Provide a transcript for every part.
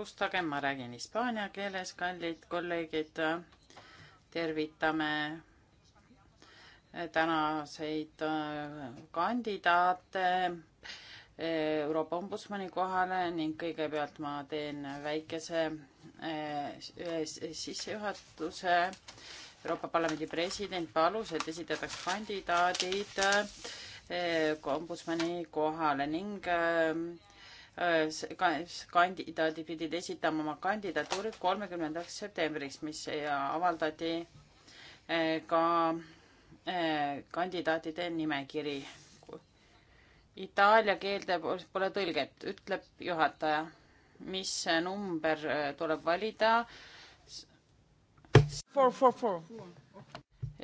alustagem, ma räägin hispaania keeles, kallid kolleegid. tervitame tänaseid äh, kandidaate äh, Euroopa Ombudsmani kohale ning kõigepealt ma teen väikese äh, sissejuhatuse. Euroopa Parlamendi president palus, et esitataks kandidaadid ombudsmani kohale ning Äh, kandidaadid pidid esitama oma kandidatuurid kolmekümnendaks septembriks, mis avaldati äh, ka äh, kandidaatide nimekiri. Itaalia keelde pole tõlget, ütleb juhataja. mis number tuleb valida?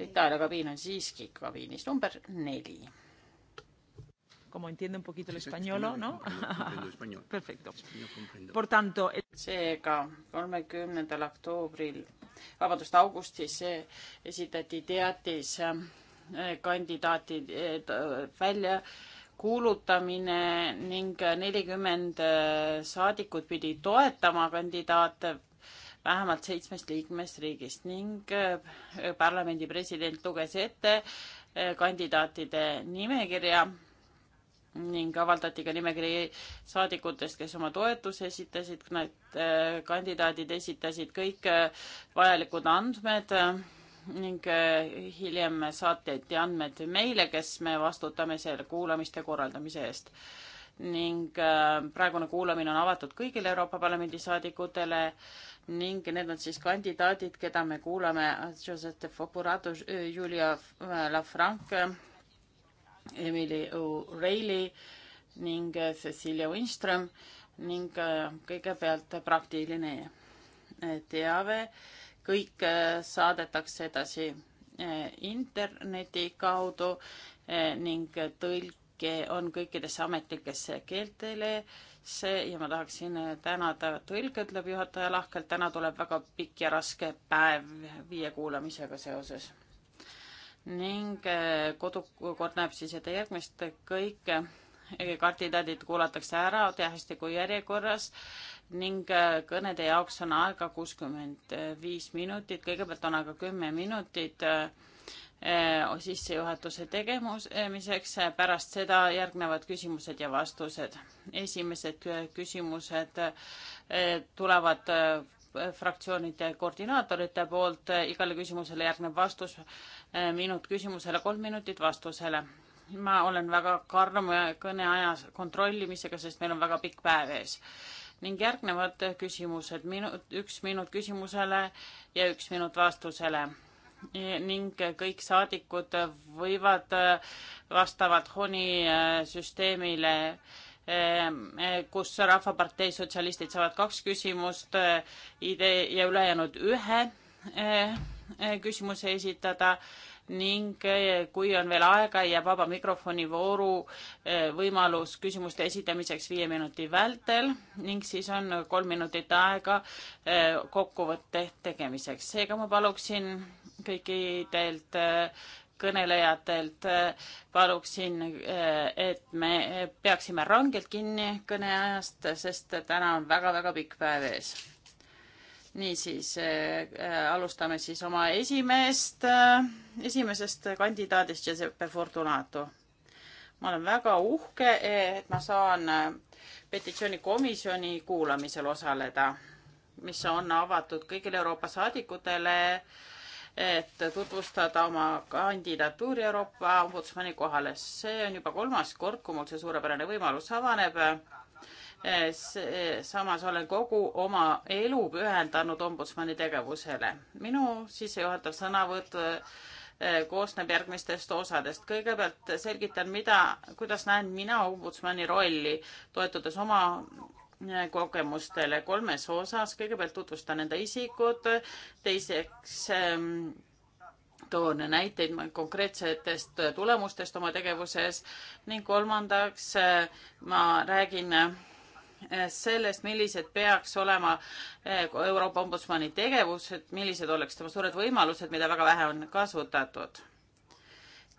Itaalia kabiin on siiski kabiinis number neli como entiende un poquito el español, ¿no? Español. Perfecto. Por tanto, seega kolmekümnendal oktoobril, vabandust, augustis esitati teatis äh, kandidaatid äh, välja kuulutamine ning nelikümmend äh, saadikut pidi toetama kandidaate vähemalt seitsmest liikmesriigist ning parlamendi president luges ette kandidaatide nimekirja ning avaldati ka nimekiri saadikutest, kes oma toetuse esitasid, need äh, kandidaadid esitasid kõik äh, vajalikud andmed äh, ning hiljem saateti andmed meile, kes me vastutame selle kuulamiste korraldamise eest. ning praegune kuulamine on avatud kõigile Euroopa Parlamendi saadikutele ning need on siis kandidaadid, keda me kuulame, Joseph Fopurato, Julia Lafranc, Emily O'Reilly ning äh, Cecilia Winström ning äh, kõigepealt praktiline äh, teave. kõik saadetakse edasi interneti kaudu ning tõlke on kõikidesse ametlikesse keeltesse ja ma tahaksin tänada tõlke, ütleb juhataja lahkelt, täna tuleb väga pikk ja raske päev viie kuulamisega seoses ning eh, kodukord näeb siis ette järgmist kõike eh, kandidaadid kuulatakse ära tähestiku järjekorras ning eh, kõnede jaoks on aega kuuskümmend viis minutit, kõigepealt on aega kümme minutit sissejuhatuse tegemiseks, pärast seda järgnevad küsimused ja vastused. esimesed küsimused tulevad fraktsioonide koordinaatorite poolt, igale küsimusele järgneb vastus Eh, minut küsimusele, kolm minutit vastusele. ma olen väga karm kõneaja kontrollimisega, sest meil on väga pikk päev ees. ning järgnevad küsimused, minut, üks minut küsimusele ja üks minut vastusele. E, ning kõik saadikud võivad eh, vastavalt HONi eh, süsteemile kus Rahvapartei sotsialistid saavad kaks küsimust, idee ja ülejäänud ühe Eh, küsimusi esitada ning eh, kui on veel aega, jääb vaba mikrofoni vooru eh, võimalus küsimuste esitamiseks viie minuti vältel ning siis on kolm minutit aega kokkuvõtte tegemiseks. seega ma paluksin kõikidelt kõnelejatelt paluksin, et me peaksime rangelt kinni kõneajast, sest täna on väga-väga pikk päev ees niisiis äh, alustame siis oma esimest äh,, esimesest kandidaadist Giuseppe Fortunato. ma olen väga uhke, et ma saan petitsioonikomisjoni kuulamisel osaleda, mis on avatud kõigile Euroopa saadikutele, et tutvustada oma kandidatuuri Euroopa ombudsmani kohale. see on juba kolmas kord, kui mul see suurepärane võimalus avaneb Eh, eh, samas olen kogu oma elu pühendanud ombudsmani tegevusele. minu sissejuhatav sõnavõtt eh, koosneb järgmistest osadest. kõigepealt selgitan, mida, kuidas näen mina ombudsmani rolli, toetudes oma kogemustele kolmes osas. kõigepealt tutvustan enda isikut, teiseks ehm, toon näiteid konkreetsetest tulemustest oma tegevuses ning kolmandaks ma räägin Eh, sellest, millised peaks olema eh, Euroopa Ombudsmani tegevused, millised oleks tema suured võimalused, mida väga vähe on kasutatud.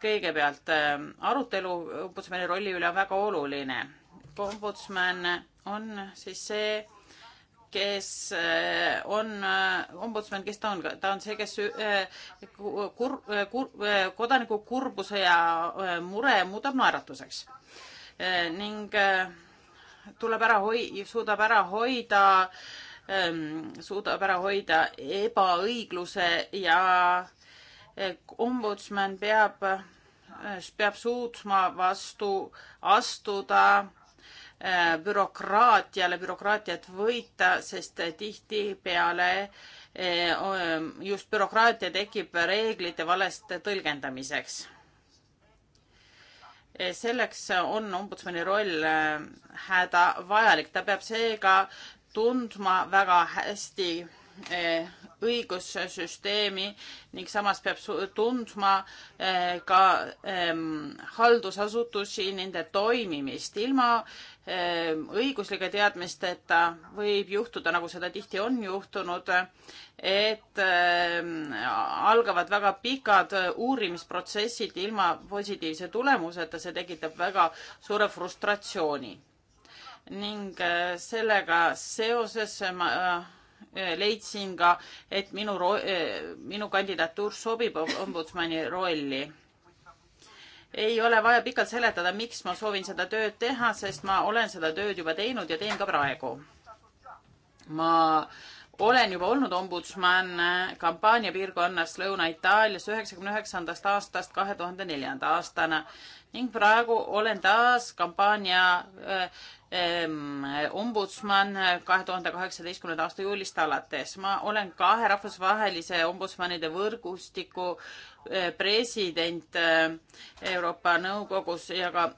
kõigepealt eh, arutelu ombudsmani rolli üle on väga oluline. ombudsman on siis see, kes on ombudsman, kes ta on, ta on see, kes kur-, kur-, kodaniku kurbuse ja mure muudab naeratuseks ning tuleb ära hoi-, suudab ära hoida, ähm, suudab ära hoida ebaõigluse ja äh, ombudsman peab, äh, peab suutma vastu astuda äh, bürokraatiale, bürokraatiat võita, sest tihtipeale just bürokraatia tekib reeglite valest tõlgendamiseks Eh, selleks on ombudsmani roll eh, hädavajalik, ta peab seega tundma väga hästi eh, õigussüsteemi ning samas peab tundma ka ehm, haldusasutusi, nende toimimist. ilma Ehm, õiguslike teadmisteta võib juhtuda, nagu seda tihti on juhtunud, et ehm, algavad väga pikad äh, uurimisprotsessid ilma positiivse tulemuseta, see tekitab väga suure frustratsiooni. ning äh, sellega seoses ma äh, leidsin ka, et minu, minu kandidatuur sobib ombudsmani rolli ei ole vaja pikalt seletada, miks ma soovin seda tööd teha, sest ma olen seda tööd juba teinud ja teen ka praegu. ma olen juba olnud ombudsman kampaania piirkonnas Lõuna-Itaalias üheksakümne üheksandast aastast kahe tuhande neljanda aastana ning praegu olen taas kampaania ombudsman kahe tuhande kaheksateistkümnenda aasta juulist alates. ma olen kahe rahvusvahelise ombudsmanide võrgustiku eh, president eh, Euroopa Nõukogus ja ka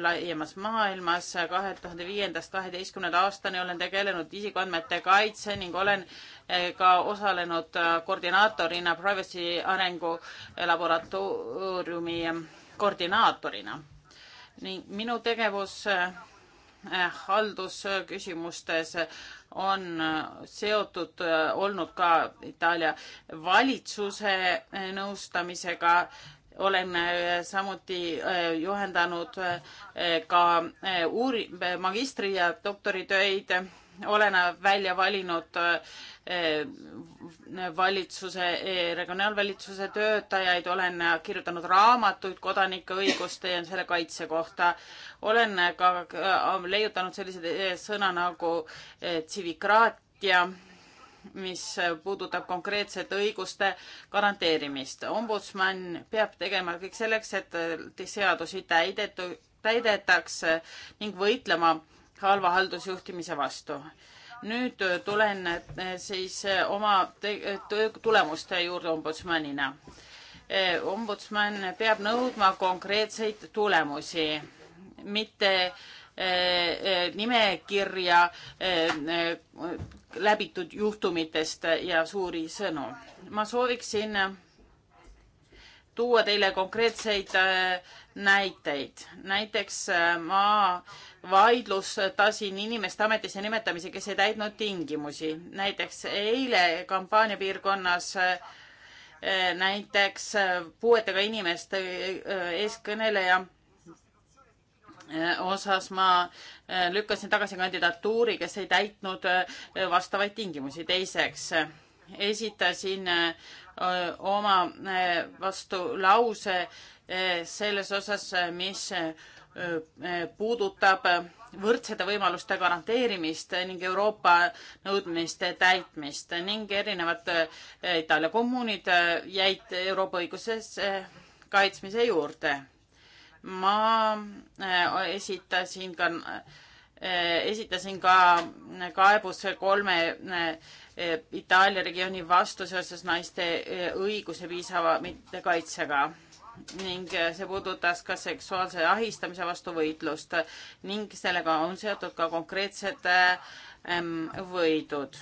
laiemas maailmas. kahe tuhande viiendast kaheteistkümnenda aastani olen tegelenud isikuandmete kaitse ning olen eh, ka osalenud koordinaatorina Privacy Arengu Laboratooriumi koordinaatorina ning minu tegevus Äh, haldusküsimustes on äh, seotud äh, olnud ka Itaalia valitsuse nõustamisega. olen samuti juhendanud ka uuri-, magistri- ja doktoritöid olena välja valinud eh, valitsuse, eh, regionaalvalitsuse töötajaid, olen kirjutanud raamatuid kodanike õiguste ja selle kaitse kohta. olen ka eh, leiutanud sellise sõna nagu tsivikraatia mis puudutab konkreetset õiguste garanteerimist. ombudsman peab tegema kõik selleks, et seadusi täidetu, täidetaks ning võitlema halva haldusjuhtimise vastu. nüüd äh, tulen äh, siis äh, oma tulemuste juurde ombudsmanina. ombudsman peab nõudma konkreetseid tulemusi, mitte nimekirja läbitud juhtumitest ja suuri sõnu. ma sooviksin tuua teile konkreetseid näiteid. näiteks ma vaidlus tasin inimeste ametisse nimetamise, kes ei täitnud tingimusi. näiteks eile kampaaniapiirkonnas eh, näiteks puuetega inimeste eh, eeskõneleja eh, osas ma lükkasin tagasi kandidatuuri, kes ei täitnud vastavaid tingimusi. teiseks esitasin oma vastu lause selles osas, mis puudutab võrdsete võimaluste garanteerimist ning Euroopa nõudmiste täitmist ning erinevad Itaalia kommuunid jäid Euroopa õiguses kaitsmise juurde. ma esitasin ka esitasin ka kaebuse kolme Itaalia regiooni vastu seoses naiste õiguse piisava mittekaitsega ning see puudutas ka seksuaalse ahistamise vastu võitlust ning sellega on seotud ka konkreetsed ähm, võidud.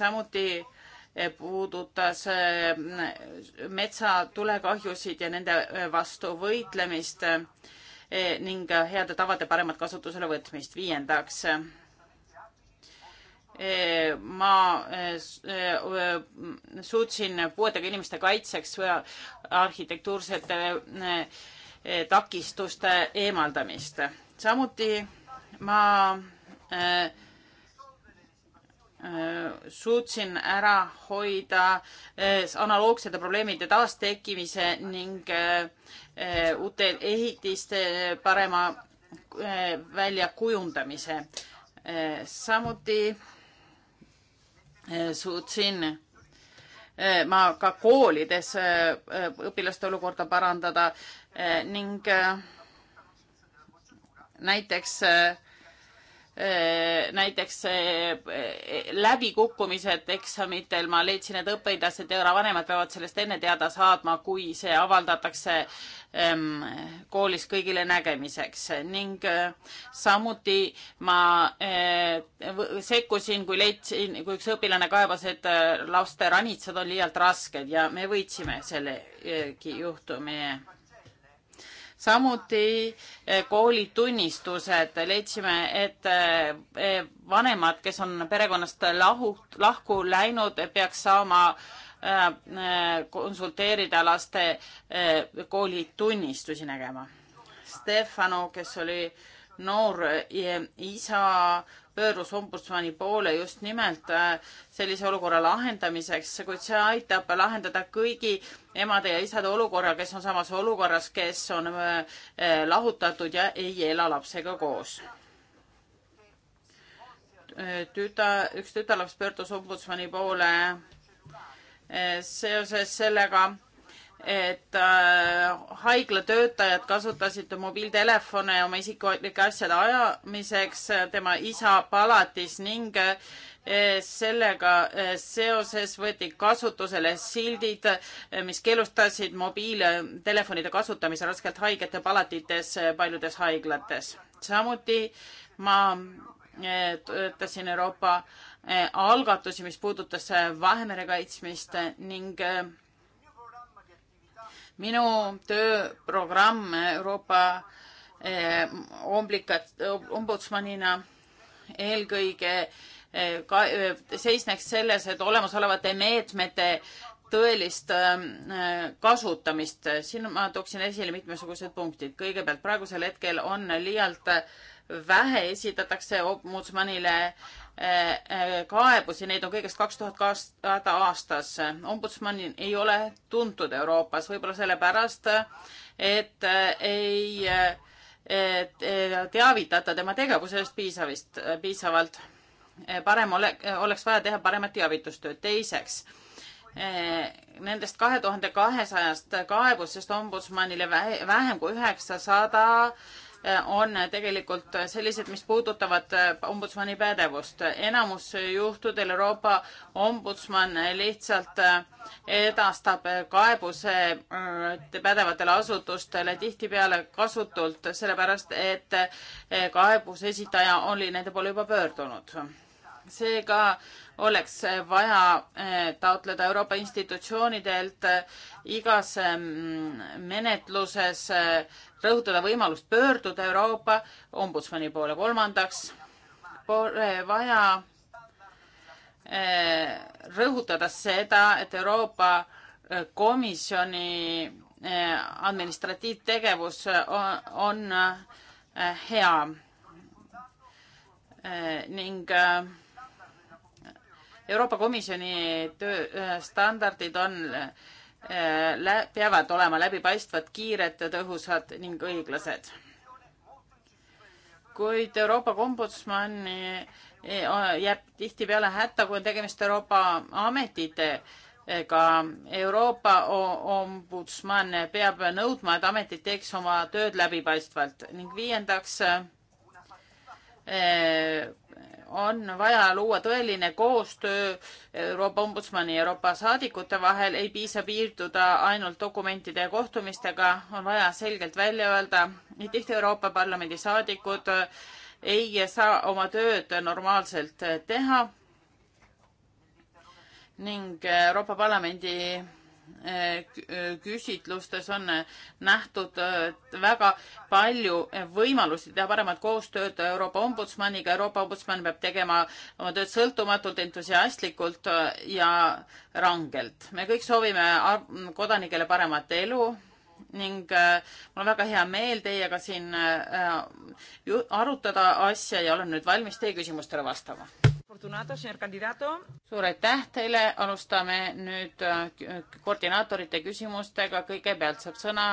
samuti äh, puudutas äh, metsatulekahjusid ja nende äh, vastu võitlemist ning heade tavade paremat kasutusele võtmist. viiendaks Eh, ma eh, eh, suutsin puuetega inimeste kaitseks arhitektuursete takistuste eemaldamist. samuti ma suutsin ära hoida analoogsete probleemide taastekkimise ning uute ehitiste parema väljakujundamise. samuti Eh, suutsin eh, ma ka koolides eh, õpilaste olukorda parandada ning näiteks Äh, näiteks äh, läbikukkumised eksamitel, ma leidsin, et õpilased ja vanemad peavad sellest enne teada saatma, kui see avaldatakse ähm, koolis kõigile nägemiseks ning äh, samuti ma sekkusin, kui leidsin, kui üks õpilane kaebas, et laste ranitsad on liialt rasked ja me võitsime sellegi juhtumi samuti eh, koolitunnistused, leidsime, et eh, eh, vanemad, kes on perekonnast lahu, lahku läinud, peaks saama konsulteerida laste koolitunnistusi nägema. Stefano, kes oli noor isa, pöördus ombudsmani poole just nimelt äh, sellise olukorra lahendamiseks, kuid see aitab lahendada kõigi emade ja isade olukorra, kes on samas olukorras, kes on äh, äh, lahutatud ja ei ela lapsega koos. tüta, üks tütarlaps pöördus ombudsmani poole seoses sellega et äh, haiglatöötajad kasutasid mobiiltelefone oma isikulike asjade ajamiseks tema isa palatis ning äh, sellega äh, seoses võeti kasutusele sildid, äh, mis keelustasid mobiiltelefonide kasutamise raskelt haigete palatites äh, paljudes haiglates. samuti ma äh, töötasin Euroopa algatusi, mis puudutas Vahemere kaitsmist ning äh, minu tööprogramm Euroopa eh, omblikat-, ombudsmanina eelkõige eh, ka eh, seisneks selles, et olemasolevate meetmete tõelist kasutamist. siin ma tooksin esile mitmesugused punktid. kõigepealt praegusel hetkel on liialt vähe esitatakse ombudsmanile kaebusi, neid on kõigest kaks tuhat aastas. ombudsman ei ole tuntud Euroopas, võib-olla sellepärast, et ei et teavitata tema tegevusest piisavist, piisavalt. parem ole, oleks vaja teha paremat teavitustööd. teiseks, nendest kahe tuhande kahesajast kaebusest ombudsmanile vähem kui üheksasada 900 Äh, on tegelikult sellised, mis puudutavad äh, ombudsmani pädevust. enamus juhtudel Euroopa ombudsman lihtsalt äh, edastab kaebuse pädevatele asutustele tihtipeale kasutult, sellepärast et kaebuse esitaja oli nende poole juba pöördunud seega oleks vaja eh, taotleda Euroopa institutsioonidelt eh, igas mm, menetluses eh, rõhutada võimalust pöörduda Euroopa ombudsmani poole. kolmandaks pole vaja rõhutada seda, et Euroopa Komisjoni administratiivtegevus on hea ning Euroopa Komisjoni tööstandardid äh, on, äh, peavad olema läbipaistvad, kiired, tõhusad ning õiglased. kuid Euroopa kombudsman äh, jääb tihtipeale hätta, kui on tegemist Euroopa ametitega. Euroopa ombudsman peab nõudma, et ametid teeks oma tööd läbipaistvalt ning viiendaks on vaja luua tõeline koostöö Euroopa Ombudsmani ja Euroopa saadikute vahel, ei piisa piirduda ainult dokumentide ja kohtumistega, on vaja selgelt välja öelda, et tihti Euroopa Parlamendi saadikud ei saa oma tööd normaalselt teha ning Euroopa Parlamendi Eh, küsitlustes on eh, nähtud eh, väga palju võimalusi teha paremat koostööd Euroopa ombudsmaniga. Euroopa ombudsman peab tegema oma tööd sõltumatult, entusiastlikult ja rangelt. me kõik soovime kodanikele paremat elu ning mul on väga hea meel teiega siin arutada asja ja olen nüüd valmis teie küsimustele vastama suur aitäh teile, alustame nüüd äh, koordinaatorite küsimustega, kõigepealt saab sõna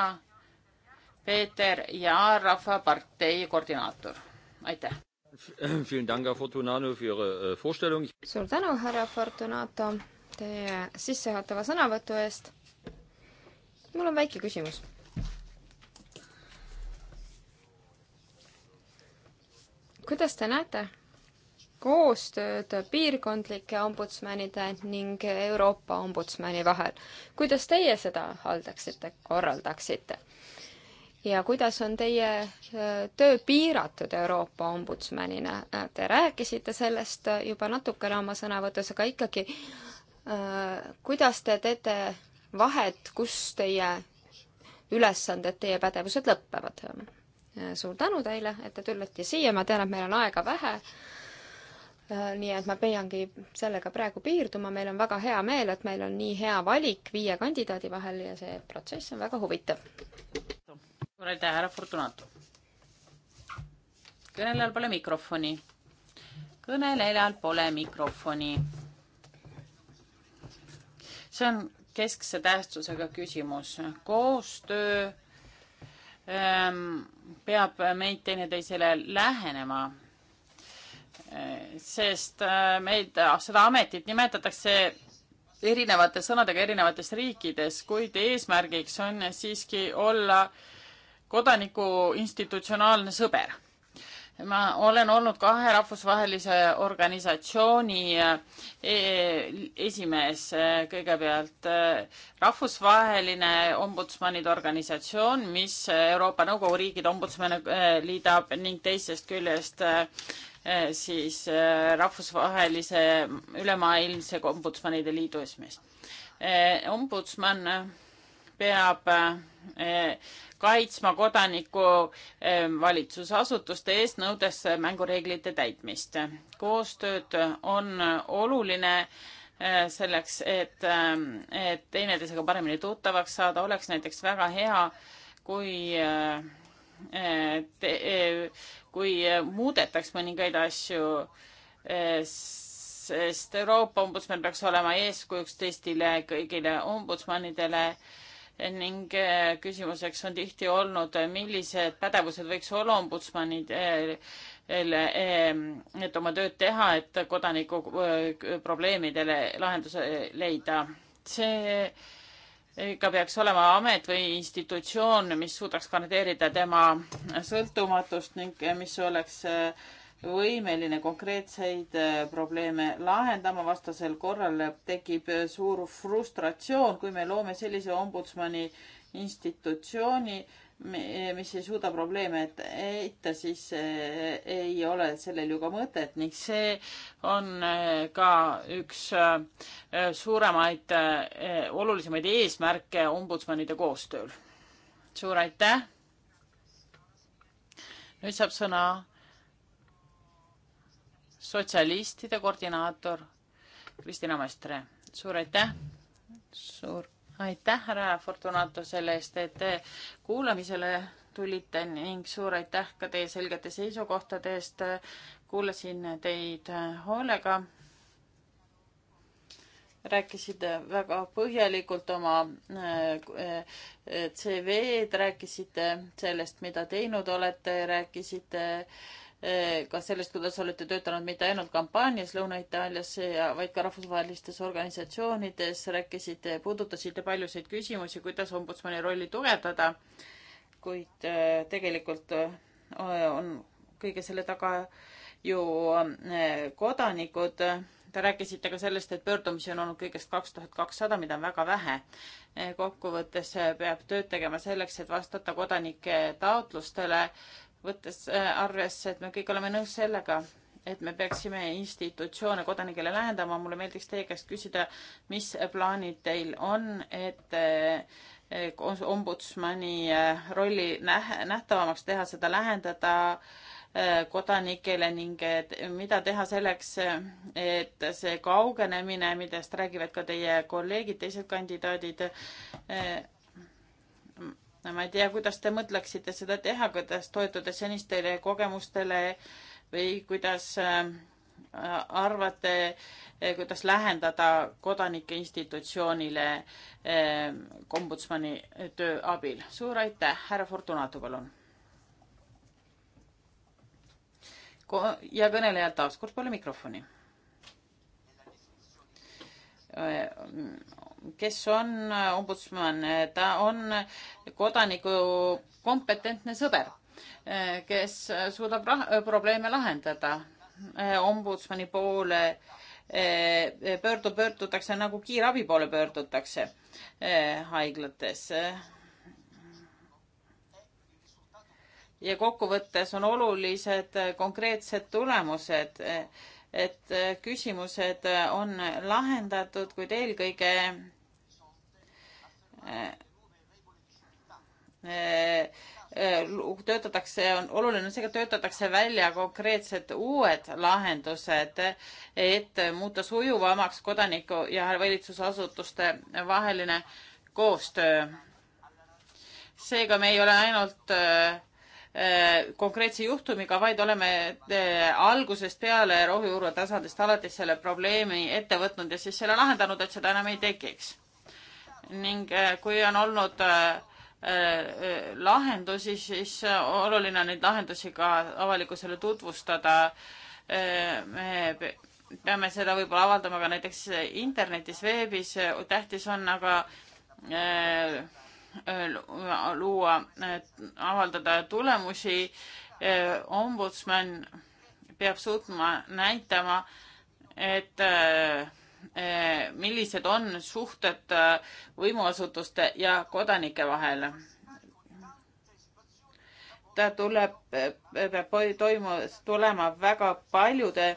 Peeter Jaar, Rahvapartei koordinaator, aitäh. Äh, suur tänu, härra Fortunato, teie sissejuhatava sõnavõtu eest. mul on väike küsimus kuidas te näete koostööd piirkondlike ombudsmanide ning Euroopa ombudsmani vahel. kuidas teie seda haldaksite, korraldaksite? ja kuidas on teie töö piiratud Euroopa ombudsmanina? Te rääkisite sellest juba natukene oma sõnavõtus, aga ikkagi, kuidas te teete vahet, kus teie ülesanded, teie pädevused lõpevad? suur tänu teile, et te tulite siia, ma tean, et meil on aega vähe Äh, nii et ma peiangi sellega praegu piirduma, meil on väga hea meel, et meil on nii hea valik viie kandidaadi vahel ja see protsess on väga huvitav. suur aitäh, härra Fortunato. kõnelejal pole mikrofoni. kõnelejal pole mikrofoni. see on keskse tähtsusega küsimus. koostöö ähm, peab meid teineteisele lähenema sest äh, meid, ah, seda ametit nimetatakse erinevate sõnadega erinevates riikides, kuid eesmärgiks on siiski olla kodaniku institutsionaalne sõber. ma olen olnud kahe rahvusvahelise organisatsiooni äh, e, esimees, äh, kõigepealt rahvusvaheline ombudsmanide organisatsioon, mis Euroopa Nõukogu riigid ombudsmane liidab ning teisest küljest Äh, siis äh, rahvusvahelise ülemaailmse ombudsmanide liidu esimees. Äh, ombudsman peab kaitsma kodaniku valitsusasutuste eest, nõudes mängureeglite täitmist. koostööd on oluline selleks, et, et teineteisega paremini tuttavaks saada, oleks näiteks väga hea, kui Eh, kui muudetaks mõningaid asju, eh, sest Euroopa ombudsman peaks olema eeskujuks teistele kõigile ombudsmanidele ning eh, küsimuseks on tihti olnud, millised pädevused võiks olla ombudsmanidel, et oma tööd teha, et kodaniku probleemidele lahenduse leida. see ka peaks olema amet või institutsioon, mis suudaks garanteerida tema sõltumatust ning mis oleks äh, võimeline konkreetseid äh, probleeme lahendama, vastasel korral tekib äh, suur frustratsioon, kui me loome sellise ombudsmani institutsiooni, mis ei suuda probleeme eita, siis eh, ei ole sellel ju ka mõtet ning see on eh, ka üks eh, suuremaid, olulisemaid eesmärke ombudsmanide koostööl. suur aitäh. nüüd saab sõna sotsialistide koordinaator Kristina Mestre. suur aitäh. suur aitäh, härra Fortunato, selle eest, et te kuulamisele tulite ning suur aitäh ka teie selgete seisukohtade eest. kuulasin teid hoolega. rääkisid väga põhjalikult oma eh, eh, CV-d, rääkisite sellest, mida teinud olete, rääkisite äh, Eh, ka sellest, kuidas olete töötanud mitte ainult kampaanias Lõuna-Itaalias, eh, vaid ka rahvusvahelistes organisatsioonides, rääkisite, puudutasite paljusid küsimusi, kuidas ombudsmani rolli tugevdada, kuid eh, tegelikult on kõige selle taga ju kodanikud. Te rääkisite ka sellest, et pöördumisi on olnud kõigest kaks tuhat kakssada, mida on väga vähe. kokkuvõttes peab tööd tegema selleks, et vastata kodanike taotlustele võttes äh, arvesse, et me kõik oleme nõus sellega, et me peaksime institutsioone kodanikele lähendama, mulle meeldiks teie käest küsida, mis plaanid teil on, et äh, ombudsmani äh, rolli nähtavamaks teha, seda lähendada kodanikele ning et mida teha selleks, et see kaugenemine, millest räägivad ka teie kolleegid, teised kandidaadid, no ma ei tea, kuidas te mõtleksite seda teha, kuidas toetuda senistele kogemustele või kuidas ähm, arvate, äh, kuidas lähendada kodanike institutsioonile kombudsmani ähm, töö abil. suur aitäh, härra Fortunato, palun. ja kõnelejal taas kord pole mikrofoni äh, kes on äh, ombudsman, äh, ta on kodaniku kompetentne sõber, äh, kes suudab probleeme lahendada. ombudsmani poole pöördu-, pöördutakse nagu kiirabi poole pöördutakse haiglates. ja kokkuvõttes on olulised konkreetsed tulemused et küsimused on lahendatud, kuid eelkõige Äh, äh, äh, töötatakse, on oluline see, et töötatakse välja konkreetsed uued lahendused, et muuta sujuvamaks kodaniku ja valitsusasutuste vaheline koostöö. seega me ei ole ainult konkreetse juhtumiga, vaid oleme algusest peale rohujuure tasandist alates selle probleemi ette võtnud ja siis selle lahendanud, et seda enam ei tekiks ning äh, kui on olnud äh, äh, lahendusi, siis oluline on neid lahendusi ka avalikkusele tutvustada. me peame seda võib-olla avaldama ka näiteks internetis, veebis, tähtis on aga luua, avaldada tulemusi. ombudsman peab suutma näitama, et äh, Eh, millised on suhted eh, võimuasutuste ja kodanike vahel. ta tuleb, eh, peab toimu, tulema väga paljude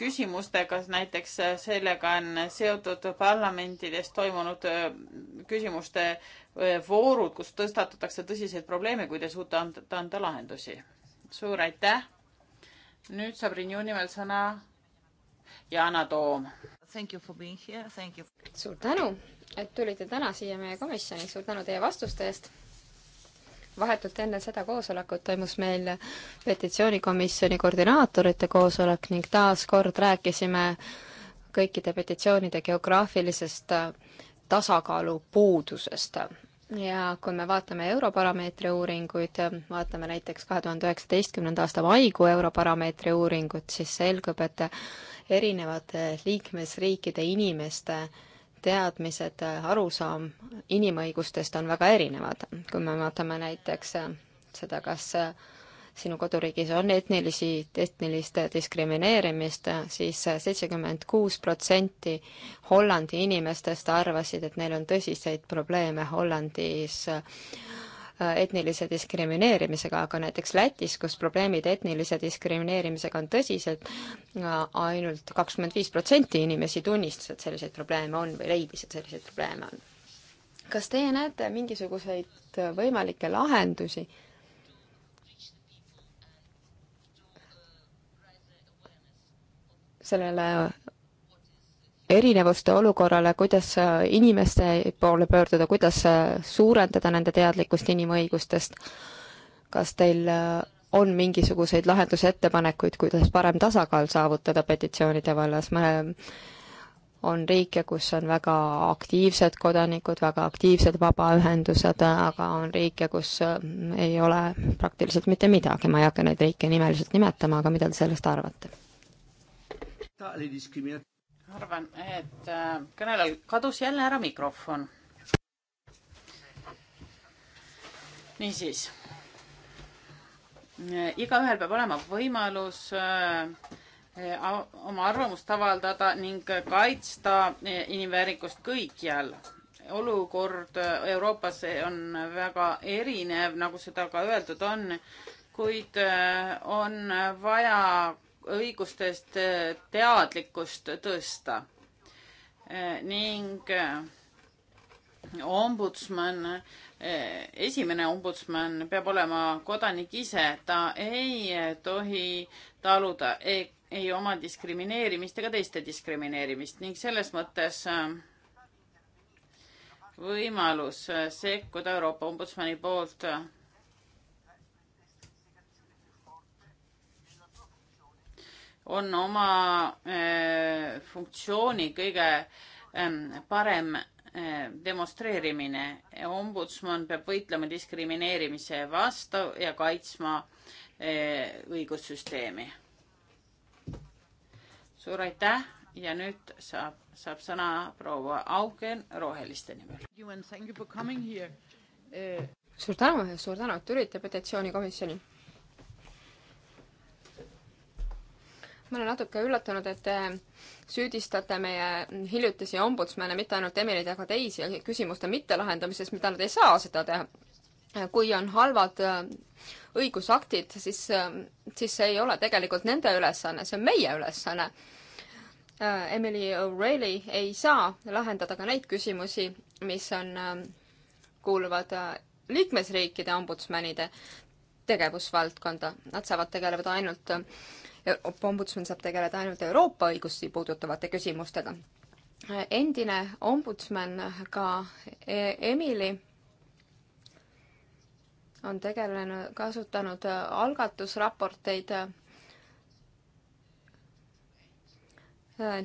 küsimustega, näiteks sellega on seotud parlamentides toimunud küsimuste voorud, kus tõstatatakse tõsiseid probleeme, kui te suuta anda, anda lahendusi. suur aitäh. nüüd saab Renew nimel sõna Yana Toom. suur tänu, et tulite täna siia meie komisjoni, suur tänu teie vastuste eest. vahetult enne seda koosolekut toimus meil petitsioonikomisjoni koordinaatorite koosolek ning taas kord rääkisime kõikide petitsioonide geograafilisest tasakaalu puudusest. ja kui me vaatame Europarameetri uuringuid, vaatame näiteks kahe tuhande üheksateistkümnenda aasta maikuu Europarameetri uuringut, siis selgub, et erinevate liikmesriikide inimeste teadmised, arusaam inimõigustest on väga erinevad. kui me vaatame näiteks seda, kas sinu koduriigis on etnilisi, etnilist diskrimineerimist siis, siis seitsekümmend kuus protsenti Hollandi inimestest arvasid, et neil on tõsiseid probleeme Hollandis Äh, etnilise diskrimineerimisega, aga näiteks Lätis, kus probleemid etnilise diskrimineerimisega on tõsised ainult, äh, ainult kakskümmend viis protsenti inimesi tunnistas, et selliseid probleeme on või leidis, et selliseid probleeme on. kas teie näete mingisuguseid võimalikke lahendusi, sellele erinevuste olukorrale, kuidas äh, inimeste poole pöörduda, kuidas äh, suurendada nende teadlikkust inimõigustest. kas teil äh, on mingisuguseid lahendusettepanekuid, kuidas parem tasakaal saavutada petitsioonide vallas, me on riike, kus on väga aktiivsed kodanikud, väga aktiivsed vabaühendused, aga on riike, kus ei ole praktiliselt mitte midagi, ma ei hakka neid riike nimeliselt nimetama, aga mida te sellest arvate? arvan, et äh, kõnelejal kadus jälle ära mikrofon. niisiis, igaühel peab olema võimalus äh, oma arvamust avaldada ning kaitsta äh, inimväärikust kõikjal. olukord Euroopas on väga erinev, nagu seda ka öeldud on, kuid on vaja õigustest teadlikkust tõsta. ning eh, ombudsman, eh, esimene ombudsman peab olema kodanik ise, ta ei tohi taluda ei, ei oma diskrimineerimist ega teiste diskrimineerimist ning selles mõttes eh, võimalus sekkuda Euroopa ombudsmani poolt on oma eh, funktsiooni kõige ehm, parem eh, demonstreerimine. ombudsman peab võitlema diskrimineerimise vastu ja kaitsma eh, õigussüsteemi. suur aitäh ja nüüd saab, saab sõna proua Auken Roheliste nimel. suur tänu ja suur tänu, et tulite petitsioonikomisjoni ma olen natuke üllatunud, et te süüdistate meie hiljutisi ombudsmane, mitte ainult Emilit, aga teisi küsimuste mittelahendamises, mida nad ei saa seda teha. kui on halvad äh, õigusaktid, siis, äh, siis see ei ole tegelikult nende ülesanne, see on meie ülesanne. Äh, Emily O'Reilly ei saa lahendada ka neid küsimusi, mis on, kuuluvad liikmesriikide ombudsmanide tegevusvaldkonda. Nad saavad tegeleda ainult äh, ombudsman saab tegeleda ainult Euroopa õigusi puudutavate küsimustega. endine ombudsman ka e-, Emily on tegelenud, kasutanud algatusraporteid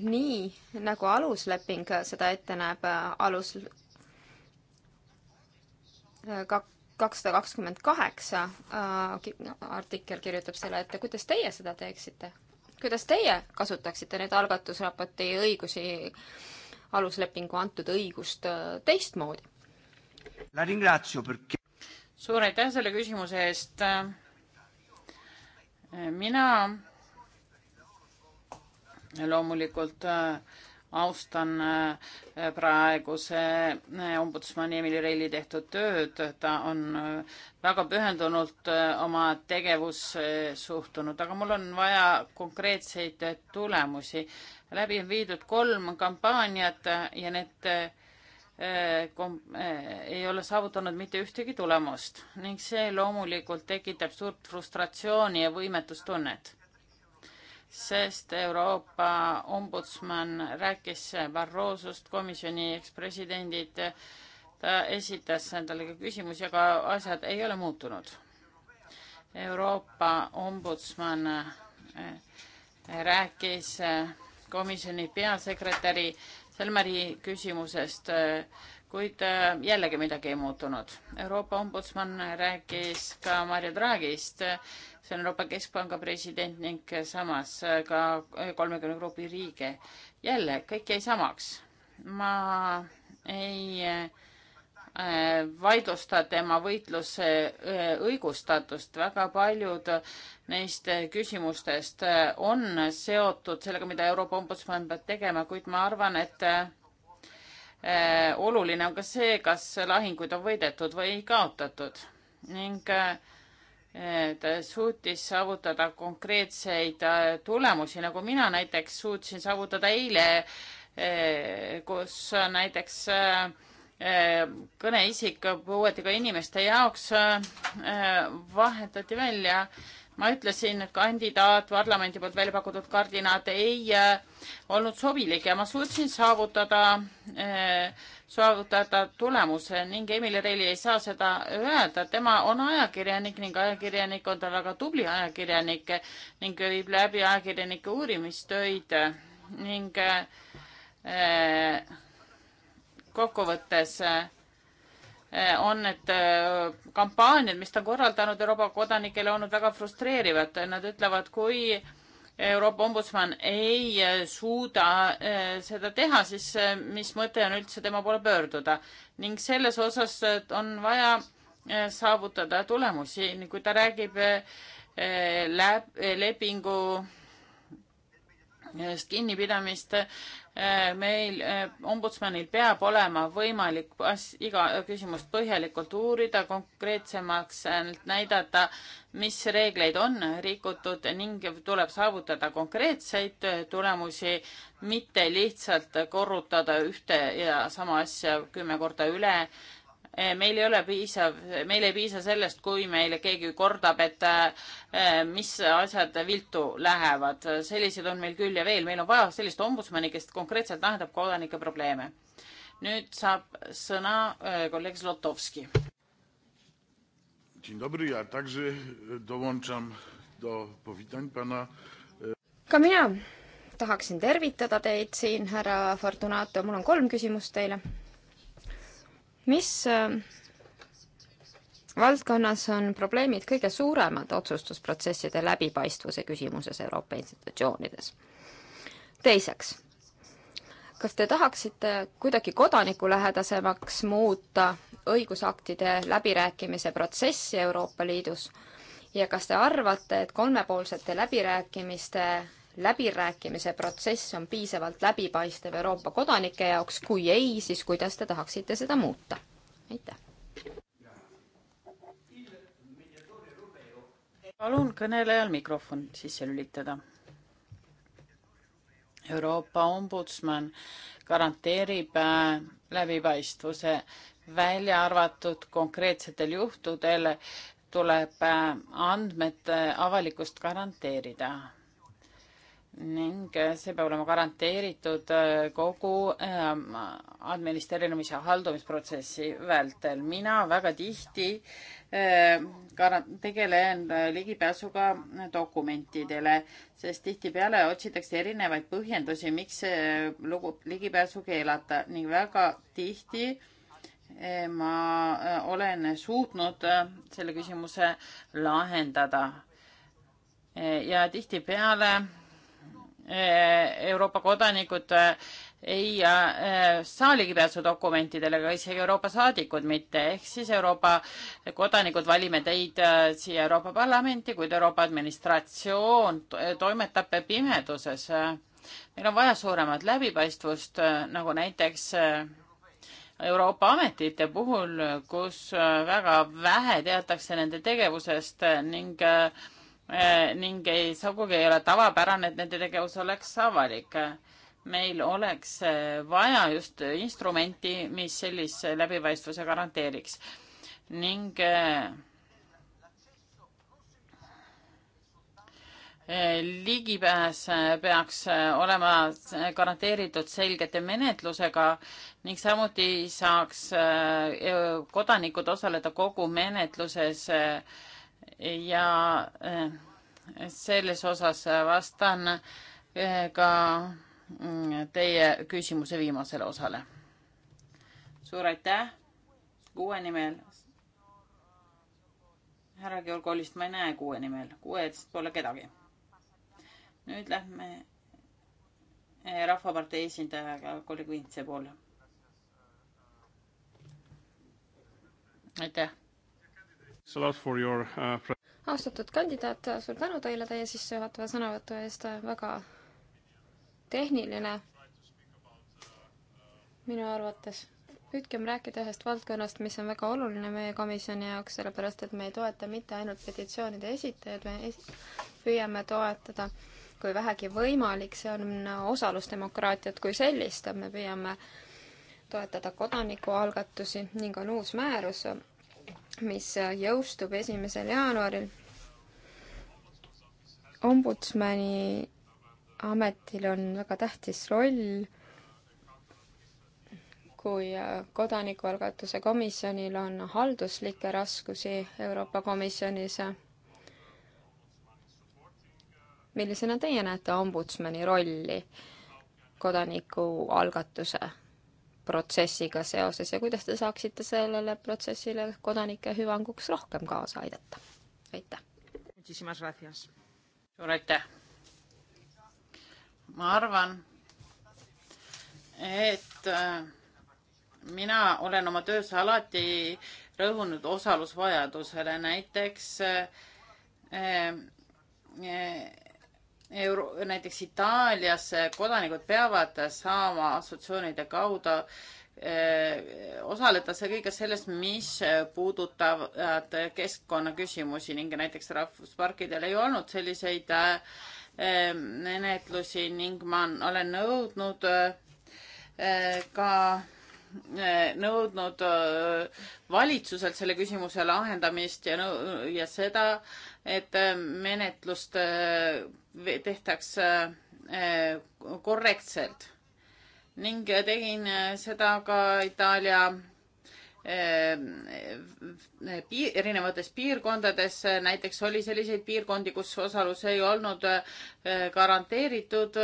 nii, nagu alusleping seda ette näeb, alus kak-, kakssada kakskümmend kaheksa äh, artikkel kirjutab selle ette, kuidas teie seda teeksite? kuidas teie kasutaksite neid algatusraporti õigusi, aluslepingu antud õigust äh, teistmoodi? suur aitäh selle küsimuse eest. mina loomulikult äh, austan äh, praeguse äh, ombudsmani Emily Reili tehtud tööd, ta on äh, väga pühendunult oma tegevusse suhtunud, aga mul on vaja konkreetseid tulemusi. läbi on viidud kolm kampaaniat ja need kom-, ei ole saavutanud mitte ühtegi tulemust ning see loomulikult tekitab suurt frustratsiooni ja võimetustunnet sest Euroopa ombudsman rääkis Barrosost, komisjoni ekspresidendid, ta esitas endale ka küsimusi, aga asjad ei ole muutunud. Euroopa ombudsman eh, rääkis eh, komisjoni peasekretäri Selmeri küsimusest äh, kuid äh, jällegi midagi ei muutunud. Euroopa ombudsman rääkis ka Mario Draghist, see on Euroopa Keskpanga president ning samas ka kolmekümne grupi liige. jälle, kõik jäi samaks. ma ei äh, vaidlusta tema võitluse äh, õigustatust. väga paljud neist küsimustest on seotud sellega, mida Euroopa ombudsman peab tegema, kuid ma arvan, et Eh, oluline on ka see, kas lahinguid on võidetud või kaotatud ning eh, ta suutis saavutada konkreetseid eh, tulemusi, nagu mina näiteks suutsin saavutada eile, kus näiteks kõneisik puuetega inimeste jaoks vahetati välja ma ütlesin, kandidaat parlamendi poolt välja pakutud kardinaat ei äh, olnud sobilik ja ma suutsin saavutada äh,, saavutada tulemuse ning Emily Reili ei saa seda öelda, tema on ajakirjanik ning ajakirjanik on ta väga tubli ajakirjanik ning viib läbi ajakirjanike uurimistöid ning äh, äh kokkuvõttes äh, Eh, on need eh, kampaaniad, mis ta on korraldanud Euroopa kodanikele, olnud väga frustreerivad. Nad ütlevad, kui Euroopa ombudsman ei eh, suuda seda teha, siis mis mõte on üldse tema poole pöörduda ning selles osas on vaja saavutada tulemusi, kui ta räägib läb-, lepingu kinnipidamist Äh, meil äh, ombudsmanil peab olema võimalik as-, iga küsimust põhjalikult uurida, konkreetsemaks äh, näidata, mis reegleid on rikutud ning tuleb saavutada konkreetseid tulemusi, mitte lihtsalt korrutada ühte ja sama asja kümme korda üle Eh, meil ei ole piisav, meil ei piisa sellest, kui meile keegi kordab, et eh, mis asjad viltu lähevad. selliseid on meil küll ja veel, meil on vaja sellist ombudsmani, kes konkreetselt lahendab kodanike probleeme. nüüd saab sõna eh, kolleeg Zlotovski. E, e, ka mina tahaksin tervitada teid siin, härra Fortunato, mul on kolm küsimust teile mis äh, valdkonnas on probleemid kõige suuremad otsustusprotsesside läbipaistvuse küsimuses Euroopa institutsioonides? teiseks, kas te tahaksite kuidagi kodanikulähedasemaks muuta õigusaktide läbirääkimise protsessi Euroopa Liidus ja kas te arvate, et kolmepoolsete läbirääkimiste läbirääkimise protsess on piisavalt läbipaistev Euroopa kodanike jaoks, kui ei, siis kuidas te tahaksite seda muuta? aitäh! palun kõnelejal mikrofon sisse lülitada. Euroopa ombudsman garanteerib äh, läbipaistvuse, välja arvatud konkreetsetel juhtudel tuleb äh, andmete äh, avalikkust garanteerida ning äh, see peab olema garanteeritud äh, kogu ähm, administreerimise haldumisprotsessi vältel. mina väga tihti äh, tegelen ligipääsuga dokumentidele, sest tihtipeale otsitakse erinevaid põhjendusi, miks lugu, ligipääsu keelata ning väga tihti ma olen suutnud selle küsimuse lahendada. ja tihtipeale Eh, Euroopa kodanikud eh, ei eh, saa ligipääsu dokumentidele, ega isegi Euroopa saadikud mitte, ehk siis Euroopa kodanikud valime teid siia Euroopa Parlamenti, kuid Euroopa administratsioon toimetab pimeduses. meil on vaja suuremat läbipaistvust, nagu näiteks Euroopa ametite puhul, kus väga vähe teatakse nende tegevusest ning äh, Eh, ning ei, sugugi ei ole tavapärane, et nende tegevus oleks avalik. meil oleks eh, vaja just instrumenti, mis sellise läbipaistvuse garanteeriks ning eh, ligipääs peaks olema garanteeritud selgete menetlusega ning samuti saaks kodanikud osaleda kogu menetluses äh, ja eh, selles osas vastan eh, ka mm, teie küsimuse viimasele osale. suur aitäh kuue nimel. härra Georgolist ma ei näe kuue nimel, kuuest pole kedagi. nüüd lähme eh, Rahvapartei esindajaga kolleeg Vintse poole. aitäh Uh, austatud kandidaat, suur tänu teile teie sissejuhatava sõnavõtu eest, väga tehniline minu arvates. püüdkem rääkida ühest valdkonnast, mis on väga oluline meie komisjoni jaoks, sellepärast et me ei toeta mitte ainult petitsioonide esitajaid, me esi-, püüame toetada kui vähegi võimalik, see on osalusdemokraatiat kui sellist, me püüame toetada kodanikualgatusi ning on uus määrus mis jõustub esimesel jaanuaril. ombudsmani ametil on väga tähtis roll, kui kodanikualgatuse komisjonil on halduslikke raskusi Euroopa Komisjonis. millisena teie näete ombudsmani rolli kodanikualgatuse protsessiga seoses ja kuidas te saaksite sellele protsessile kodanike hüvanguks rohkem kaasa aidata? aitäh! suur aitäh! ma arvan, et äh, mina olen oma töös alati rõhunud osalusvajadusele, näiteks äh, äh, euro, näiteks Itaalias eh, kodanikud peavad saama assotsioonide kaudu eh, osaleda see kõiges selles, mis eh, puudutavad keskkonnaküsimusi ning näiteks rahvusparkidel ei olnud selliseid eh, menetlusi ning ma olen nõudnud eh, ka eh, nõudnud valitsuselt selle küsimuse lahendamist ja nõu- ja seda, et äh, menetlust äh, tehtaks äh, korrektselt ning tegin seda ka Itaalia erinevates piirkondades, näiteks oli selliseid piirkondi, kus osalus ei olnud garanteeritud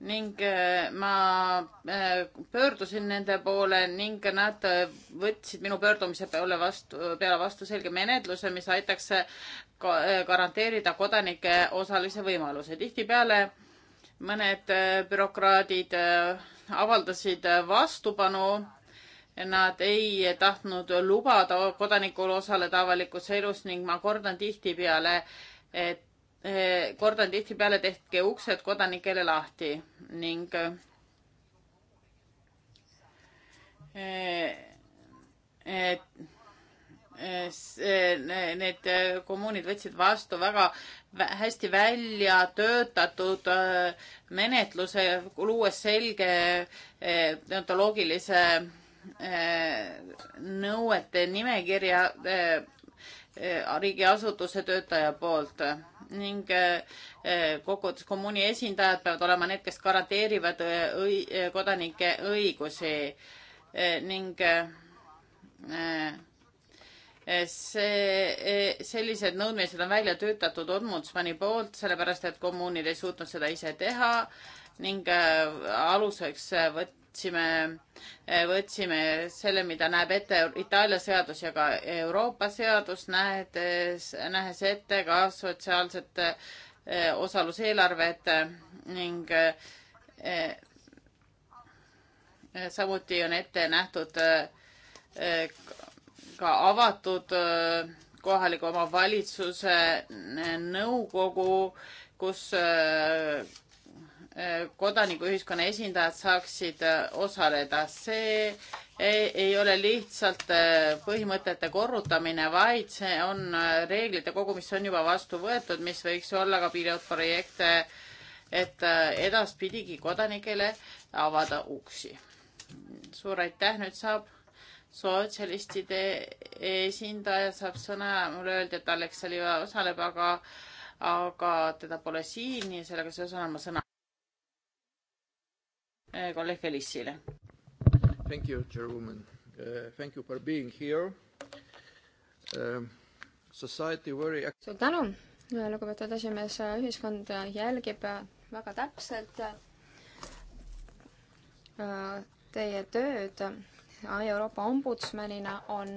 ning äh, ma äh, pöördusin nende poole ning nad äh, võtsid minu pöördumise peale vastu, peale vastu selge menetluse, mis aitaks garanteerida kodanike osalise võimaluse. tihtipeale mõned bürokraadid avaldasid vastupanu. Nad ei tahtnud lubada kodanikul osaleda avalikus elus ning ma kordan tihtipeale, et Eh, kordan tihtipeale, tehke uksed kodanikele lahti ning eh, et see, eh, need kommuunid võtsid vastu väga hästi välja töötatud menetluse, luues selge deontoloogilise nõuete nimekirja Eh, riigiasutuse töötaja poolt ning eh, eh, kokkuvõttes kommuuni esindajad peavad olema need, kes garanteerivad õi, kodanike õigusi ning see, sellised nõudmised on välja töötatud ombudsmani poolt, sellepärast et kommuunid ei suutnud seda ise teha ning äh, aluseks äh, võtsime, äh, võtsime selle, mida näeb ette Itaalia seadus ja ka Euroopa seadus, nähes, nähes ette ka sotsiaalset osaluseelarvet ning samuti on ette nähtud ka avatud kohaliku omavalitsuse nõukogu, kus kodanikuühiskonna esindajad saaksid äh, osaleda. see ei, ei ole lihtsalt äh, põhimõtete korrutamine, vaid see on äh, reeglite kogu, mis on juba vastu võetud, mis võiks olla ka pilootprojekt, et edaspidigi kodanikele avada uksi. suur aitäh, nüüd saab sotsialistide esindaja saab sõna, mulle öeldi, et Aleksei osaleb, aga, aga teda pole siin ja sellega seoses annan ma sõna. Eh, kolleeg Felissile. Thank you, chairwoman uh,. Thank you for being here uh,. Society very. suur tänu, lugupeetud esimees, ühiskond jälgib väga täpselt teie tööd Euroopa ombudsmanina on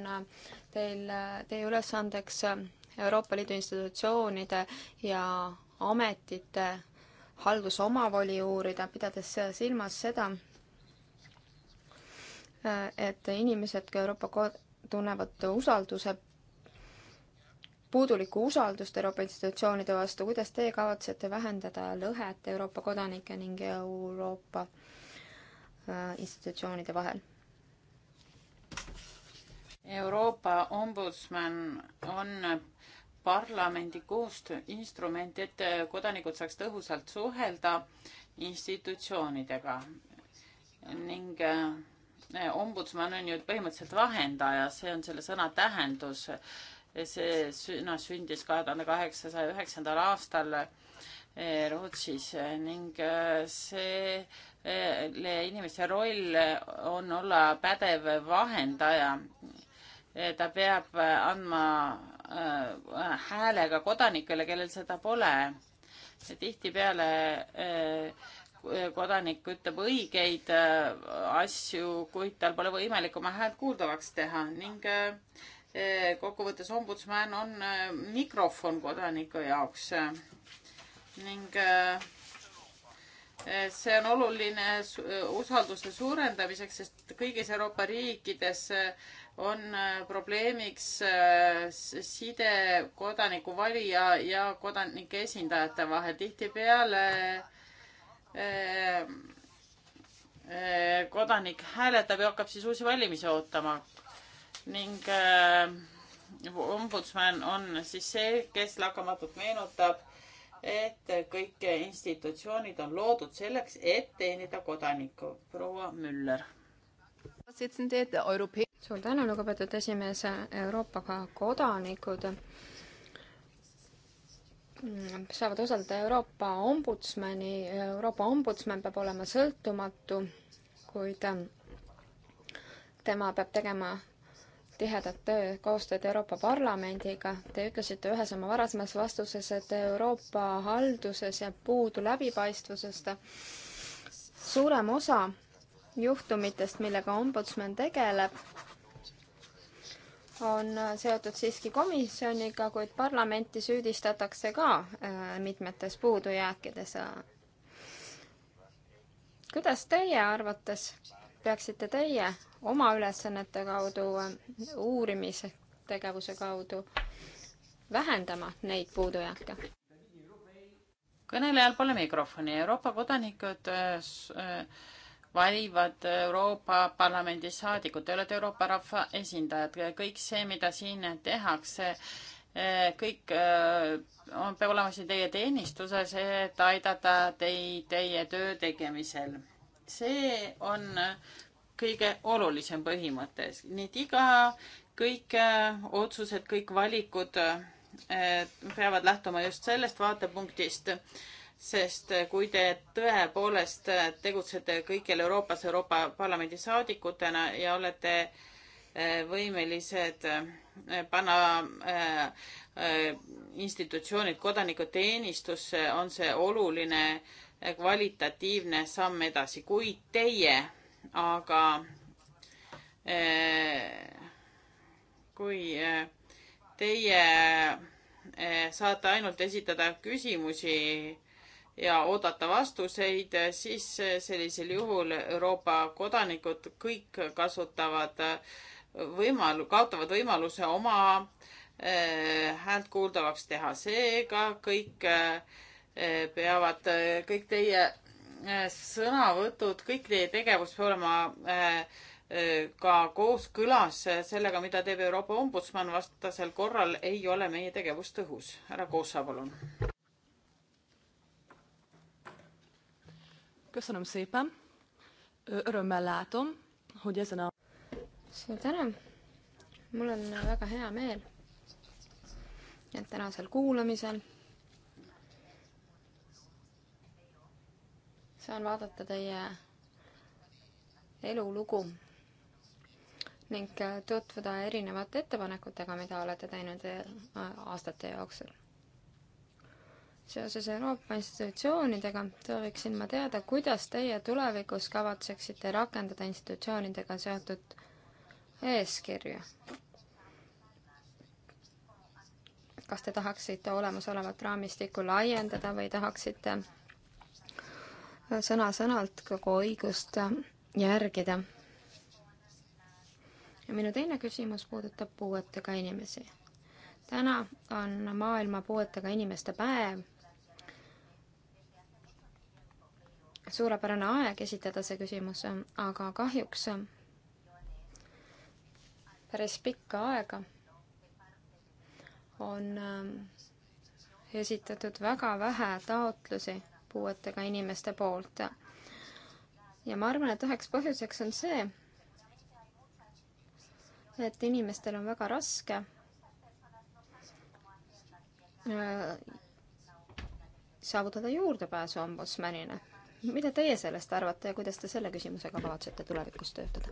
teil, teie ülesandeks Euroopa Liidu institutsioonide ja ametite haldusomavoli uurida, pidades silmas seda, et inimesed ka Euroopa ko-, tunnevad usalduse, puudulikku usaldust Euroopa institutsioonide vastu, kuidas teie kavatsete vähendada lõhet Euroopa kodanike ning Euroopa äh, institutsioonide vahel? Euroopa ombudsman on parlamendi koostööinstrument, et äh, kodanikud saaks tõhusalt suhelda institutsioonidega. ning äh, ombudsman on ju põhimõtteliselt vahendaja, see on selle sõna tähendus. see sõna sündis kahe tuhande kaheksasaja üheksandal aastal äh, Rootsis ning see inimese roll on olla pädev vahendaja. ta peab andma Äh, häälega kodanikele, kellel seda pole. tihtipeale äh, kodanik ütleb õigeid äh, asju, kuid tal pole võimalik oma häält kuuldavaks teha ning kokkuvõttes ombudsman on mikrofon kodaniku jaoks ning see on oluline usalduse suurendamiseks, sest kõigis Euroopa riikides äh, on äh, probleemiks äh, side kodaniku valija ja kodanike esindajate vahel. tihtipeale äh, kodanik hääletab ja hakkab siis uusi valimisi ootama ning ombudsman on siis see, kes lakkamatult meenutab, et kõik institutsioonid on loodud selleks, et teenida kodanikku. proua Müller suur tänu, lugupeetud esimees, Euroopaga kodanikud saavad osaleda Euroopa ombudsmani, Euroopa ombudsman peab olema sõltumatu, kuid tema peab tegema tihedat töö, koostööd Euroopa Parlamendiga. Te ütlesite ühes oma varasemas vastuses, et Euroopa halduses jääb puudu läbipaistvusest. suurem osa juhtumitest, millega ombudsman tegeleb, on seotud siiski komisjoniga, kuid parlamenti süüdistatakse ka äh, mitmetes puudujääkides. kuidas teie arvates peaksite teie oma ülesannete kaudu, uurimistegevuse kaudu vähendama neid puudujääke? kõnelejal pole mikrofoni, Euroopa kodanikud äh, äh valivad Euroopa Parlamendi saadikud, te olete Euroopa rahva esindajad, kõik see, mida siin tehakse, eh, kõik eh, on, peab olema siin teie teenistuses, et aidata teid teie töö tegemisel. see on kõige olulisem põhimõte, nii et iga, kõik eh, otsused, kõik valikud peavad lähtuma just sellest vaatepunktist sest eh, kui te tõepoolest eh, tegutsete kõikjal Euroopas Euroopa Parlamendi saadikutena ja olete eh, võimelised panna institutsioonid kodaniku teenistusse, on see oluline kvalitatiivne samm edasi, kuid teie aga kui teie saate ainult esitada küsimusi ja oodata vastuseid, siis sellisel juhul Euroopa kodanikud kõik kasutavad võimal-, kaotavad võimaluse oma eh, häält kuuldavaks teha. seega kõik eh, peavad, kõik teie eh, sõnavõtud, kõik teie tegevus peab olema ka kooskõlas sellega, mida teeb Euroopa Ombudsman, vastasel korral ei ole meie tegevus tõhus. härra Koossa, palun. Köszönöm szépen. Örömmel látom, hogy ezen a... Suur tänu. Mul on väga hea meel, et tänasel kuulamisel saan vaadata teie elulugu ning tutvuda erinevate ettepanekutega, mida olete teinud aastate jooksul seoses Euroopa institutsioonidega sooviksin ma teada, kuidas teie tulevikus kavatseksite rakendada institutsioonidega seotud eeskirju? kas te tahaksite olemasolevat raamistikku laiendada või tahaksite sõna-sõnalt kogu õigust järgida? ja minu teine küsimus puudutab puuetega inimesi. täna on maailma puuetega inimeste päev suurepärane aeg esitada see küsimus, aga kahjuks päris pikka aega on ähm, esitatud väga vähe taotlusi puuetega inimeste poolt. ja ma arvan, et üheks põhjuseks on see, et inimestel on väga raske äh, saavutada juurdepääsu ombudsmanile mida teie sellest arvate ja kuidas te selle küsimusega kavatsete tulevikus töötada?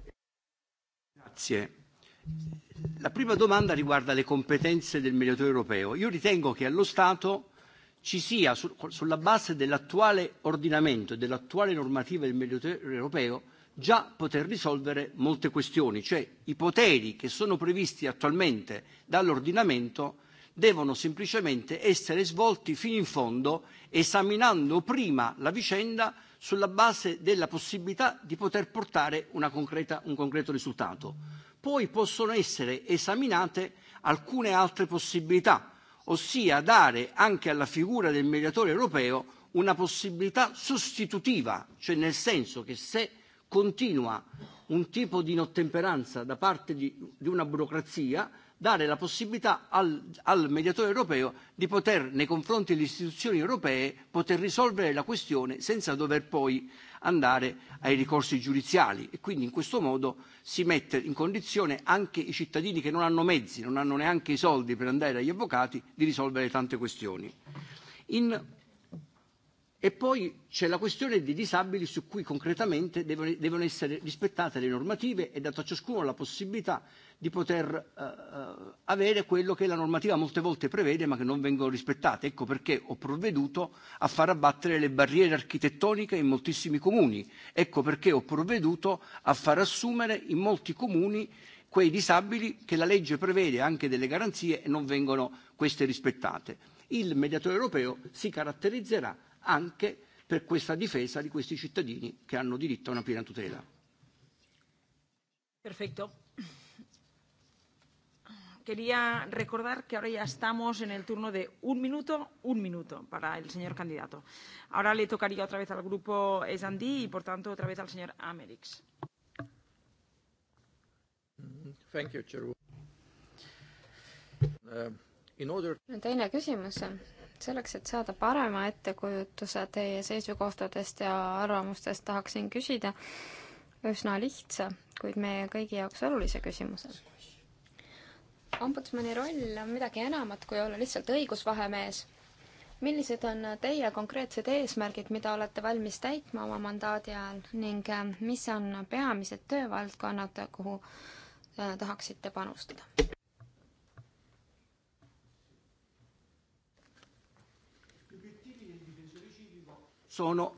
La prima domanda riguarda le competenze del mediatore europeo. Io ritengo che allo Stato ci sia, su, sulla base dell'attuale ordinamento e dell'attuale normativa del mediatore europeo, già poter risolvere molte questioni, cioè i poteri che sono previsti attualmente dall'ordinamento devono semplicemente essere svolti fino in fondo, esaminando prima la vicenda sulla base della possibilità di poter portare una concreta, un concreto risultato. Poi possono essere esaminate alcune altre possibilità, ossia dare anche alla figura del mediatore europeo una possibilità sostitutiva, cioè nel senso che se continua un tipo di inottemperanza da parte di, di una burocrazia, dare la possibilità al, al mediatore europeo di poter, nei confronti delle istituzioni europee, poter risolvere la questione senza dover poi andare ai ricorsi giudiziali e quindi in questo modo si mette in condizione anche i cittadini che non hanno mezzi, non hanno neanche i soldi per andare agli avvocati, di risolvere tante questioni. In E poi c'è la questione dei disabili su cui concretamente devono, devono essere rispettate le normative e data a ciascuno la possibilità di poter eh, eh, avere quello che la normativa molte volte prevede ma che non vengono rispettate. Ecco perché ho provveduto a far abbattere le barriere architettoniche in moltissimi comuni, ecco perché ho provveduto a far assumere in molti comuni quei disabili che la legge prevede anche delle garanzie e non vengono queste rispettate. Il mediatore europeo si caratterizzerà anche per questa difesa di questi cittadini che hanno diritto a una piena tutela. Perfetto quería recordar que ahora ya estamos en el turno de un minuto, un minuto para el señor candidato. Ahora le tocaría otra vez al grupo S&D y, por tanto, otra vez al señor Amerix. Thank you, Chair. Uh, in order... teine küsimus. selleks, et saada parema ettekujutuse teie seisukohtadest ja arvamustest, tahaksin küsida üsna lihtsa, kuid meie kõigi jaoks olulise küsimuse ombudsmani roll on midagi enamat kui olla lihtsalt õigusvahemees. millised on teie konkreetsed eesmärgid, mida olete valmis täitma oma mandaadi ajal ning äh, mis on peamised töövaldkonnad, kuhu äh, tahaksite panustada? sono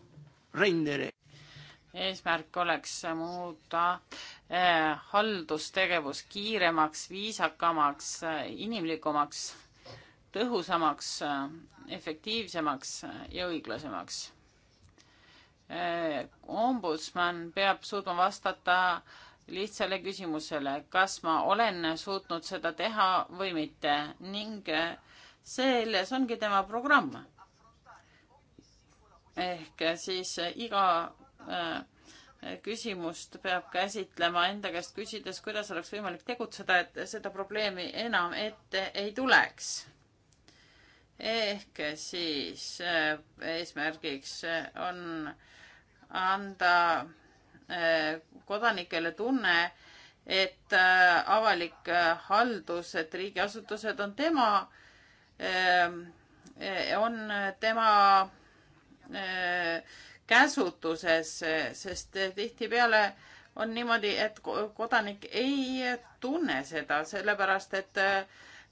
rendere eesmärk oleks muuta eh, haldustegevus kiiremaks, viisakamaks, eh, inimlikumaks, tõhusamaks, eh, efektiivsemaks ja õiglasemaks. ombudsman peab suutma vastata lihtsale küsimusele, kas ma olen suutnud seda teha või mitte ning selles ongi tema programm. ehk siis iga Äh, küsimust peab käsitlema enda käest küsides, kuidas oleks võimalik tegutseda, et seda probleemi enam ette ei tuleks. ehk siis äh, eesmärgiks on anda äh, kodanikele tunne, et avalik haldus, et riigiasutused on tema, on tema käsutuses, sest tihtipeale on niimoodi, et kodanik ei tunne seda, sellepärast et,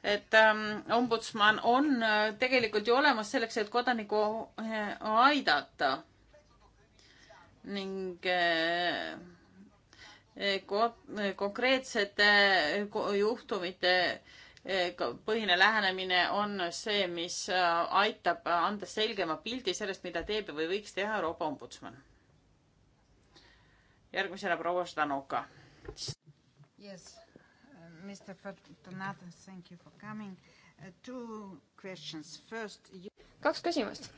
et ähm, ombudsman on äh, tegelikult ju olemas selleks, et kodanikku äh, aidata. ning äh, konkreetsete juhtumite põhine lähenemine on see, mis äh, aitab anda selgema pildi sellest, mida teeb või võiks teha Euroopa ombudsman. järgmisena proua Ždanoka. Yes, Mr Fortunato, thank you for coming. Uh, two questions, first you.... kaks küsimust.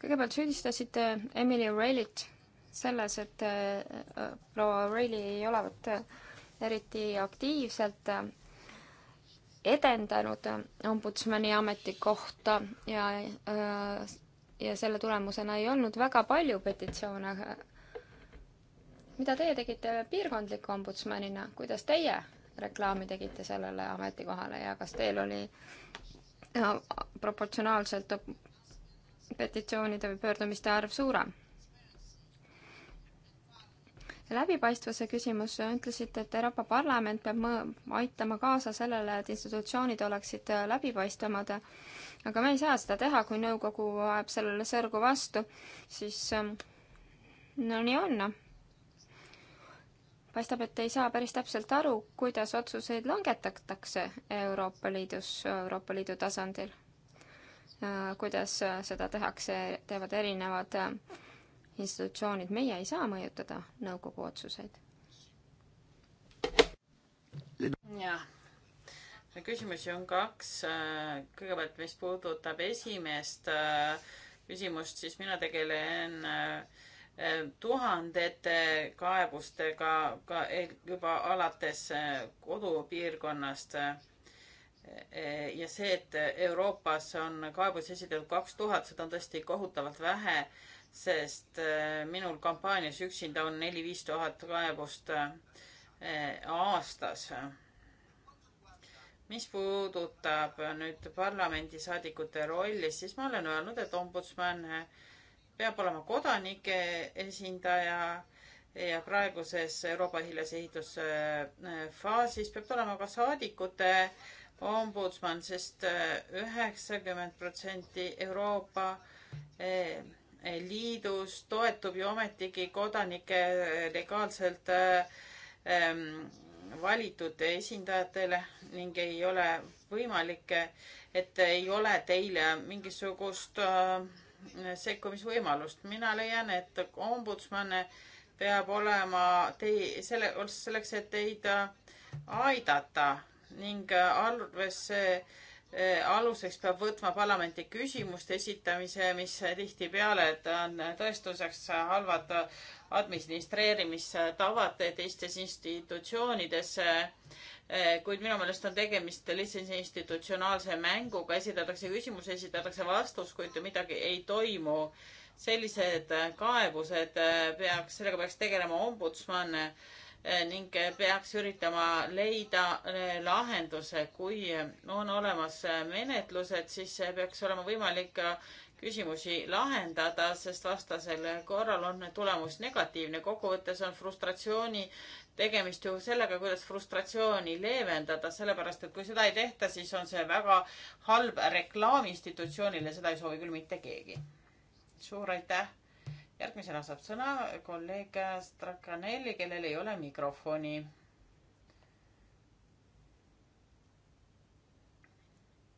kõigepealt süüdistasite Emily O'Reillyt selles, et äh, äh, proua O'Reilly ei olevat eriti aktiivselt edendanud ombudsmani ametikohta ja, ja selle tulemusena ei olnud väga palju petitsioone. mida teie tegite piirkondliku ombudsmanina, kuidas teie reklaami tegite sellele ametikohale ja kas teil oli äh, proportsionaalselt petitsioonide või pöördumiste arv suurem? läbipaistvuse küsimus, ütlesite, et Euroopa Parlament peab mõ-, aitama kaasa sellele, et institutsioonid oleksid äh, läbipaistvamad, aga me ei saa seda teha, kui nõukogu ajab sellele sõrgu vastu, siis ähm, no nii on. Noh. paistab, et ei saa päris täpselt aru, kuidas otsuseid langetatakse Euroopa Liidus, Euroopa Liidu tasandil. Äh, kuidas äh, seda tehakse, teevad erinevad institutsioonid, meie ei saa mõjutada nõukogu otsuseid. jah, küsimusi on kaks. kõigepealt, mis puudutab esimest äh, küsimust, siis mina tegelen äh, tuhandete kaebustega ka eh, juba alates äh, kodupiirkonnast ja see, et Euroopas on kaebusi esitatud kaks tuhat, seda on tõesti kohutavalt vähe sest äh, minul kampaanias üksinda on neli-viis tuhat kaebust äh, aastas. mis puudutab nüüd parlamendisaadikute rolli, siis ma olen öelnud, et ombudsman äh, peab olema kodanike esindaja ja praeguses Euroopa hiljase ehitusfaasis peab ta olema ka saadikute ombudsman sest, sest üheksakümmend protsenti Euroopa Liidus toetub ju ometigi kodanike legaalselt ähm, valitud esindajatele ning ei ole võimalik, et ei ole teil mingisugust äh, sekkumisvõimalust. mina leian, et ombudsman peab olema tei-, selle, selleks, et teid aidata ning arvesse äh, Eh, aluseks peab võtma parlamenti küsimuste esitamise, mis tihtipeale on tõestuseks halvad administreerimistavad teistes institutsioonides. Eh, kuid minu meelest on tegemist lihtsalt institutsionaalse mänguga, esitatakse küsimus, esitatakse vastus, kuid midagi ei toimu. sellised kaebused eh, peaks, sellega peaks tegelema ombudsman Eh, ning eh, peaks üritama leida eh, lahenduse. kui on olemas menetlused, siis peaks olema võimalik küsimusi lahendada, sest vastasel korral on tulemus negatiivne. kokkuvõttes on frustratsiooni tegemist ju sellega, kuidas frustratsiooni leevendada, sellepärast et kui seda ei tehta, siis on see väga halb reklaam institutsioonile, seda ei soovi küll mitte keegi. suur aitäh järgmisena saab sõna kolleeg Strakanelli, kellel ei ole mikrofoni.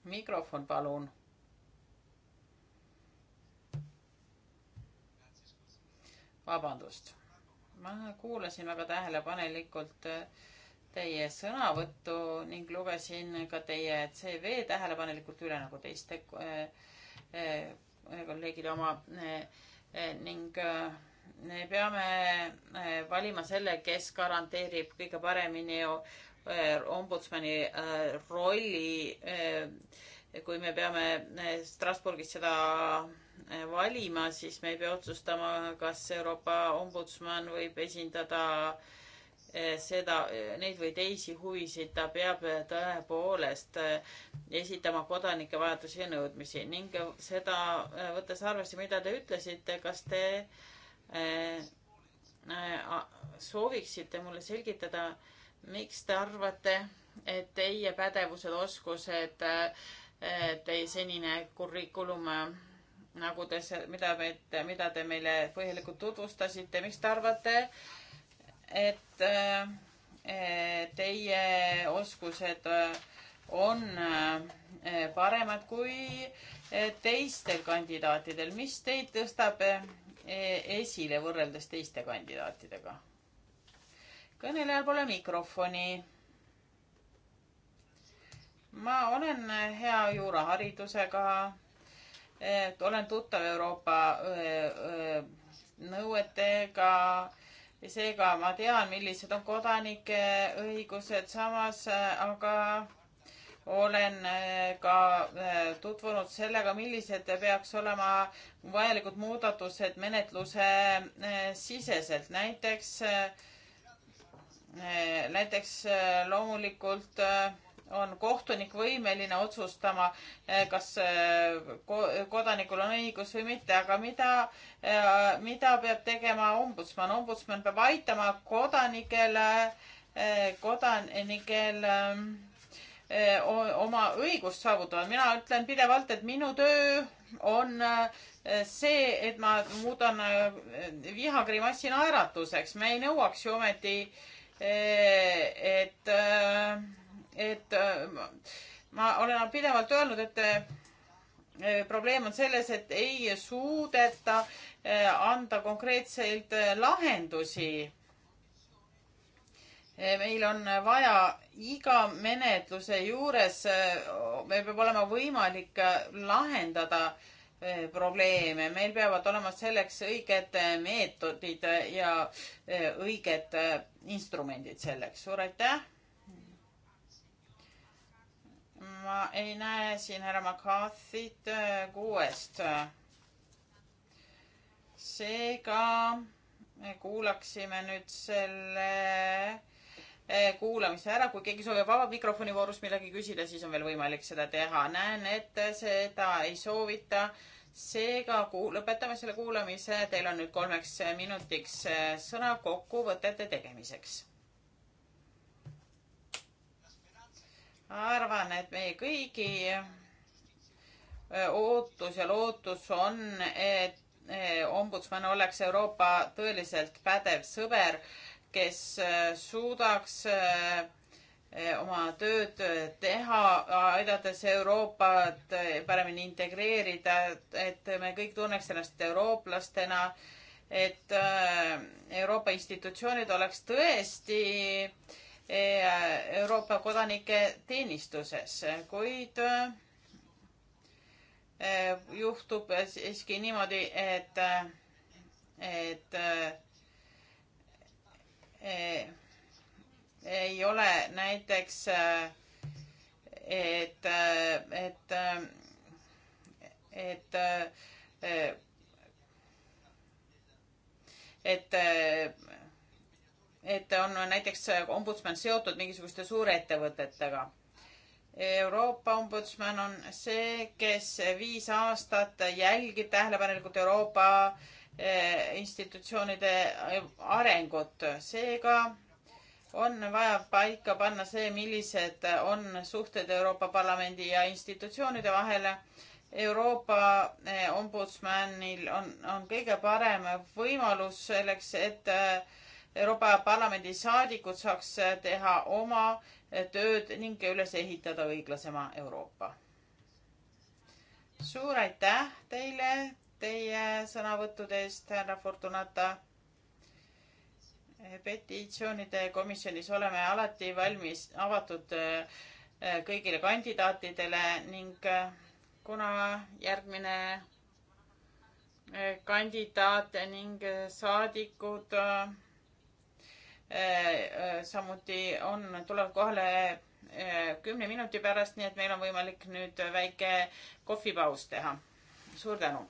mikrofon, palun. vabandust, ma kuulasin väga tähelepanelikult teie sõnavõttu ning lugesin ka teie CV tähelepanelikult üle nagu teiste eh, eh, kolleegide oma eh, Eh, ning eh, me peame eh, valima selle, kes garanteerib kõige paremini ombudsmani rolli, kui me peame Strasbourgis seda valima, siis me ei pea otsustama, kas Euroopa ombudsman võib esindada äh, seda, neid või teisi huvisid, ta peab tõepoolest äh, esitama kodanike vajadusi ja nõudmisi ning seda äh, võttes arvesse, mida te ütlesite, kas te äh, sooviksite mulle selgitada, miks te arvate, et teie pädevused, oskused, teie senine kurikulum nagu te, mida me, mida te meile põhjalikult tutvustasite, miks te arvate, et eh, teie oskused eh, on eh, paremad kui teistel kandidaatidel. mis teid tõstab esile võrreldes teiste kandidaatidega? kõnelejal pole mikrofoni. ma olen hea juuraharidusega, olen tuttav Euroopa nõuetega ja seega ma tean, millised on kodanike õigused, samas äh, aga olen äh, ka äh, tutvunud sellega, millised peaks olema vajalikud muudatused menetluse siseselt, näiteks, näiteks loomulikult on kohtunik võimeline otsustama, eh, kas eh, kodanikul on õigus või mitte, aga mida, eh, mida peab tegema ombudsman? ombudsman peab aitama kodanikele, kodanikel oma õigust saavutada. mina ütlen pidevalt, et minu töö on see, et ma muudan vihakrimassi naeratuseks. me ei nõuaks ju ometi, et äh, et äh, ma olen pidevalt öelnud, et äh, äh, probleem on selles, et ei suudeta anda konkreetseid lahendusi. meil on vaja iga menetluse juures, meil peab olema võimalik lahendada probleeme, meil peavad olema selleks õiged meetodid ja õiged instrumendid selleks. suur aitäh ma ei näe siin härra McCarthy't äh, kuuest. seega me kuulaksime nüüd selle äh, kuulamise ära, kui keegi soovib vaba mikrofoni voorus midagi küsida, siis on veel võimalik seda teha. näen, et seda ei soovita. seega kuu-, lõpetame selle kuulamise. Teil on nüüd kolmeks minutiks äh, sõna kokkuvõtete tegemiseks arvan, et meie kõigi äh, ootus ja lootus on, et äh, ombudsman oleks Euroopa tõeliselt pädev sõber, kes äh, suudaks oma tööd teha, aidates Euroopat paremini integreerida, et me kõik tunneks ennast eurooplastena, et Euroopa institutsioonid oleks tõesti äh, E, Euroopa kodanike teenistuses, kuid e, juhtub siiski niimoodi, et, et, et ei ole näiteks, et, et, et, et, et et on näiteks ombudsman seotud mingisuguste suurettevõtetega. Euroopa ombudsman on see, kes viis aastat jälgib tähelepanelikult Euroopa eh, institutsioonide eh, arengut. seega on vaja paika panna see, millised on suhted Euroopa Parlamendi ja institutsioonide vahele. Euroopa eh, ombudsmanil on, on kõige parem võimalus selleks, et äh, Euroopa Parlamendi saadikud saaks teha oma tööd ning üles ehitada õiglasema Euroopa. suur aitäh teile teie sõnavõttude eest, härra Fortunata. petitsioonide komisjonis oleme alati valmis, avatud eh, kõigile kandidaatidele ning eh, kuna järgmine eh, kandidaat ning saadikud samuti on, tulevad kohale eh, kümne minuti pärast, nii et meil on võimalik nüüd väike kohvipaus teha. suur tänu!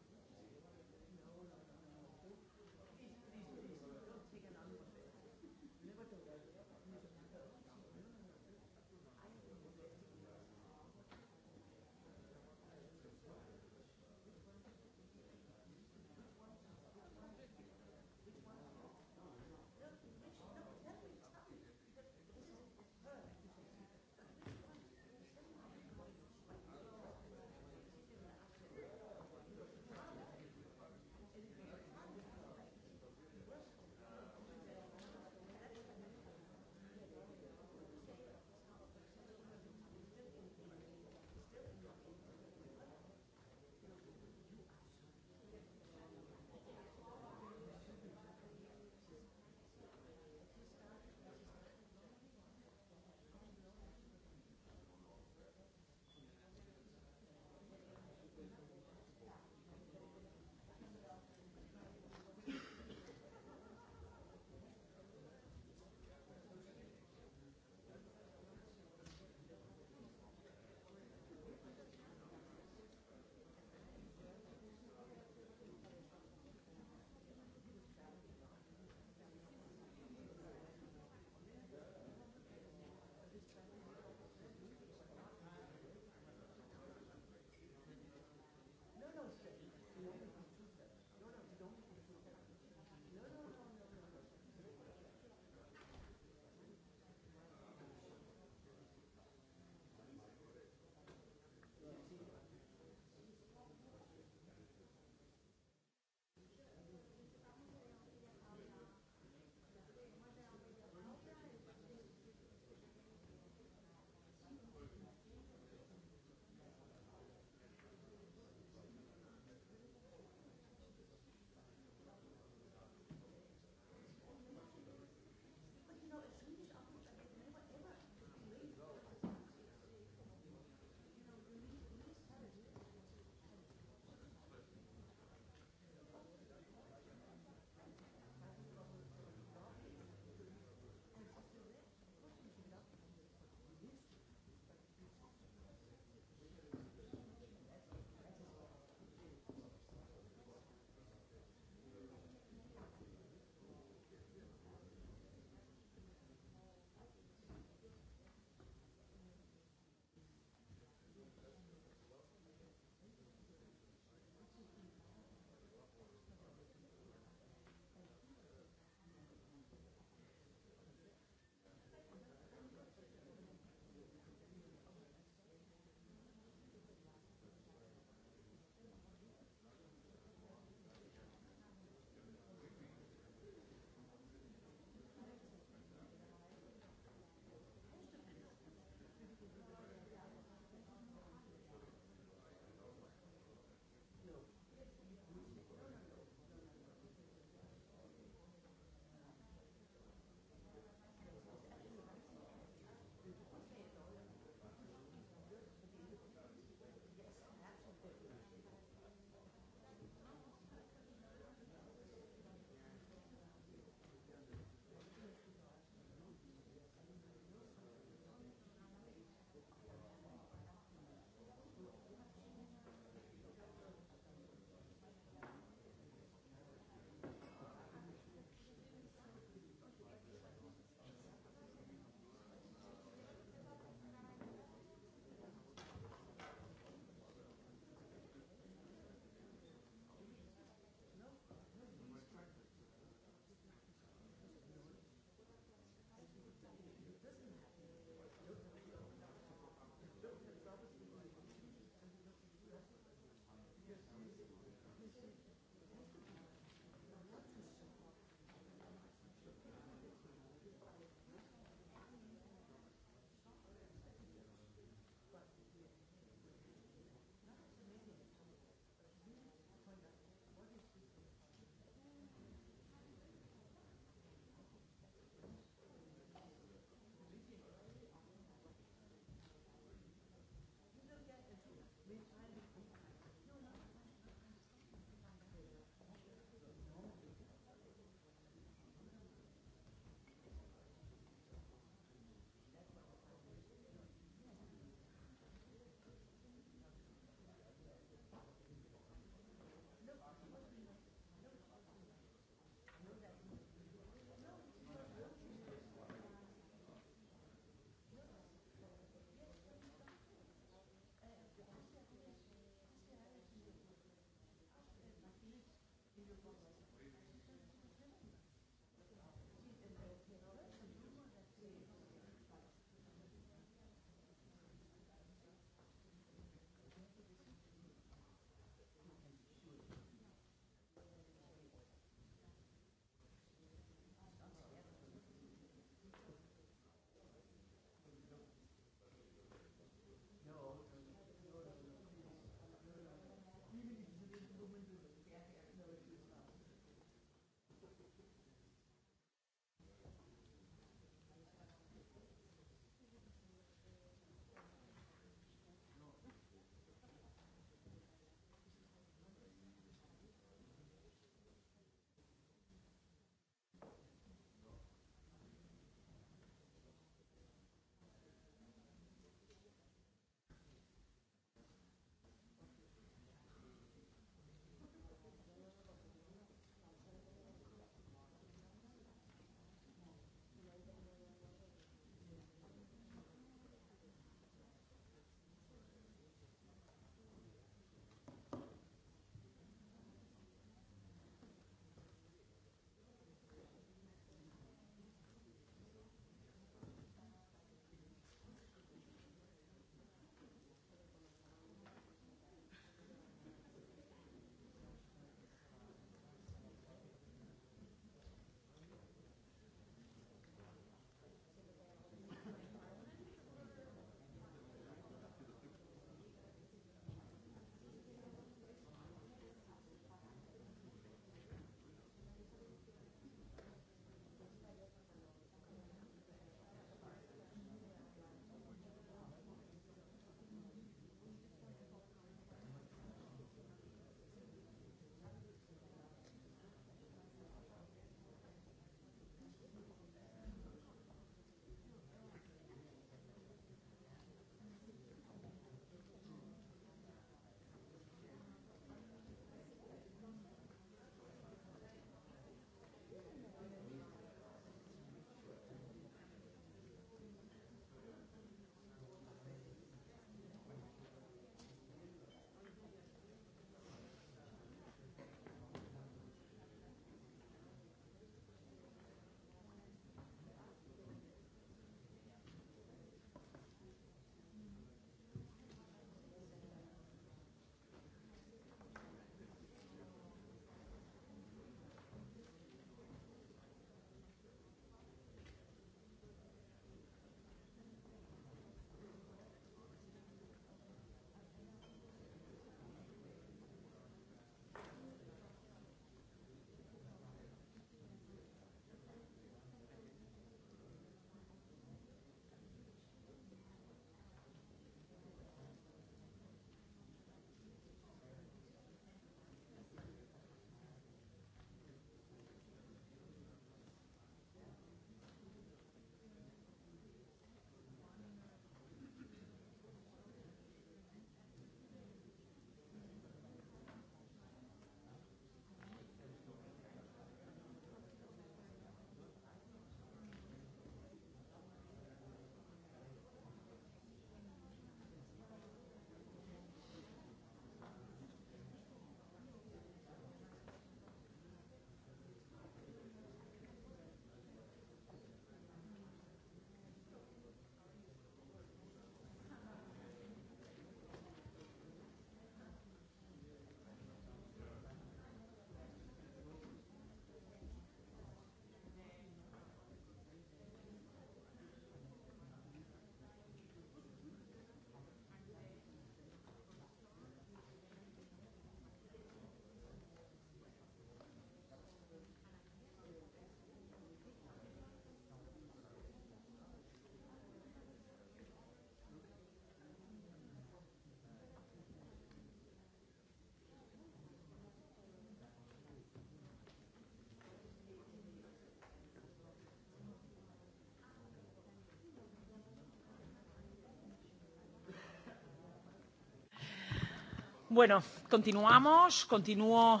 Bueno, continuamos, continuo.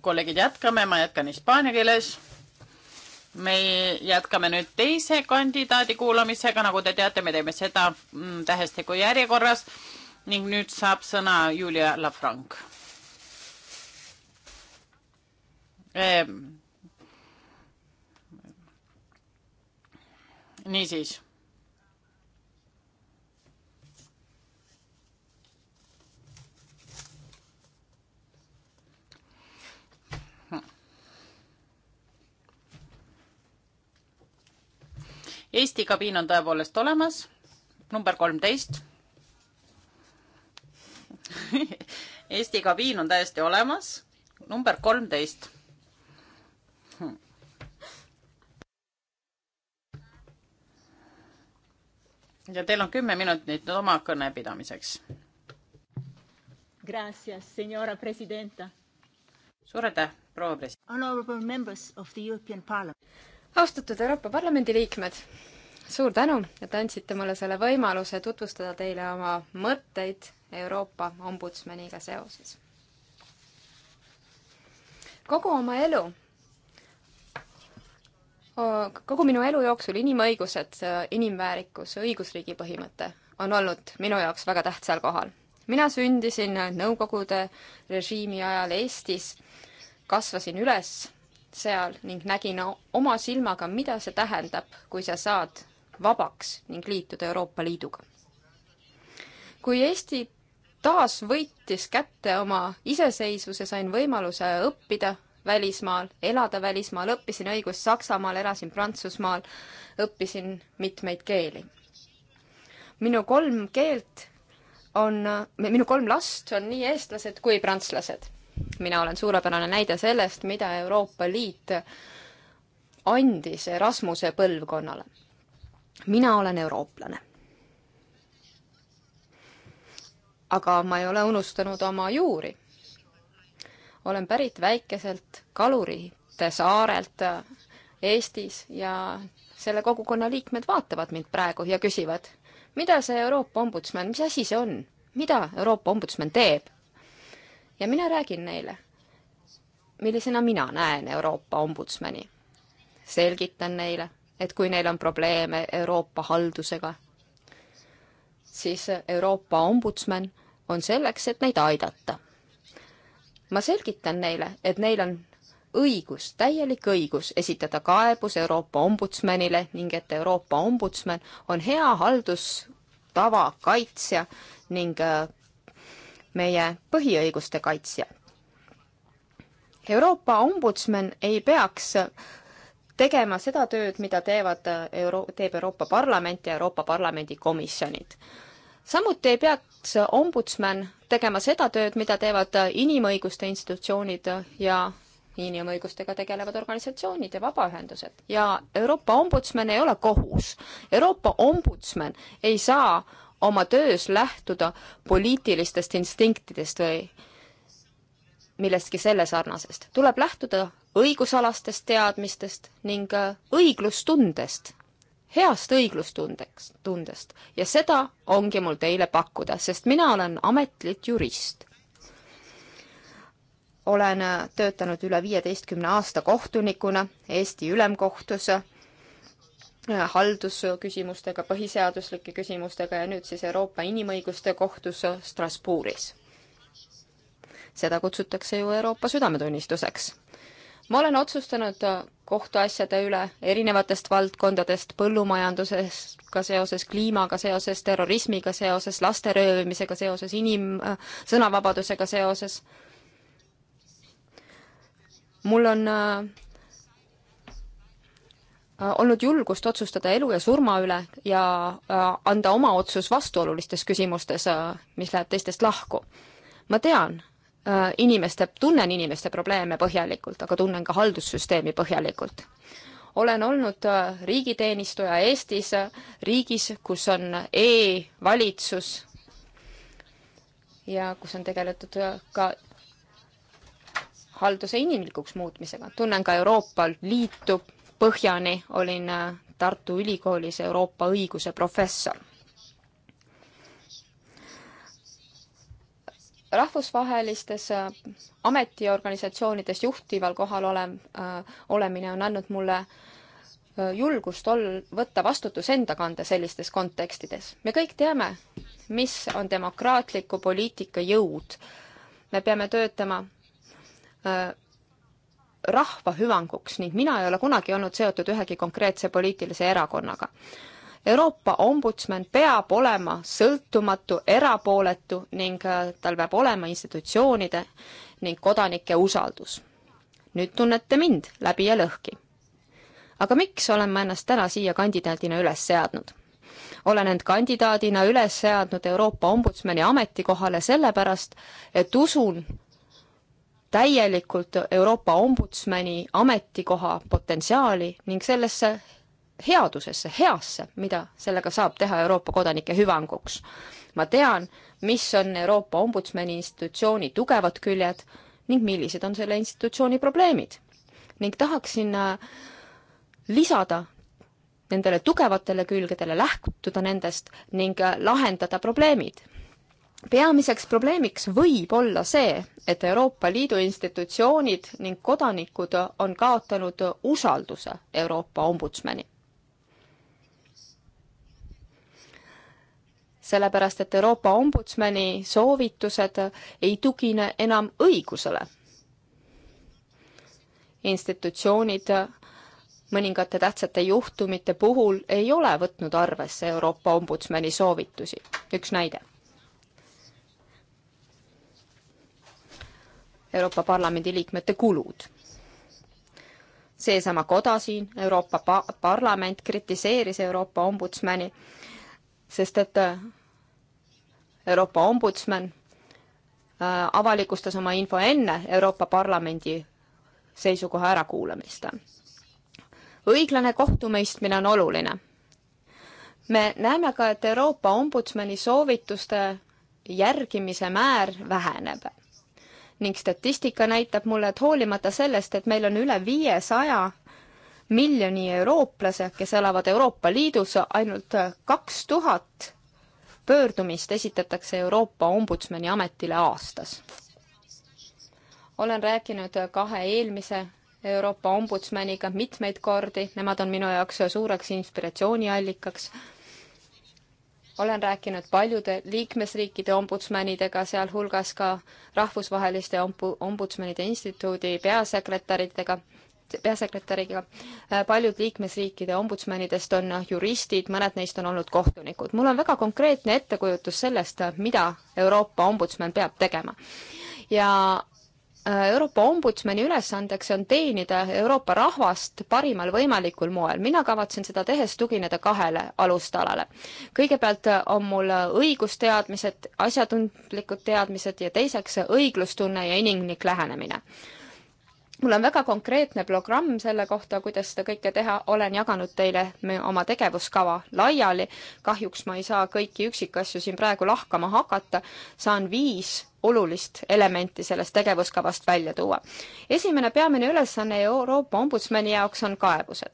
kolleegid, jätkame, ma jätkan hispaania keeles. me jätkame nüüd teise kandidaadi kuulamisega, nagu te teate, me teeme seda mm, tähestiku järjekorras ning nüüd saab sõna Julia Lafranc. Ehm. niisiis Eesti kabiin on tõepoolest olemas, number kolmteist Eesti kabiin on täiesti olemas, number kolmteist. Hmm. ja teil on kümme minutit nüüd oma kõne pidamiseks. Gracias, senora presidenta. suur aitäh, proua president. Honorable members of the European Parliament austatud Euroopa Parlamendi liikmed, suur tänu, et andsite mulle selle võimaluse tutvustada teile oma mõtteid Euroopa ombudsmaniga seoses. kogu oma elu, kogu minu elu jooksul inimõigused, inimväärikus, õigusriigi põhimõte on olnud minu jaoks väga tähtsal kohal. mina sündisin Nõukogude režiimi ajal Eestis, kasvasin üles seal ning nägin oma silmaga, mida see tähendab, kui sa saad vabaks ning liitud Euroopa Liiduga. kui Eesti taas võitis kätte oma iseseisvuse, sain võimaluse õppida välismaal, elada välismaal, õppisin õigust Saksamaal, elasin Prantsusmaal, õppisin mitmeid keeli. minu kolm keelt on, minu kolm last on nii eestlased kui prantslased mina olen suurepärane näide sellest, mida Euroopa Liit andis Erasmuse põlvkonnale. mina olen eurooplane. aga ma ei ole unustanud oma juuri. olen pärit väikeselt kalurite saarelt Eestis ja selle kogukonna liikmed vaatavad mind praegu ja küsivad, mida see Euroopa ombudsman, mis asi see on? mida Euroopa ombudsman teeb? ja mina räägin neile, millisena mina näen Euroopa ombudsmani. selgitan neile, et kui neil on probleeme Euroopa haldusega, siis Euroopa ombudsman on selleks, et neid aidata. ma selgitan neile, et neil on õigus, täielik õigus esitada kaebus Euroopa ombudsmanile ning et Euroopa ombudsman on hea haldustava kaitsja ning äh, meie põhiõiguste kaitsja. Euroopa ombudsman ei peaks tegema seda tööd, mida teevad Euro-, teeb Euroopa Parlament ja Euroopa Parlamendi komisjonid. samuti ei peaks ombudsman tegema seda tööd, mida teevad inimõiguste institutsioonid ja inimõigustega tegelevad organisatsioonid ja vabaühendused ja Euroopa ombudsman ei ole kohus. Euroopa ombudsman ei saa oma töös lähtuda poliitilistest instinktidest või millestki selle sarnasest. tuleb lähtuda õigusalastest teadmistest ning äh, õiglustundest, heast õiglustundeks, tundest. ja seda ongi mul teile pakkuda, sest mina olen ametlik jurist. olen äh, töötanud üle viieteistkümne aasta kohtunikuna Eesti Ülemkohtus haldusküsimustega, põhiseaduslike küsimustega ja nüüd siis Euroopa Inimõiguste Kohtus Strasbourgis. seda kutsutakse ju Euroopa südametunnistuseks. ma olen otsustanud kohtuasjade üle erinevatest valdkondadest, põllumajandusega seoses, kliimaga seoses, terrorismiga seoses, laste röövimisega seoses, inim-, sõnavabadusega seoses. mul on äh, Äh, olnud julgust otsustada elu ja surma üle ja äh, anda oma otsus vastuolulistes küsimustes, äh, mis läheb teistest lahku. ma tean, inimeste, tunnen inimeste probleeme põhjalikult, aga tunnen ka haldussüsteemi põhjalikult. olen olnud riigiteenistuja Eestis, riigis, kus on e-valitsus ja kus on tegeletud ka halduse inimlikuks muutmisega. tunnen ka Euroopa Liitu põhjani olin äh, Tartu Ülikoolis Euroopa õiguse professor. rahvusvahelistes äh, ametiorganisatsioonides juhtival kohal ole-, äh, olemine on andnud mulle julgust ol-, võtta vastutus enda kanda sellistes kontekstides. me kõik teame, mis on demokraatliku poliitika jõud. me peame töötama rahva hüvanguks ning mina ei ole kunagi olnud seotud ühegi konkreetse poliitilise erakonnaga. Euroopa ombudsman peab olema sõltumatu, erapooletu ning äh, tal peab olema institutsioonide ning kodanike usaldus. nüüd tunnete mind läbi ja lõhki. aga miks olen ma ennast täna siia kandidaadina üles seadnud? olen end kandidaadina üles seadnud Euroopa ombudsmani ametikohale sellepärast, et usun, täielikult Euroopa ombudsmani ametikoha potentsiaali ning sellesse headusesse, heasse, mida sellega saab teha Euroopa kodanike hüvanguks. ma tean, mis on Euroopa ombudsmani institutsiooni tugevad küljed ning millised on selle institutsiooni probleemid. ning tahaksin äh, lisada nendele tugevatele külgedele, lähtuda nendest ning äh, lahendada probleemid peamiseks probleemiks võib olla see, et Euroopa Liidu institutsioonid ning kodanikud on kaotanud usalduse Euroopa ombudsmani. sellepärast, et Euroopa ombudsmani soovitused ei tugine enam õigusele. institutsioonid mõningate tähtsate juhtumite puhul ei ole võtnud arvesse Euroopa ombudsmani soovitusi. üks näide Euroopa Parlamendi liikmete kulud. seesama koda siin, Euroopa pa-, Parlament kritiseeris Euroopa ombudsmani, sest et äh, Euroopa ombudsman äh, avalikustas oma info enne Euroopa Parlamendi seisukoha ärakuulamist. õiglane kohtumõistmine on oluline. me näeme ka, et Euroopa Ombudsmani soovituste järgimise määr väheneb ning statistika näitab mulle, et hoolimata sellest, et meil on üle viiesaja miljoni eurooplase, kes elavad Euroopa Liidus, ainult kaks tuhat pöördumist esitatakse Euroopa Ombudsmani ametile aastas. olen rääkinud kahe eelmise Euroopa Ombudsmaniga mitmeid kordi, nemad on minu jaoks suureks inspiratsiooniallikaks olen rääkinud paljude liikmesriikide ombudsmanidega, sealhulgas ka rahvusvaheliste ombu-, ombudsmanide instituudi peasekretäridega, peasekretäriga. paljud liikmesriikide ombudsmanidest on juristid, mõned neist on olnud kohtunikud. mul on väga konkreetne ettekujutus sellest, mida Euroopa ombudsman peab tegema. ja Äh, Euroopa Ombudsmani ülesandeks on teenida Euroopa rahvast parimal võimalikul moel. mina kavatsen seda tehes tugineda kahele alustalale. kõigepealt äh, on mul õigusteadmised, asjatundlikud teadmised ja teiseks õiglustunne ja inimlik lähenemine mul on väga konkreetne programm selle kohta, kuidas seda kõike teha, olen jaganud teile oma tegevuskava laiali. kahjuks ma ei saa kõiki üksikasju siin praegu lahkama hakata, saan viis olulist elementi sellest tegevuskavast välja tuua. esimene peamine ülesanne Euroopa Ombudsmani jaoks on kaebused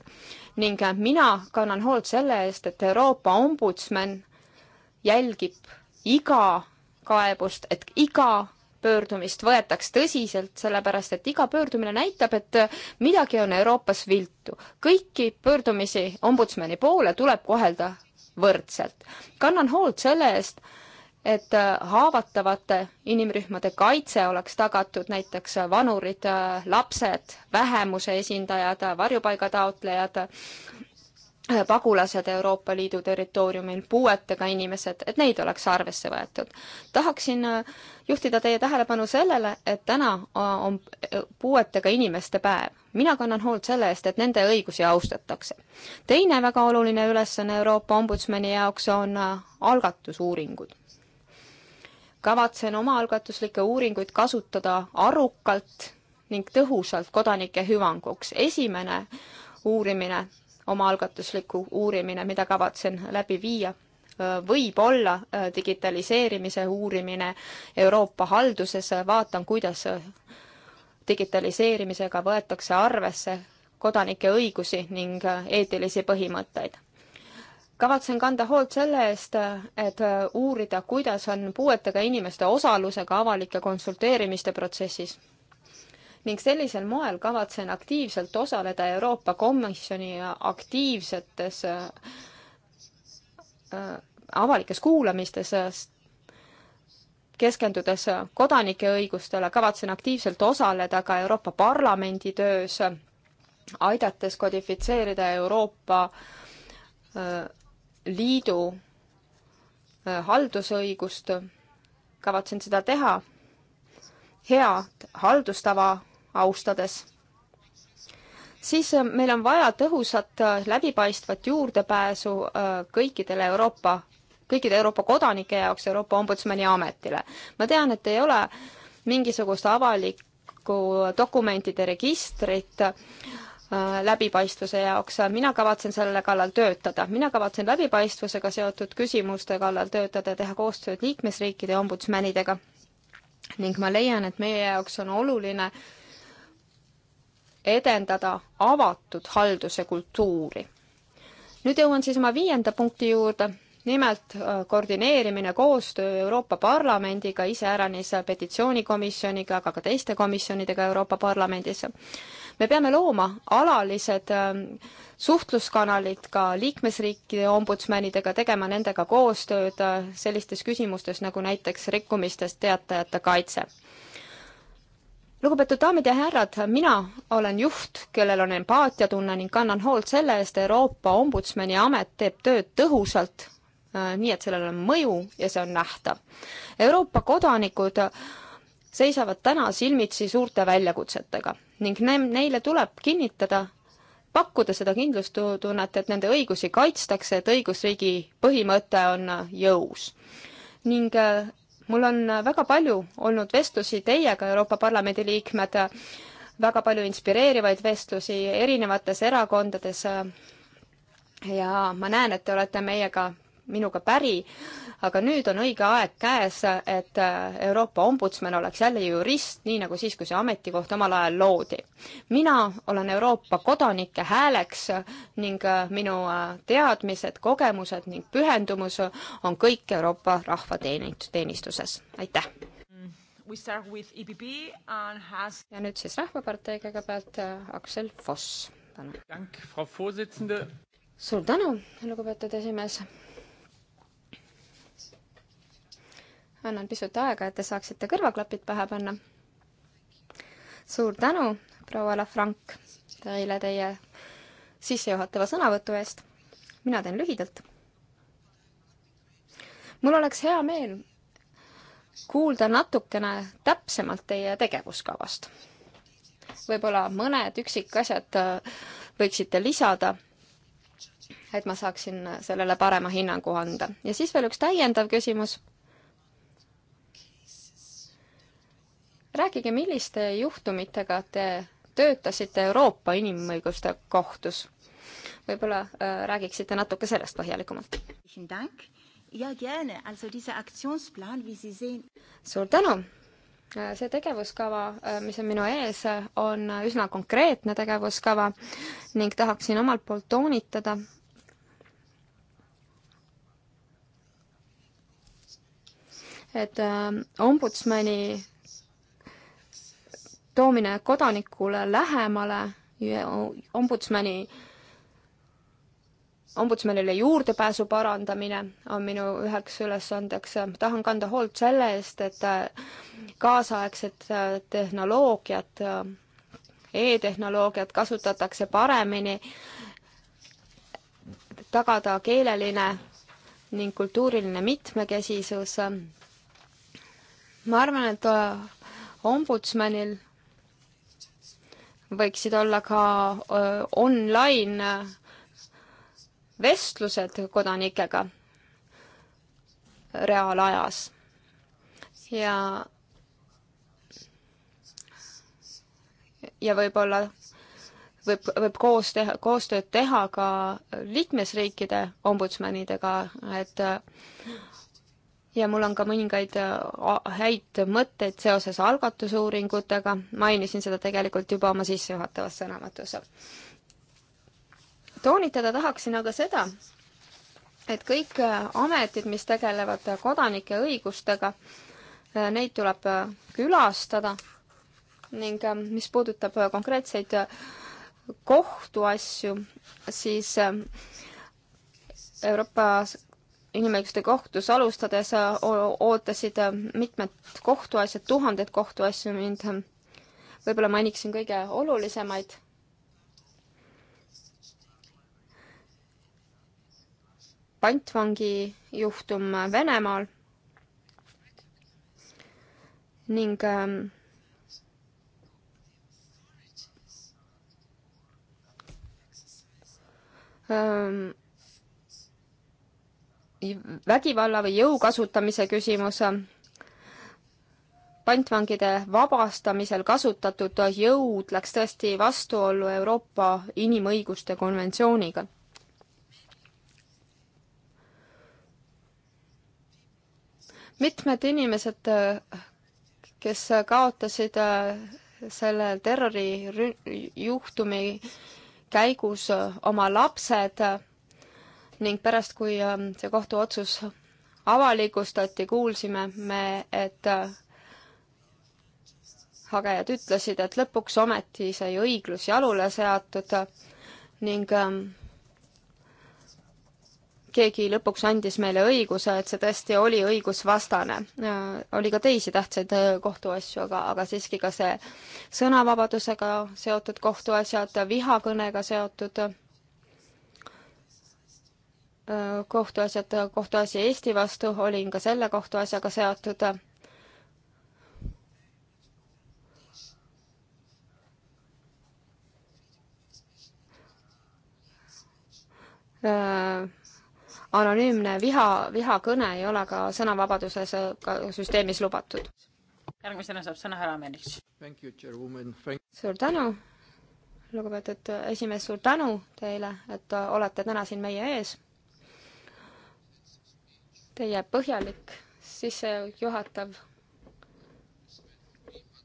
ning mina kannan hoolt selle eest, et Euroopa Ombudsman jälgib iga kaebust, et iga pöördumist võetaks tõsiselt, sellepärast et iga pöördumine näitab, et midagi on Euroopas viltu. kõiki pöördumisi ombudsmani poole tuleb kohelda võrdselt. kannan hoolt selle eest, et haavatavate inimrühmade kaitse oleks tagatud, näiteks vanurid, lapsed, vähemuse esindajad, varjupaigataotlejad Äh, pagulased Euroopa Liidu territooriumil, puuetega inimesed, et neid oleks arvesse võetud. tahaksin äh, juhtida teie tähelepanu sellele, et täna äh, on puuetega inimeste päev. mina kannan hoolt selle eest, et nende õigusi austatakse. teine väga oluline ülesanne Euroopa Ombudsmani jaoks on algatusuuringud. kavatsen omaalgatuslikke uuringuid kasutada arukalt ning tõhusalt kodanike hüvanguks. esimene uurimine omaalgatuslikku uurimine, mida kavatsen läbi viia, võib-olla äh, digitaliseerimise uurimine Euroopa halduses, äh, vaatan, kuidas äh, digitaliseerimisega võetakse arvesse kodanike õigusi ning eetilisi põhimõtteid kavatsen kanda hoolt selle eest, et uurida, kuidas on puuetega inimeste osalusega avalike konsulteerimiste protsessis ning sellisel moel kavatsen aktiivselt osaleda Euroopa Komisjoni aktiivsetes äh, avalikes kuulamistes keskendudes kodanike õigustele, kavatsen aktiivselt osaleda ka Euroopa Parlamendi töös, aidates kodifitseerida Euroopa äh, Liidu äh, haldusõigust, kavatsen seda teha head haldustava austades siis äh, meil on vaja tõhusat äh, läbipaistvat juurdepääsu äh, kõikidele Euroopa, kõikide Euroopa kodanike jaoks Euroopa Ombudsmani ametile. ma tean, et ei ole mingisugust avalikku dokumentide registrit läbipaistvuse jaoks, mina kavatsen selle kallal töötada. mina kavatsen läbipaistvusega seotud küsimuste kallal töötada ja teha koostööd liikmesriikide ombudsmanidega. ning ma leian, et meie jaoks on oluline äh, edendada avatud halduse kultuuri. nüüd jõuan siis oma viienda punkti juurde, nimelt äh, koordineerimine, koostöö Euroopa Parlamendiga, iseäranis petitsioonikomisjoniga, aga ka teiste komisjonidega Euroopa Parlamendis. me peame looma alalised ähm, suhtluskanalid ka liikmesriikide ombudsmanidega, tegema nendega koostööd äh, sellistes küsimustes nagu näiteks rikkumistest teatajate kaitse lugupeetud daamid ja härrad, mina olen juht, kellel on empaatiatunne ning kannan hoolt selle eest, Euroopa Ombudsmani amet teeb tööd tõhusalt, äh, nii et sellel on mõju ja see on nähtav. Euroopa kodanikud seisavad täna silmitsi suurte väljakutsetega ning ne-, neile tuleb kinnitada, pakkuda seda kindlustunnet, et nende õigusi kaitstakse, et õigusriigi põhimõte on jõus. ning äh, mul on äh, väga palju olnud vestlusi teiega, Euroopa Parlamendi liikmed, äh, väga palju inspireerivaid vestlusi erinevates erakondades äh, ja ma näen, et te olete meiega minuga päri, aga nüüd on õige aeg käes, et äh, Euroopa ombudsman oleks jälle jurist, nii nagu siis, kui see ametikoht omal ajal loodi. mina olen Euroopa kodanike hääleks ning äh, minu äh, teadmised, kogemused ning pühendumus on kõik Euroopa rahva teenistuses. aitäh! Mm, e has... ja nüüd siis Rahvapartei kõigepealt Aksel Foss, palun. suur tänu, lugupeetud esimees annan pisut aega, et te saaksite kõrvaklapid pähe panna. suur tänu, proua Lafranc, teile teie sissejuhatava sõnavõtu eest. mina teen lühidalt. mul oleks hea meel kuulda natukene täpsemalt teie tegevuskavast. võib-olla mõned üksikasjad äh, võiksite lisada, et ma saaksin sellele parema hinnangu anda. ja siis veel üks täiendav küsimus rääkige, milliste juhtumitega te töötasite Euroopa Inimõiguste Kohtus? võib-olla äh, räägiksite natuke sellest põhjalikumalt? suur tänu! Äh, see tegevuskava, äh, mis on minu ees, on üsna konkreetne tegevuskava ning tahaksin omalt poolt toonitada, et äh, ombudsmani toomine kodanikule lähemale, ombudsmani, ombudsmanile juurdepääsu parandamine on minu üheks ülesandeks. tahan kanda hoolt selle eest, et kaasaegset tehnoloogiat e-tehnoloogiat kasutatakse paremini, tagada keeleline ning kultuuriline mitmekesisus. ma arvan, et ombudsmanil võiksid olla ka online vestlused kodanikega reaalajas ja ja võib-olla võib, võib koos teha, koostööd teha ka liikmesriikide ombudsmanidega, et ja mul on ka mõningaid äh, häid mõtteid seoses algatusuuringutega, mainisin seda tegelikult juba oma sissejuhatavas sõnavõtus. toonitada tahaksin aga seda, et kõik äh, ametid, mis tegelevad kodanike õigustega, äh, neid tuleb külastada ning mis puudutab konkreetseid kohtuasju, siis Euroopa inimõiguste kohtus alustades äh, ootasid äh, mitmed kohtuasjad, tuhanded kohtuasju mind. Äh, võib-olla mainiksin kõige olulisemaid. pantvangi juhtum Venemaal ning ähm, ähm vägivalla või jõu kasutamise küsimus. pantvangide vabastamisel kasutatud jõud läks tõesti vastuollu Euroopa inimõiguste konventsiooniga. mitmed inimesed, kes kaotasid selle terrorijuhtumi käigus oma lapsed, ning pärast, kui ähm, see kohtuotsus avalikustati, kuulsime me, et äh, hagejad ütlesid, et lõpuks ometi sai õiglus jalule seatud äh, ning ähm, keegi lõpuks andis meile õiguse, et see tõesti oli õigusvastane. Äh, oli ka teisi tähtsaid kohtuasju, aga, aga siiski ka see sõnavabadusega seotud kohtuasjad, vihakõnega seotud kohtuasjad, kohtuasi Eesti vastu, olin ka selle kohtuasjaga seotud. Äh, anonüümne viha, vihakõne ei ole ka sõnavabaduses ka süsteemis lubatud. järgmisena saab sõna härra Ameliks. suur tänu, lugupeetud esimees, suur tänu teile, et olete täna siin meie ees teie põhjalik sissejuhatav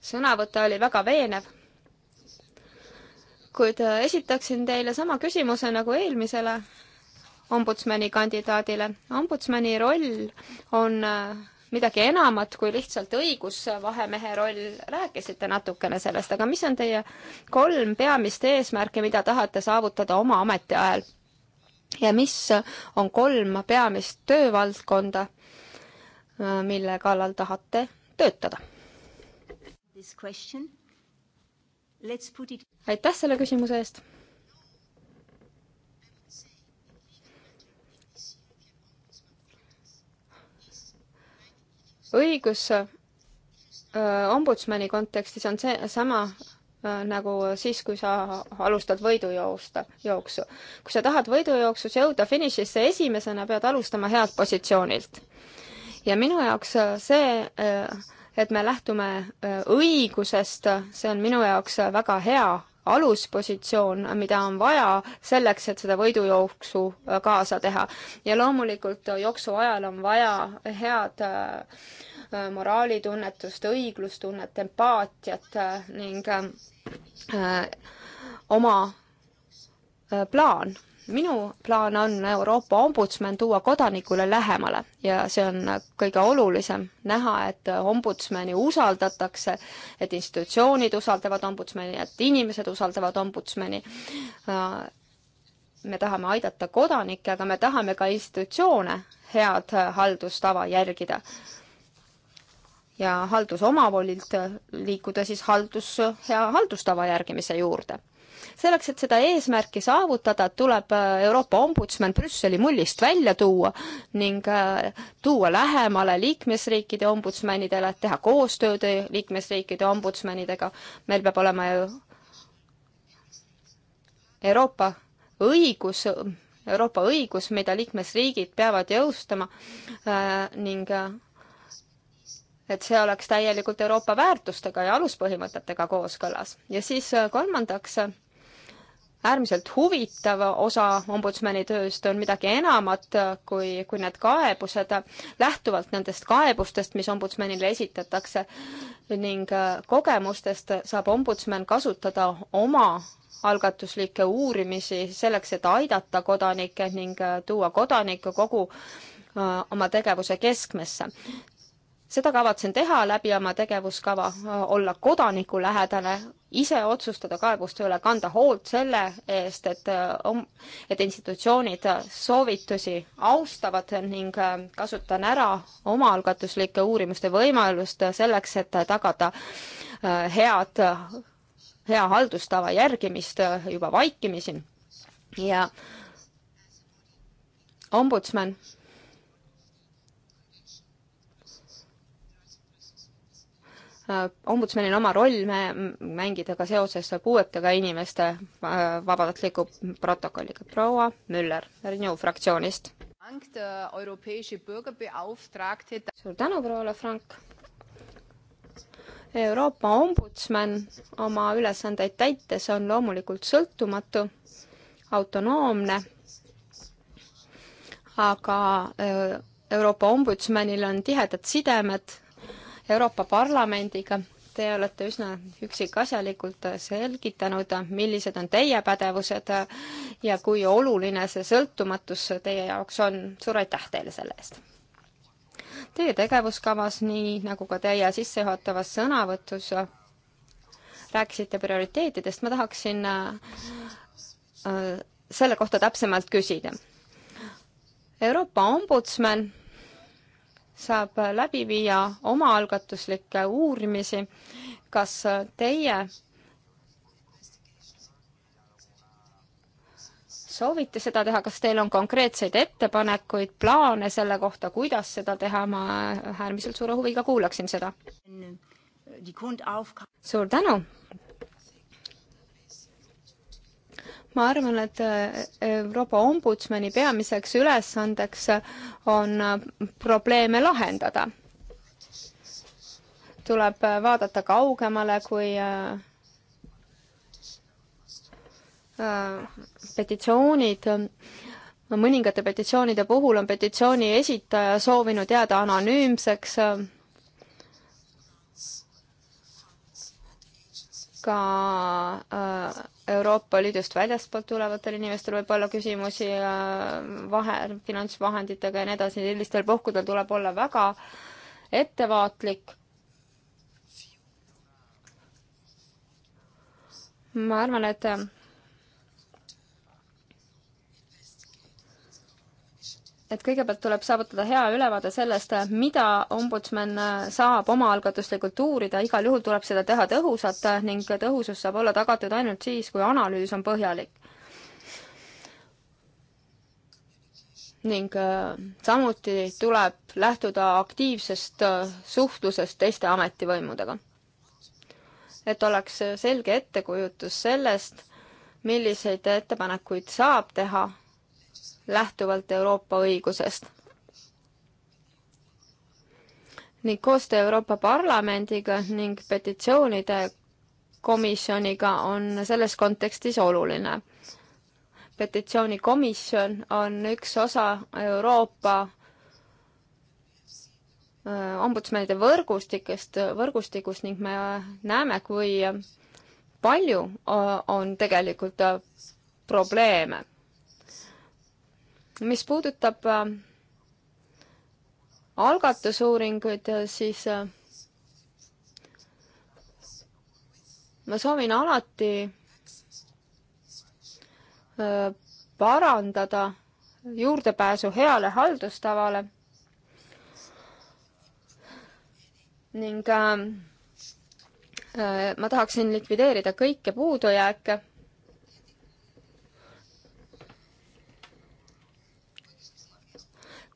sõnavõte oli väga veenev, kuid äh, esitaksin teile sama küsimuse nagu eelmisele ombudsmani kandidaadile. ombudsmani roll on äh, midagi enamat kui lihtsalt õigusvahemehe roll, rääkisite natukene sellest, aga mis on teie kolm peamist eesmärki, mida tahate saavutada oma ametiajal? ja mis on kolm peamist töövaldkonda, mille kallal tahate töötada? aitäh selle küsimuse eest õigus äh, ombudsmani kontekstis on see sama Äh, nagu siis, kui sa alustad võidujoosta, jooksu. kui sa tahad võidujooksus jõuda finišisse esimesena, pead alustama healt positsioonilt. ja minu jaoks äh, see, äh, et me lähtume õigusest, see on minu jaoks väga hea aluspositsioon, mida on vaja selleks, et seda võidujooksu kaasa teha. ja loomulikult jooksu ajal on vaja head äh, Äh, moraalitunnetust, õiglustunnet, empaatiat äh, ning äh, oma plaan minu plaan on Euroopa ombudsman tuua kodanikule lähemale ja see on kõige olulisem, näha, et ombudsmani usaldatakse, et institutsioonid usaldavad ombudsmani, et inimesed usaldavad ombudsmani. me tahame aidata kodanikke, aga me tahame ka institutsioone head haldustava järgida ja haldusomavolilt äh, liikuda siis haldus, hea haldustava järgimise juurde. selleks, et seda eesmärki saavutada, tuleb äh, Euroopa ombudsman Brüsseli mullist välja tuua ning äh, tuua lähemale liikmesriikide ombudsmanidele, teha koostööd liikmesriikide ombudsmanidega, meil peab olema ju Euroopa õigus, Euroopa õigus, mida liikmesriigid peavad jõustama äh, ning äh, et see oleks täielikult Euroopa väärtustega ja aluspõhimõtetega kooskõlas. ja siis äh, kolmandaks, äärmiselt huvitav osa ombudsmani tööst on midagi enamat äh, kui, kui need kaebused, lähtuvalt nendest kaebustest, mis ombudsmanile esitatakse ning äh, kogemustest saab ombudsman kasutada oma algatuslikke uurimisi selleks, et aidata kodanikke ning tuua kodanikke kogu oma tegevuse keskmesse seda kavatsen teha läbi oma tegevuskava, äh, olla kodanikulähedane, ise otsustada kaebuste üle, kanda hoolt selle eest, et, äh, et institutsioonid äh, soovitusi austavad ning kasutan ära omaalgatuslike uurimuste võimalust selleks, et tagada head, hea haldustava järgimist juba vaikimisi ja ombudsman Äh, ombudsmanil oma roll mängida ka seoses puuetega inimeste äh, vabatahtliku protokolliga. proua Müller, Renew fraktsioonist. suur tänu, proua Le Franc. Euroopa ombudsman oma ülesandeid täites on loomulikult sõltumatu, autonoomne, aga äh, Euroopa ombudsmanil on tihedad sidemed Euroopa Parlamendiga. Te olete üsna üksikasjalikult selgitanud, millised on teie pädevused ja kui oluline see sõltumatus teie jaoks on. suur aitäh teile selle eest! Teie tegevuskavas, nii nagu ka teie sissejuhatavas sõnavõtus rääkisite prioriteetidest, ma tahaksin äh, selle kohta täpsemalt küsida. Euroopa ombudsman saab läbi viia omaalgatuslikke uurimisi. kas teie soovite seda teha, kas teil on konkreetseid ettepanekuid, plaane selle kohta, kuidas seda teha, ma äärmiselt suure huviga kuulaksin seda. Äh, suur tänu, ma arvan, et äh, Euroopa Ombudsmani peamiseks ülesandeks on äh, probleeme lahendada. tuleb äh, vaadata kaugemale kui petitsioonid mõningate petitsioonide puhul on petitsiooni esitaja soovinud jääda anonüümseks ka äh, Euroopa Liidust väljaspoolt tulevatel inimestel võib olla küsimusi äh, vahe, finantsvahenditega ja nii edasi, sellistel puhkudel tuleb olla väga ettevaatlik. ma arvan, et äh, et kõigepealt tuleb saavutada hea ülevaade sellest, mida ombudsman saab omaalgatuslikult uurida, igal juhul tuleb seda teha tõhusalt ning tõhusus saab olla tagatud ainult siis, kui analüüs on põhjalik. ning äh, samuti tuleb lähtuda aktiivsest äh, suhtlusest teiste ametivõimudega. et oleks selge ettekujutus sellest, milliseid ettepanekuid saab teha lähtuvalt Euroopa õigusest. ning koostöö Euroopa Parlamendiga ning petitsioonide komisjoniga on selles kontekstis oluline. petitsioonikomisjon on üks osa Euroopa ombudsmanide võrgustikest, võrgustikust ning me näeme, kui palju on tegelikult probleeme mis puudutab äh, algatusuuringuid, siis äh, ma soovin alati äh, parandada juurdepääsu heale haldustavale ning äh, ma tahaksin likvideerida kõiki puudujääke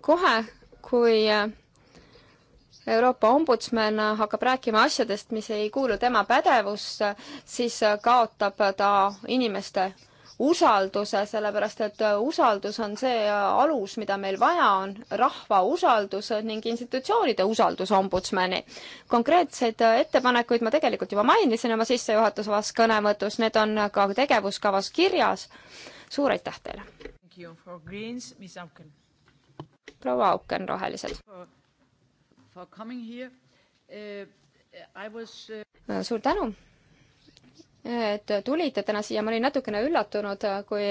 kohe, kui äh, Euroopa ombudsman hakkab rääkima asjadest, mis ei kuulu tema pädevusse, siis äh, kaotab ta inimeste usalduse, sellepärast et äh, usaldus on see alus, mida meil vaja on, rahva usaldus ning institutsioonide usaldus ombudsmani. konkreetseid ettepanekuid ma tegelikult juba mainisin oma sissejuhatavas kõnevõtus, need on ka tegevuskavas kirjas. suur aitäh teile! proua Auken, Rohelised. Uh, uh, suur tänu et tulite täna siia, ma olin natukene üllatunud, kui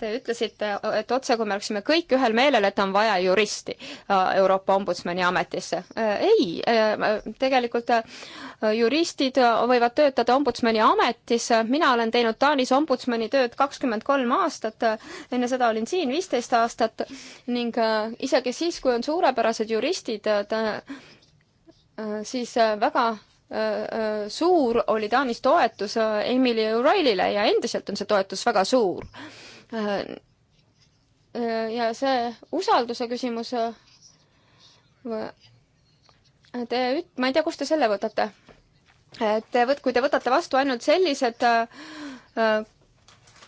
te ütlesite, et otse kui me oleksime kõik ühel meelel, et on vaja juristi äh, Euroopa Ombudsmani ametisse. Äh, ei, äh, tegelikult juristid võivad töötada Ombudsmani ametis, mina olen teinud Taanis Ombudsmani tööd kakskümmend kolm aastat, enne seda olin siin viisteist aastat ning isegi siis, kui on suurepärased juristid, siis väga Äh, äh, suur oli Taanis toetus äh, Emily O'Reillyle ja endiselt on see toetus väga suur. ja see usalduse küsimus, te üt-, ma ei tea, kust te selle võtate? et võt-, kui te võtate vastu ainult sellised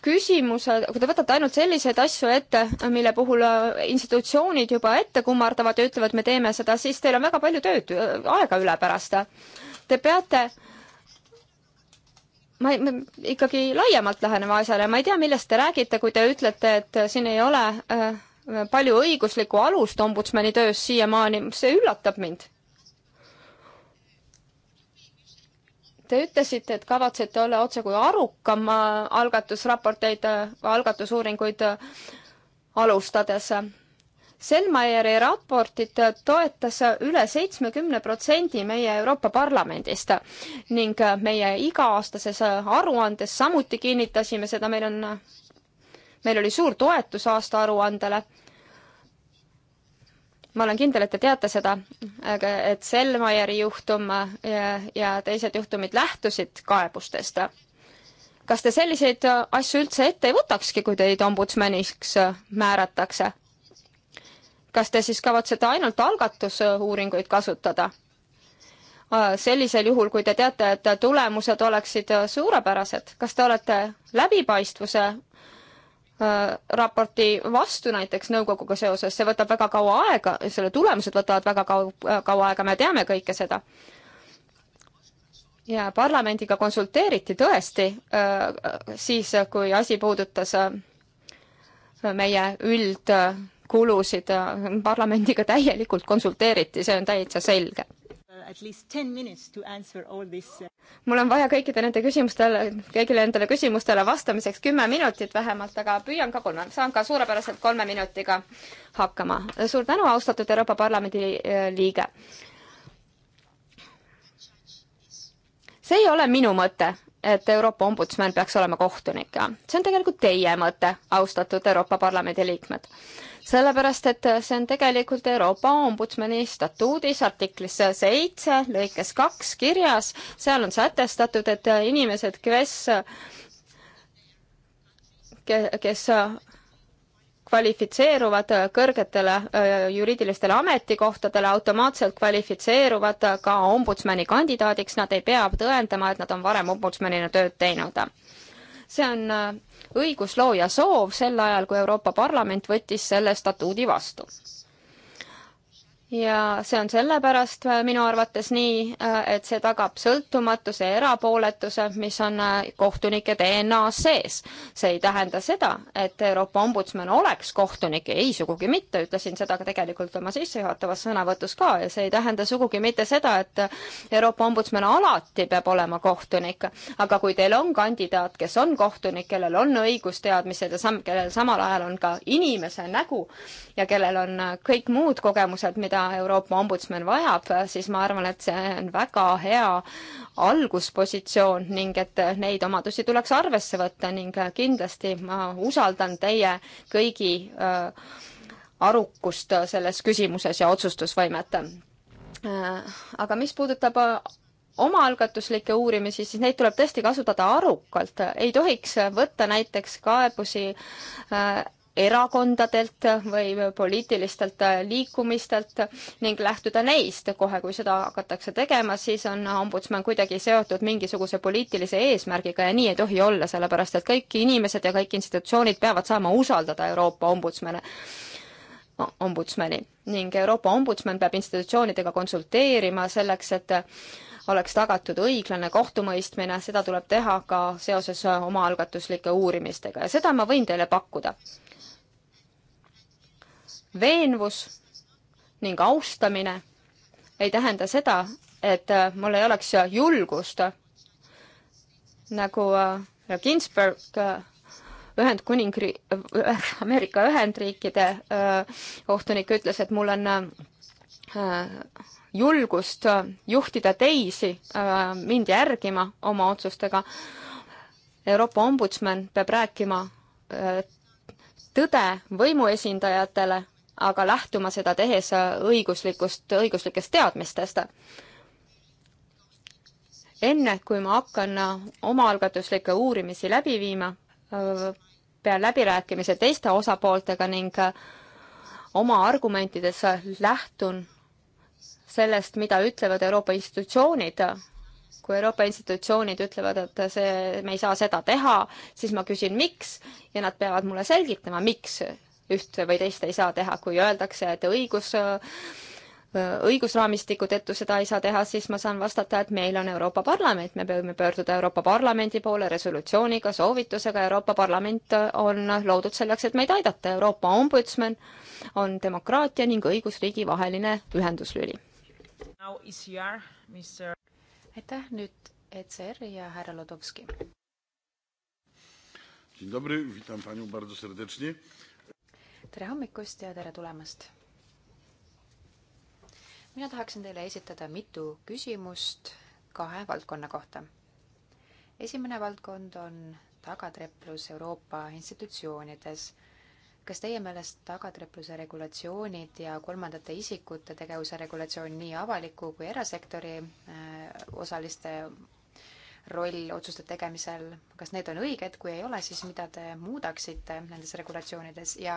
küsimused, kui te võtate ainult selliseid asju ette, mille puhul institutsioonid juba ette kummardavad ja ütlevad, me teeme seda, siis teil on väga palju tööd, aega üle pärast Te peate ma, ma ikkagi laiemalt lähenema asjale, ma ei tea, millest te räägite, kui te ütlete, et siin ei ole äh, palju õiguslikku alust ombudsmani töös siiamaani, see üllatab mind. Te ütlesite, et kavatsete olla otsekui arukam äh, algatusraporteid, äh, algatusuuringuid äh, alustades Selmaieri raportit toetas üle seitsmekümne protsendi meie Euroopa Parlamendist ning meie iga-aastases aruandes samuti kinnitasime seda, meil on, meil oli suur toetus aastaaruandele ma olen kindel, et te teate seda, aga et Selmajärvi juhtum ja, ja teised juhtumid lähtusid kaebustest. kas te selliseid asju üldse ette ei võtakski, kui teid ombudsmaniks määratakse? kas te siis kavatsete ainult algatusuuringuid kasutada? Äh, sellisel juhul, kui te teate, et tulemused oleksid äh, suurepärased, kas te olete läbipaistvuse äh, raporti vastu näiteks nõukoguga seoses, see võtab väga kaua aega, selle tulemused võtavad väga kaua, kaua aega, me teame kõike seda. ja parlamendiga konsulteeriti tõesti siis, kui asi puudutas meie üld kulusid äh, parlamendiga täielikult konsulteeriti, see on täitsa selge. Uh, mul on vaja kõikide nende küsimustele, kõigile nendele küsimustele vastamiseks kümme minutit vähemalt, aga püüan ka kolme, saan ka suurepäraselt kolme minutiga hakkama. suur tänu, austatud Euroopa Parlamendi äh, liige. see ei ole minu mõte et Euroopa ombudsman peaks olema kohtunik ja see on tegelikult teie mõte, austatud Euroopa Parlamendi liikmed. sellepärast, et see on tegelikult Euroopa ombudsmani statuudis artiklis seitse lõikes kaks kirjas, seal on sätestatud, et inimesed, kes kes kvalifitseeruvad kõrgetele äh, juriidilistele ametikohtadele, automaatselt kvalifitseeruvad ka ombudsmani kandidaadiks, nad ei pea tõendama, et nad on varem ombudsmanina tööd teinud. see on äh, õiguslooja soov sel ajal, kui Euroopa Parlament võttis selle statuudi vastu ja see on sellepärast äh, minu arvates nii, äh, et see tagab sõltumatuse ja erapooletuse, mis on äh, kohtunike DNA-s sees. see ei tähenda seda, et Euroopa ombudsman oleks kohtunik, ei sugugi mitte, ütlesin seda ka tegelikult oma sissejuhatavas sõnavõtus ka ja see ei tähenda sugugi mitte seda, et Euroopa ombudsman alati peab olema kohtunik. aga kui teil on kandidaat, kes on kohtunik, kellel on õigusteadmised ja sam-, kellel samal ajal on ka inimese nägu ja kellel on kõik muud kogemused, mida mida Euroopa ombudsman vajab, siis ma arvan, et see on väga hea alguspositsioon ning et neid omadusi tuleks arvesse võtta ning kindlasti ma usaldan teie kõigi äh, arukust selles küsimuses ja otsustusvõimet. Äh, aga mis puudutab äh, omaalgatuslikke uurimisi, siis neid tuleb tõesti kasutada arukalt, ei tohiks võtta näiteks kaebusi erakondadelt või poliitilistelt liikumistelt ning lähtuda neist. kohe, kui seda hakatakse tegema, siis on ombudsman kuidagi seotud mingisuguse poliitilise eesmärgiga ja nii ei tohi olla, sellepärast et kõik inimesed ja kõik institutsioonid peavad saama usaldada Euroopa ombudsmane ombudsmani ning Euroopa ombudsman peab institutsioonidega konsulteerima selleks, et oleks tagatud õiglane kohtumõistmine, seda tuleb teha ka seoses omaalgatuslike uurimistega ja seda ma võin teile pakkuda veenvus ning austamine ei tähenda seda, et äh, mul ei oleks äh, julgust, nagu äh, Ginsberg Ühendkuningri-, Ameerika Ühendriikide kohtunik ütles, et mul on julgust juhtida teisi mind järgima oma otsustega. Euroopa ombudsman peab rääkima tõde võimuesindajatele aga lähtuma seda tehes õiguslikust, õiguslikest teadmistest. enne, kui ma hakkan omaalgatuslikke uurimisi läbi viima, pean läbirääkimise teiste osapooltega ning oma argumentides lähtun sellest, mida ütlevad Euroopa institutsioonid. kui Euroopa institutsioonid ütlevad, et see, me ei saa seda teha, siis ma küsin, miks ja nad peavad mulle selgitama, miks üht või teist ei saa teha, kui öeldakse, et õigus õigusraamistiku tõttu seda ei saa teha, siis ma saan vastata, et meil on Euroopa Parlament, me peame pöörduda Euroopa Parlamendi poole resolutsiooniga, soovitusega, Euroopa Parlament on loodud selleks, et meid aidata, Euroopa Ombudsman on demokraatia ning õigusriigi vaheline ühenduslüli. E aitäh, nüüd ECR ja härra Ludovski tere hommikust ja tere tulemast! mina tahaksin teile esitada mitu küsimust kahe valdkonna kohta. esimene valdkond on tagatreplus Euroopa institutsioonides. kas teie meelest tagatrepluse regulatsioonid ja kolmandate isikute tegevuse regulatsioon nii avaliku kui erasektori äh, osaliste roll otsuste tegemisel, kas need on õiged, kui ei ole, siis mida te muudaksite nendes regulatsioonides ja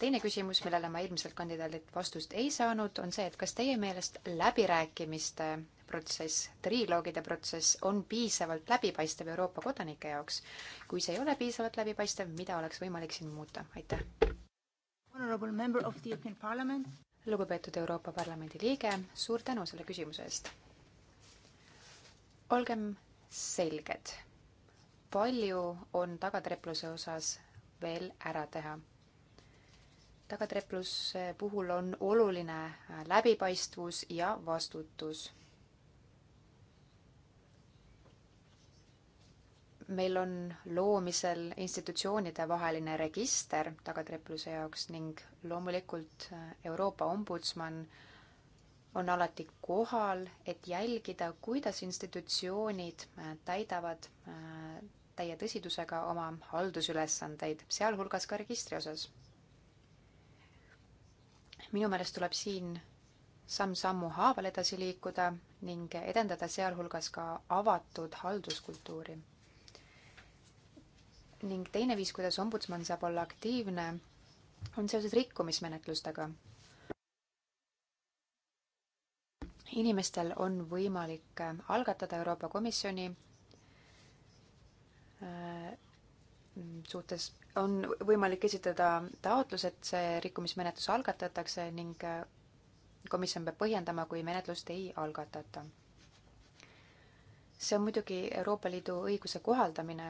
teine küsimus, millele ma eelmiselt kandidaadilt vastust ei saanud, on see, et kas teie meelest läbirääkimiste protsess, triloogide protsess on piisavalt läbipaistev Euroopa kodanike jaoks. kui see ei ole piisavalt läbipaistev, mida oleks võimalik siin muuta, aitäh? lugupeetud Euroopa Parlamendi liige, suur tänu selle küsimuse eest. olgem selged. palju on tagatrepluse osas veel ära teha? tagatrepluse puhul on oluline läbipaistvus ja vastutus. meil on loomisel institutsioonide vaheline register tagatrepluse jaoks ning loomulikult Euroopa ombudsman äh, on alati kohal, et jälgida, kuidas institutsioonid äh, täidavad äh, täie tõsidusega oma haldusülesandeid, sealhulgas ka registri osas. minu meelest tuleb siin samm-sammu haaval edasi liikuda ning edendada sealhulgas ka avatud halduskultuuri. ning teine viis, kuidas ombudsman saab olla aktiivne, on seoses rikkumismenetlustega inimestel on võimalik äh, algatada Euroopa Komisjoni äh, suhtes, on võimalik esitada taotlus, et see rikkumismenetlus algatatakse ning äh, komisjon peab põhjendama, kui menetlust ei algatata. see on muidugi Euroopa Liidu õiguse kohaldamine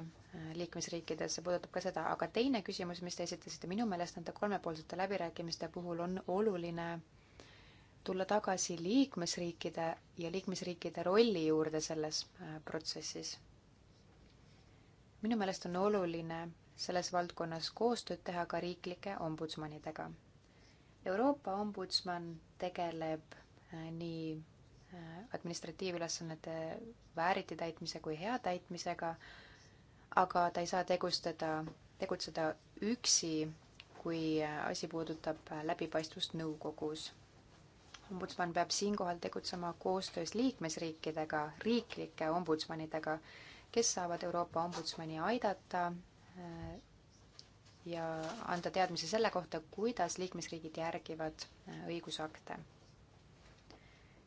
liikmesriikides, see puudutab ka seda, aga teine küsimus, mis te esitasite, minu meelest nende kolmepoolsete läbirääkimiste puhul on oluline tulla tagasi liikmesriikide ja liikmesriikide rolli juurde selles äh, protsessis. minu meelest on oluline selles valdkonnas koostööd teha ka riiklike ombudsmanidega. Euroopa ombudsman tegeleb äh, nii äh, administratiivülesannete vääriti täitmise kui hea täitmisega, aga ta ei saa tegustada, tegutseda üksi, kui asi puudutab läbipaistvust nõukogus ombudsman peab siinkohal tegutsema koostöös liikmesriikidega, riiklike ombudsmanidega, kes saavad Euroopa ombudsmani aidata äh, ja anda teadmisi selle kohta, kuidas liikmesriigid järgivad äh, õigusakte.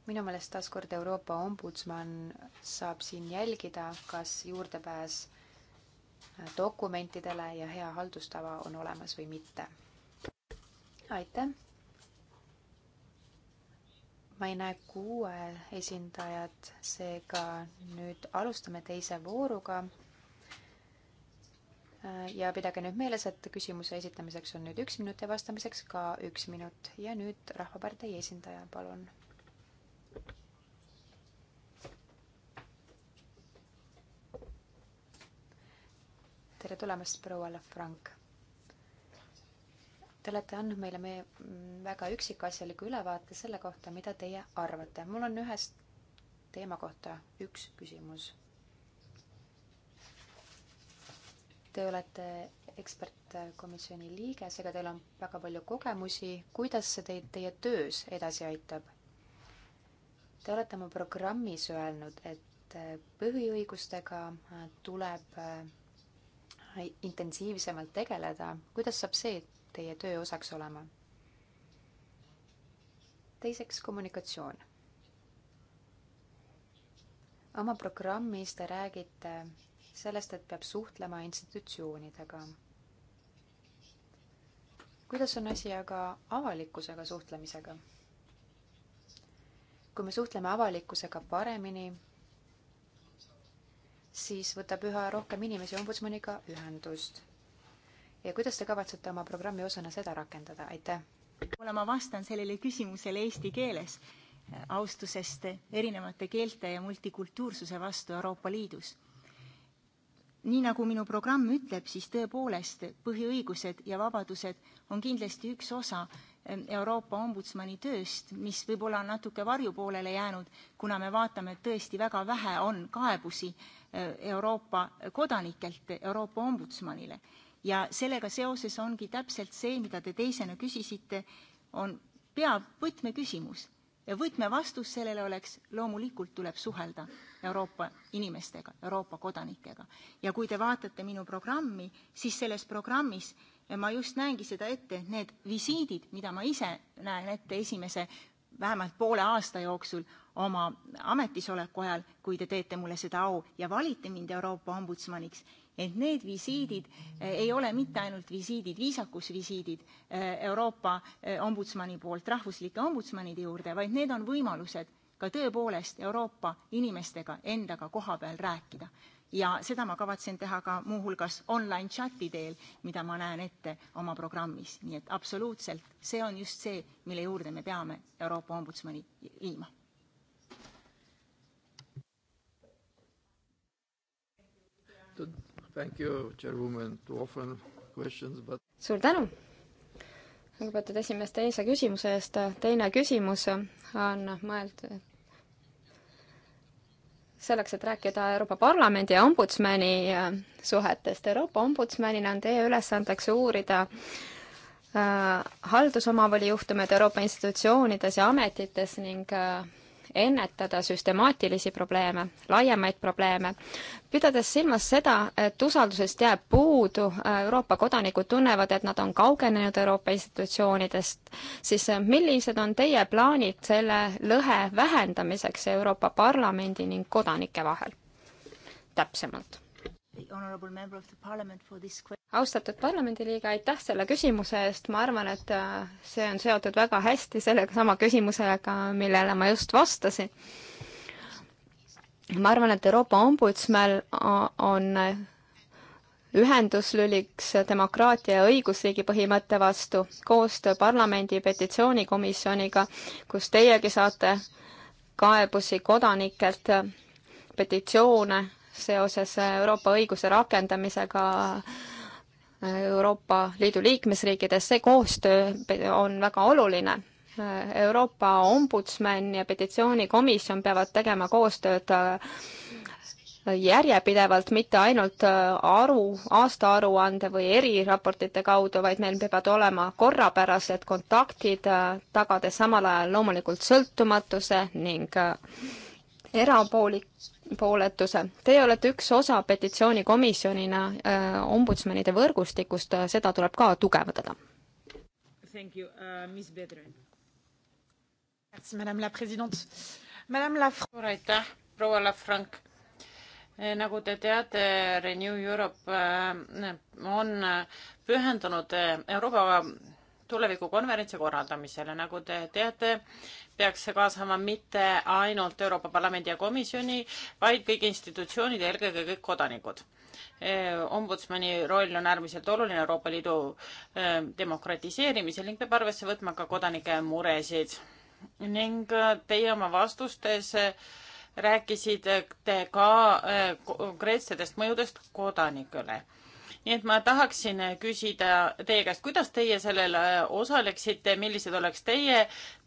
minu meelest taaskord Euroopa ombudsman saab siin jälgida, kas juurdepääs äh, dokumentidele ja hea haldustava on olemas või mitte. aitäh! ma ei näe kuuel esindajat, seega nüüd alustame teise vooruga. ja pidage nüüd meeles, et küsimuse esitamiseks on nüüd üks minut ja vastamiseks ka üks minut ja nüüd Rahvapartei esindaja, palun. tere tulemast, proua Lefranc Te olete andnud meile meie mm, väga üksikasjaliku ülevaate selle kohta, mida teie arvate. mul on ühest teema kohta üks küsimus. Te olete ekspertkomisjoni liige, seega teil on väga palju kogemusi. kuidas see teid teie töös edasi aitab? Te olete oma programmis öelnud, et äh, põhiõigustega äh, tuleb äh, intensiivsemalt tegeleda. kuidas saab see teie töö osaks olema. teiseks kommunikatsioon. oma programmis te räägite sellest, et peab suhtlema institutsioonidega. kuidas on asi aga avalikkusega suhtlemisega? kui me suhtleme avalikkusega paremini, siis võtab üha rohkem inimesi ombudsmaniga ühendust ja kuidas te kavatsete oma programmi osana seda rakendada, aitäh! kuule, ma vastan sellele küsimusele eesti keeles, austusest erinevate keelte ja multikultuursuse vastu Euroopa Liidus. nii nagu minu programm ütleb, siis tõepoolest põhiõigused ja vabadused on kindlasti üks osa ehm, Euroopa ombudsmani tööst, mis võib-olla on natuke varjupoolele jäänud, kuna me vaatame, et tõesti väga vähe on kaebusi ehm, Euroopa kodanikelt Euroopa ombudsmanile ja sellega seoses ongi täpselt see, mida te teisena küsisite, on pea võtmeküsimus ja võtmevastus sellele oleks, loomulikult tuleb suhelda Euroopa inimestega, Euroopa kodanikega. ja kui te vaatate minu programmi, siis selles programmis ma just näengi seda ette, et need visiidid, mida ma ise näen ette esimese vähemalt poole aasta jooksul oma ametisoleku ajal, kui te teete mulle seda au ja valite mind Euroopa ombudsmaniks, et need visiidid eh, ei ole mitte ainult visiidid, viisakusvisiidid eh, Euroopa eh, ombudsmani poolt rahvuslike ombudsmanide juurde, vaid need on võimalused ka tõepoolest Euroopa inimestega endaga koha peal rääkida. ja seda ma kavatsen teha ka muuhulgas online chati teel, mida ma näen ette oma programmis, nii et absoluutselt, see on just see, mille juurde me peame Euroopa ombudsmani viima. But... suur tänu, lugupeetud esimees, teise küsimuse eest. teine küsimus on mõeldud selleks, et rääkida Euroopa Parlamendi ja ombudsmani suhetest. Euroopa ombudsmanina on teie ülesandeks uurida äh, haldusomavoli juhtumeid Euroopa institutsioonides ja ametites ning äh, ennetada süstemaatilisi probleeme, laiemaid probleeme, pidades silmas seda, et usaldusest jääb puudu, Euroopa kodanikud tunnevad, et nad on kaugenenud Euroopa institutsioonidest, siis millised on teie plaanid selle lõhe vähendamiseks Euroopa Parlamendi ning kodanike vahel täpsemalt? austatud parlamendiliige, aitäh selle küsimuse eest, ma arvan, et äh, see on seotud väga hästi selle sama küsimusega, millele ma just vastasin. ma arvan, et Euroopa ombudsman äh, on äh, ühenduslüliks demokraatia ja õigusriigi põhimõtte vastu, koostöö parlamendi petitsioonikomisjoniga, kus teiegi saate kaebusi kodanikelt, petitsioone seoses Euroopa õiguse rakendamisega Euroopa Liidu liikmesriikides, see koostöö on väga oluline. Euroopa ombudsman ja petitsioonikomisjon peavad tegema koostööd järjepidevalt, mitte ainult aru, aastaaruande või eriraportite kaudu, vaid meil peavad olema korrapärased kontaktid, tagades samal ajal loomulikult sõltumatuse ning erapooli-, erapooletuse. Teie olete üks osa petitsioonikomisjonina äh, ombudsmanide võrgustikust, äh, seda tuleb ka tugevdada. Äh, suur aitäh, proua Lafranc. Eh, nagu te teate, Renew Europe on pühendunud Euroopa tulevikukonverentsi korraldamisele. nagu te teate, peaks see kaasama mitte ainult Euroopa Parlamendi ja Komisjoni, vaid kõik institutsioonid ja eelkõige kõik kodanikud. E, ombudsmani roll on äärmiselt oluline Euroopa Liidu e, demokratiseerimisel ning peab arvesse võtma ka kodanike muresid. ning e, teie oma vastustes rääkisid te ka konkreetsetest mõjudest kodanikele nii et ma tahaksin küsida teie käest, kuidas teie sellel osaleksite, millised oleks teie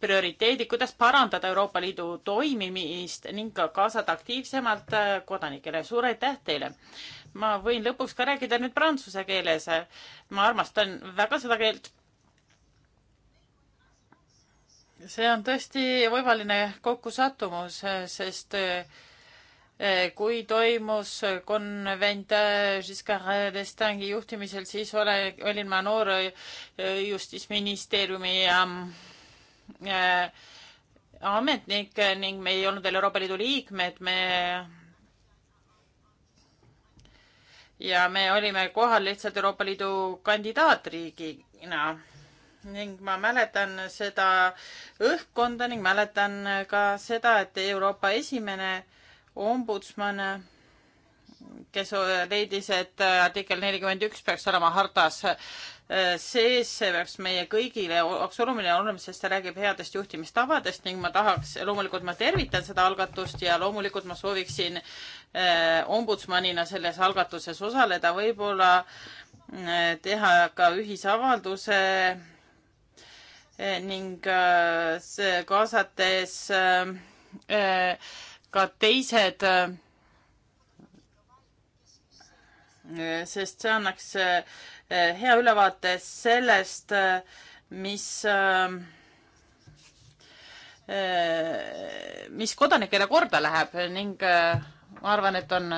prioriteedid, kuidas parandada Euroopa Liidu toimimist ning ka kaasada aktiivsemalt kodanikele. suur aitäh teile! ma võin lõpuks ka rääkida nüüd prantsuse keeles. ma armastan väga seda keelt. see on tõesti võimaline kokkusattumus, sest äh, Eh, kui toimus konvent eh, Giscard d'Estaingi juhtimisel, siis ole, olin ma noor eh, justiitsministeeriumi ehm, ametnik ning me ei olnud veel Euroopa Liidu liikmed, me ja me olime kohal lihtsalt Euroopa Liidu kandidaatriigina ning ma mäletan seda õhkkonda ning mäletan ka seda, et Euroopa esimene äh, ombudsman, kes leidis, et artikkel nelikümmend üks peaks olema hartas sees, see peaks meie kõigile oleks oluline olema, sest see räägib headest juhtimistavadest ning ma tahaks, loomulikult ma tervitan seda algatust ja loomulikult ma sooviksin eh, ombudsmanina selles algatuses osaleda, võib-olla eh, teha ka ühisavalduse eh, ning eh, kaasates eh, eh, ka teised, äh, sest see annaks äh, hea ülevaate sellest, äh, mis, mis kodanikele korda läheb ning ma arvan, et on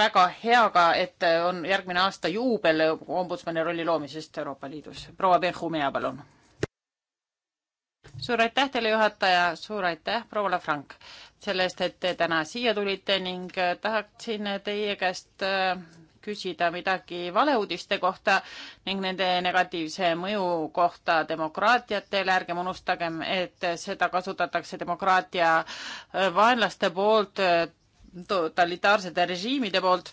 väga hea ka, et on järgmine aasta juubel ombudsmani rolli loomisest Euroopa Liidus. proua Benjumea, palun suur aitäh teile, juhataja, suur aitäh, proua Lafranc, selle eest, et te täna siia tulite ning äh, tahaksin teie käest äh, küsida midagi valeuudiste kohta ning nende negatiivse mõju kohta demokraatiatele. ärgem unustagem, et seda kasutatakse demokraatia äh, vaenlaste poolt, totalitaarsete režiimide poolt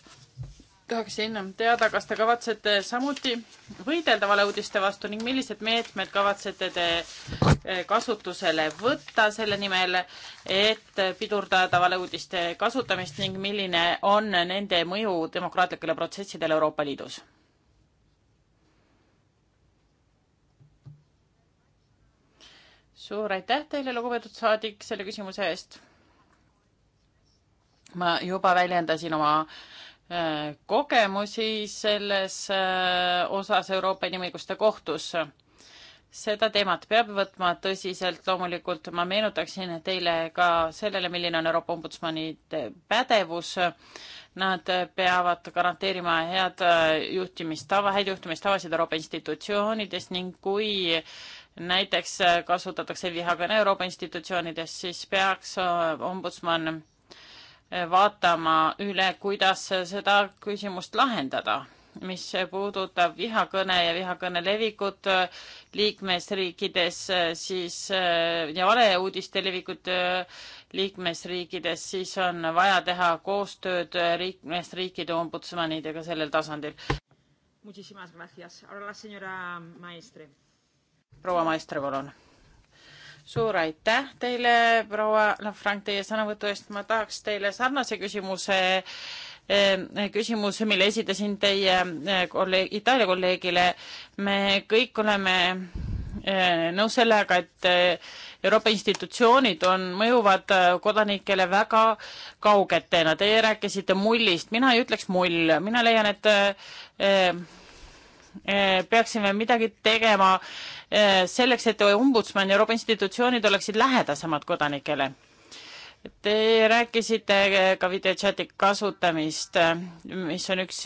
tahaksin teada, kas te kavatsete samuti võidelda valeuudiste vastu ning millised meetmed kavatsete te eh, kasutusele võtta selle nimel, et pidurdada valeuudiste kasutamist ning milline on nende mõju demokraatlikele protsessidele Euroopa Liidus? suur aitäh teile, lugupeetud saadik, selle küsimuse eest. ma juba väljendasin oma äh, Äh, kogemusi selles äh, osas Euroopa Inimõiguste Kohtus. seda teemat peab võtma tõsiselt, loomulikult ma meenutaksin teile ka sellele, milline on Euroopa Ombudsmani pädevus. Nad peavad garanteerima head äh, juhtimistava, häid juhtimistavasid Euroopa institutsioonides ning kui näiteks kasutatakse vihakõne Euroopa institutsioonides, siis peaks ombudsman Äh, vaatama üle, kuidas seda küsimust lahendada, mis puudutab vihakõne ja vihakõne levikut äh, liikmesriikides, äh, siis ja valeuudiste levikut liikmesriikides, siis on vaja teha koostööd liikmesriikide ombudsmanidega sellel tasandil. proua Maestre, palun suur aitäh teile, proua Lafranc, teie sõnavõtu eest. ma tahaks teile sarnase küsimuse eh, küsimuse, mille esitasin teie eh, kolleeg, Itaalia kolleegile. me kõik oleme eh, nõus sellega, et Euroopa institutsioonid on, mõjuvad kodanikele väga kaugetena. Teie rääkisite mullist, mina ei ütleks mull, mina leian, et Eh, peaksime midagi tegema eh, selleks, et ombudsman ja Euroopa institutsioonid oleksid lähedasemad kodanikele. Te rääkisite eh, ka videochati kasutamist, mis on üks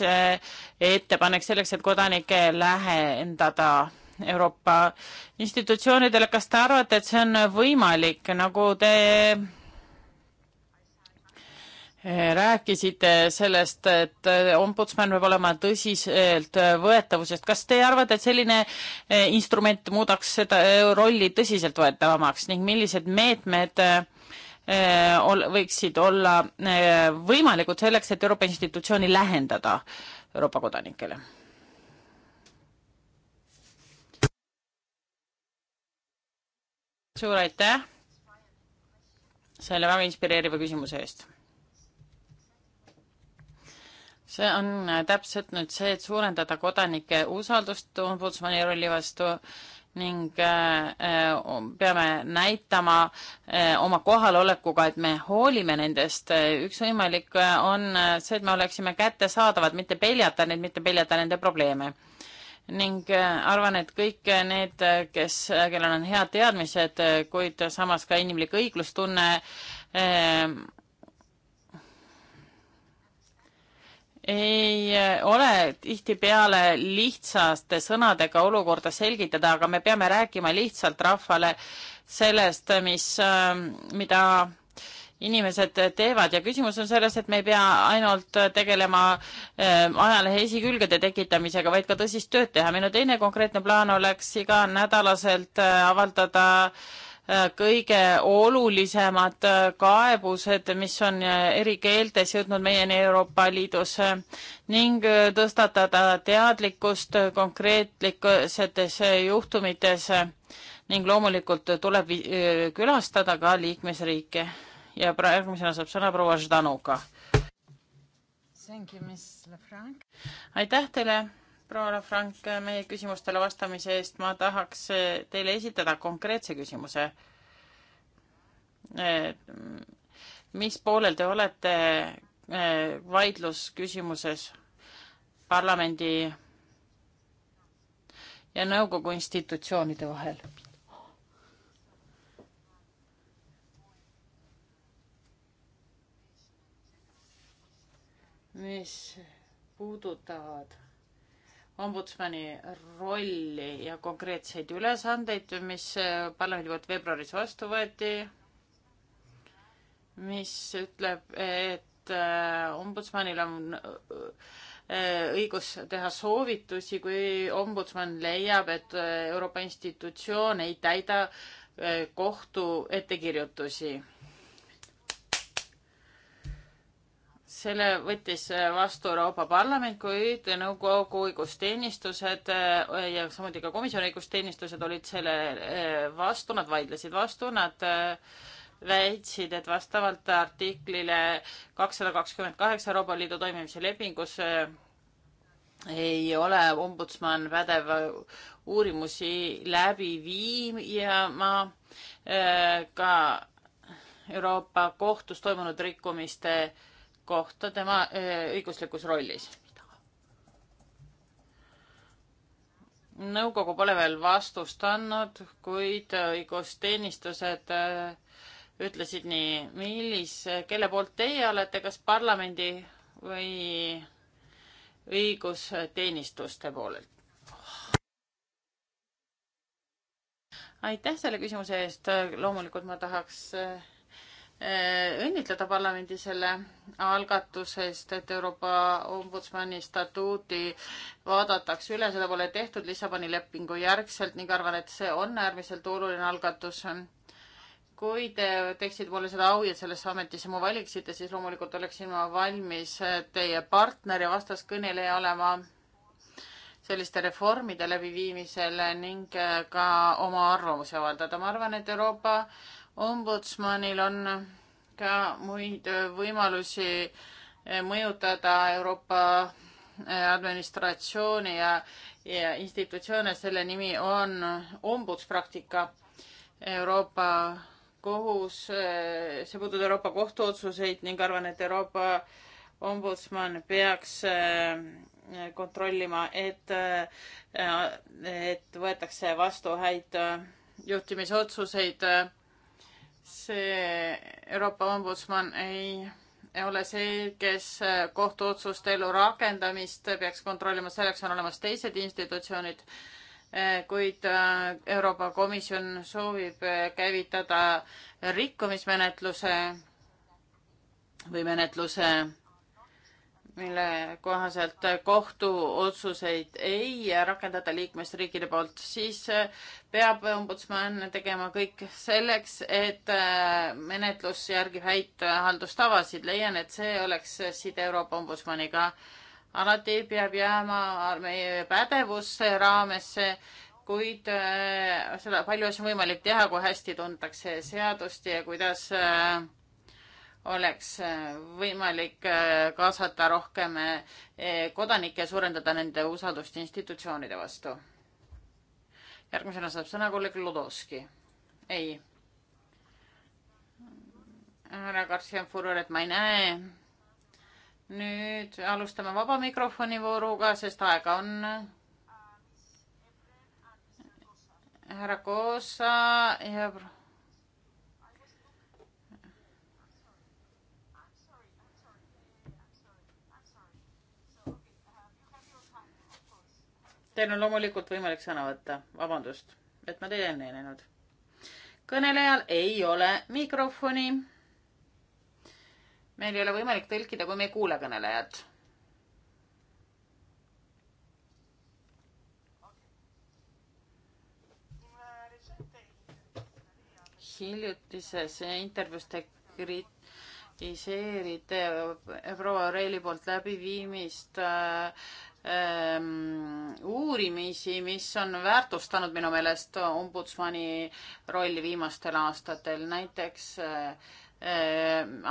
ettepanek selleks, et kodanikke lähendada Euroopa institutsioonidele. kas te arvate, et see on võimalik, nagu te rääkisite sellest, et ombudsman peab olema tõsiselt võetavusest. kas teie arvate, et selline eh, instrument muudaks seda eh, rolli tõsiseltvõetavamaks ning millised meetmed eh, ol-, võiksid olla võimalikud selleks, et Euroopa institutsiooni lähendada Euroopa kodanikele? suur aitäh selle väga inspireeriva küsimuse eest see on äh, täpselt nüüd see, et suurendada kodanike usaldust ombudsmani rolli vastu ning äh, äh, peame näitama oma kohalolekuga, et me hoolime nendest. üks võimalik on see, et me oleksime kättesaadavad, mitte peljata neid, mitte peljata nende probleeme ning arvan, et kõik need, kes, kellel on head teadmised, kuid samas ka inimlik õiglustunne eh,, ei eh, ole tihtipeale lihtsaste sõnadega olukorda selgitada, aga me peame rääkima lihtsalt rahvale sellest, mis, eh, mida inimesed teevad ja küsimus on selles, et me ei pea ainult tegelema eh, ajalehe esikülgede tekitamisega, vaid ka tõsist tööd teha. minu teine konkreetne plaan oleks iganädalaselt avaldada äh, kõige olulisemad kaebused, mis on eri keeltes jõudnud meieni Euroopa Liidus ning tõstatada teadlikkust konkreetlikes juhtumites ning loomulikult tuleb külastada ka liikmesriike ja järgmisena saab sõna proua Ždanuka. aitäh teile proua Frank, meie küsimustele vastamise eest. ma tahaks teile esitada konkreetse küsimuse. Mm, mis poolel te olete e, vaidlusküsimuses parlamendi ja nõukogu institutsioonide vahel? mis puudutavad ombudsmani rolli ja konkreetseid ülesandeid, mis äh, parlamendi poolt veebruaris vastu võeti, mis ütleb, et äh, ombudsmanil on äh, õigus teha soovitusi, kui ombudsman leiab, et Euroopa institutsioon ei täida kohtu ettekirjutusi. selle võttis äh, vastu Euroopa Parlament, kuid nõukogu õigusteenistused äh, ja samuti ka komisjoni õigusteenistused olid selle äh, vastu, nad vaidlesid vastu, nad väitsid, et vastavalt artiklile kakssada kakskümmend kaheksa Euroopa Liidu toimimise lepingus ei ole ombudsman pädev uurimusi läbi viima ka Euroopa kohtus toimunud rikkumiste äh, kohta tema eh, õiguslikus rollis. nõukogu pole veel vastust andnud, kuid õigusteenistused eh, ütlesid nii, millise, kelle poolt teie olete, kas parlamendi või õigusteenistuste poolelt? aitäh selle küsimuse eest, loomulikult ma tahaks eh, Eh, õnnitleda parlamendi selle algatuse eest, et Euroopa Ombudsmani statuudi vaadatakse üle, seda pole tehtud Lissaboni lepingu järgselt ning arvan, et see on äärmiselt oluline algatus. kui te teeksite mulle seda au ja sellesse ametisse mu valiksite, siis loomulikult oleksin ma valmis teie partner ja vastaskõneleja olema selliste reformide läbiviimisel ning ka oma arvamuse avaldada. ma arvan, et Euroopa ombudsmanil on ka muid võimalusi eh, mõjutada Euroopa eh, administratsiooni ja, ja institutsioone, selle nimi on ombudspraktika. Euroopa kohus, eh, see puudutab Euroopa Kohtu otsuseid ning arvan, et Euroopa ombudsman peaks kontrollima, et, et võetakse vastu häid juhtimisotsuseid see Euroopa ombudsman ei, ei ole see, kes äh, kohtuotsuste elu rakendamist peaks kontrollima, selleks on olemas teised institutsioonid, äh, kuid äh, Euroopa Komisjon soovib käivitada rikkumismenetluse või menetluse mille kohaselt kohtuotsuseid ei rakendata liikmesriikide poolt, siis äh, peab ombudsman tegema kõik selleks, et äh, menetlus järgib häid haldustavasid. leian, et see oleks side Euroopa ombudsmaniga. alati peab jääma meie pädevusse raamesse, kuid äh, seda palju asju on võimalik teha, kui hästi tuntakse seadust ja kuidas äh, oleks äh, võimalik äh, kaasata rohkem äh, kodanikke ja suurendada nende usaldust institutsioonide vastu. järgmisena saab sõna kolleeg Ludovski. ei. härra Karsian Fururet ma ei näe. nüüd alustame vaba mikrofoni vooruga, sest aega on. härra Koosa ja Teil on loomulikult võimalik sõna võtta, vabandust, et ma teid enne ei näinud. kõnelejal ei ole mikrofoni. meil ei ole võimalik tõlkida, kui me ei kuule kõnelejat hiljutises intervjuus te kritiseerite proua Reili poolt läbiviimist äh, Ähm, uurimisi, mis on väärtustanud minu meelest ombudsmani rolli viimastel aastatel, näiteks äh,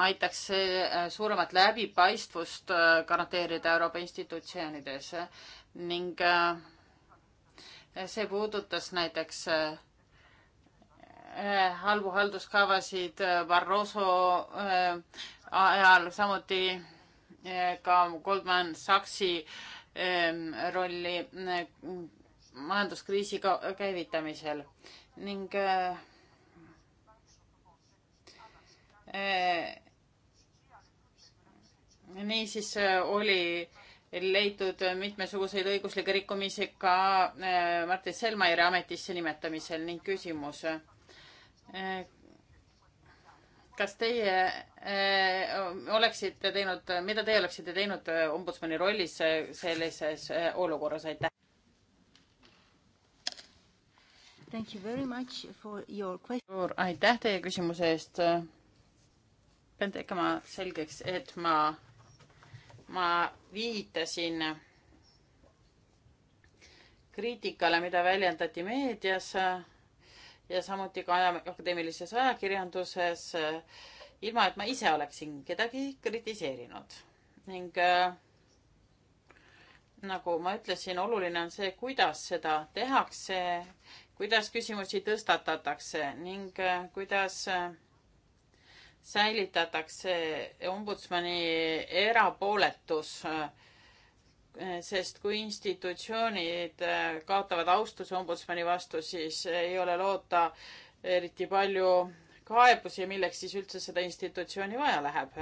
aitaks see äh, suuremat läbipaistvust äh, garanteerida Euroopa institutsioonides ning see puudutas näiteks halbu halduskavasid Barroso ajal, samuti ka Goldman Sachsi äh, Ähm, rolli äh, majanduskriisi käivitamisel ning äh, äh, niisiis oli leitud mitmesuguseid õiguslikke rikkumisi ka Martin Selmajärve ametisse nimetamisel ning küsimus kas teie äh, oleksite teinud, mida teie oleksite teinud eh, ombudsmani rollis eh, sellises äh, olukorras, aitäh? Thank you very much for your question. aitäh teie küsimuse eest. pean tegema selgeks, et ma, ma viitasin kriitikale, mida väljendati meedias äh, ja samuti ka akadeemilises ajakirjanduses, äh, ilma et ma ise oleksin kedagi kritiseerinud. ning äh, nagu ma ütlesin, oluline on see, kuidas seda tehakse, kuidas küsimusi tõstatatakse ning äh, kuidas äh, säilitatakse ombudsmani erapooletus äh, sest kui institutsioonid äh, kaotavad austuse ombudsmani vastu, siis ei ole loota eriti palju kaebusi, milleks siis üldse seda institutsiooni vaja läheb.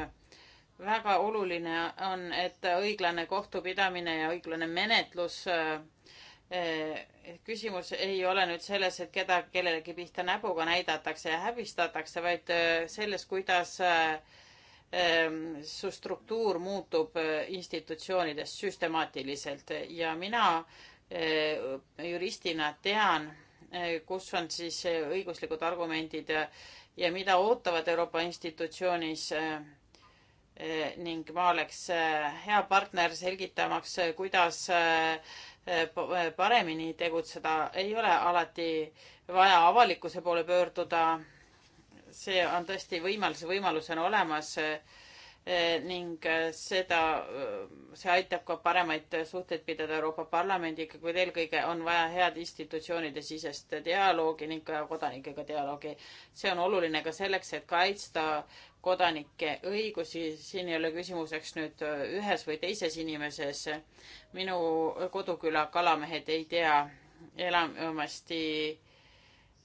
väga oluline on, et õiglane kohtupidamine ja õiglane menetlus äh, eh, küsimus ei ole nüüd selles, et keda kellelegi pihta näpuga näidatakse ja häbistatakse, vaid äh, selles, kuidas äh, Ehm, su struktuur muutub eh, institutsioonides süstemaatiliselt ja mina eh, juristina tean, eh, kus on siis õiguslikud argumendid ja, ja mida ootavad Euroopa institutsioonis ning ma oleks hea partner selgitamaks, kuidas paremini tegutseda, ei ole alati vaja avalikkuse poole pöörduda see on tõesti võimalus, võimalus on olemas eh, ning eh, seda, eh, see aitab ka paremaid suhteid pidada Euroopa Parlamendiga, kuid eelkõige on vaja head institutsioonide sisest dialoogi ning ka kodanikega dialoogi. see on oluline ka selleks, et kaitsta kodanike õigusi, siin ei ole küsimuseks nüüd ühes või teises inimeses. minu koduküla kalamehed ei tea enamasti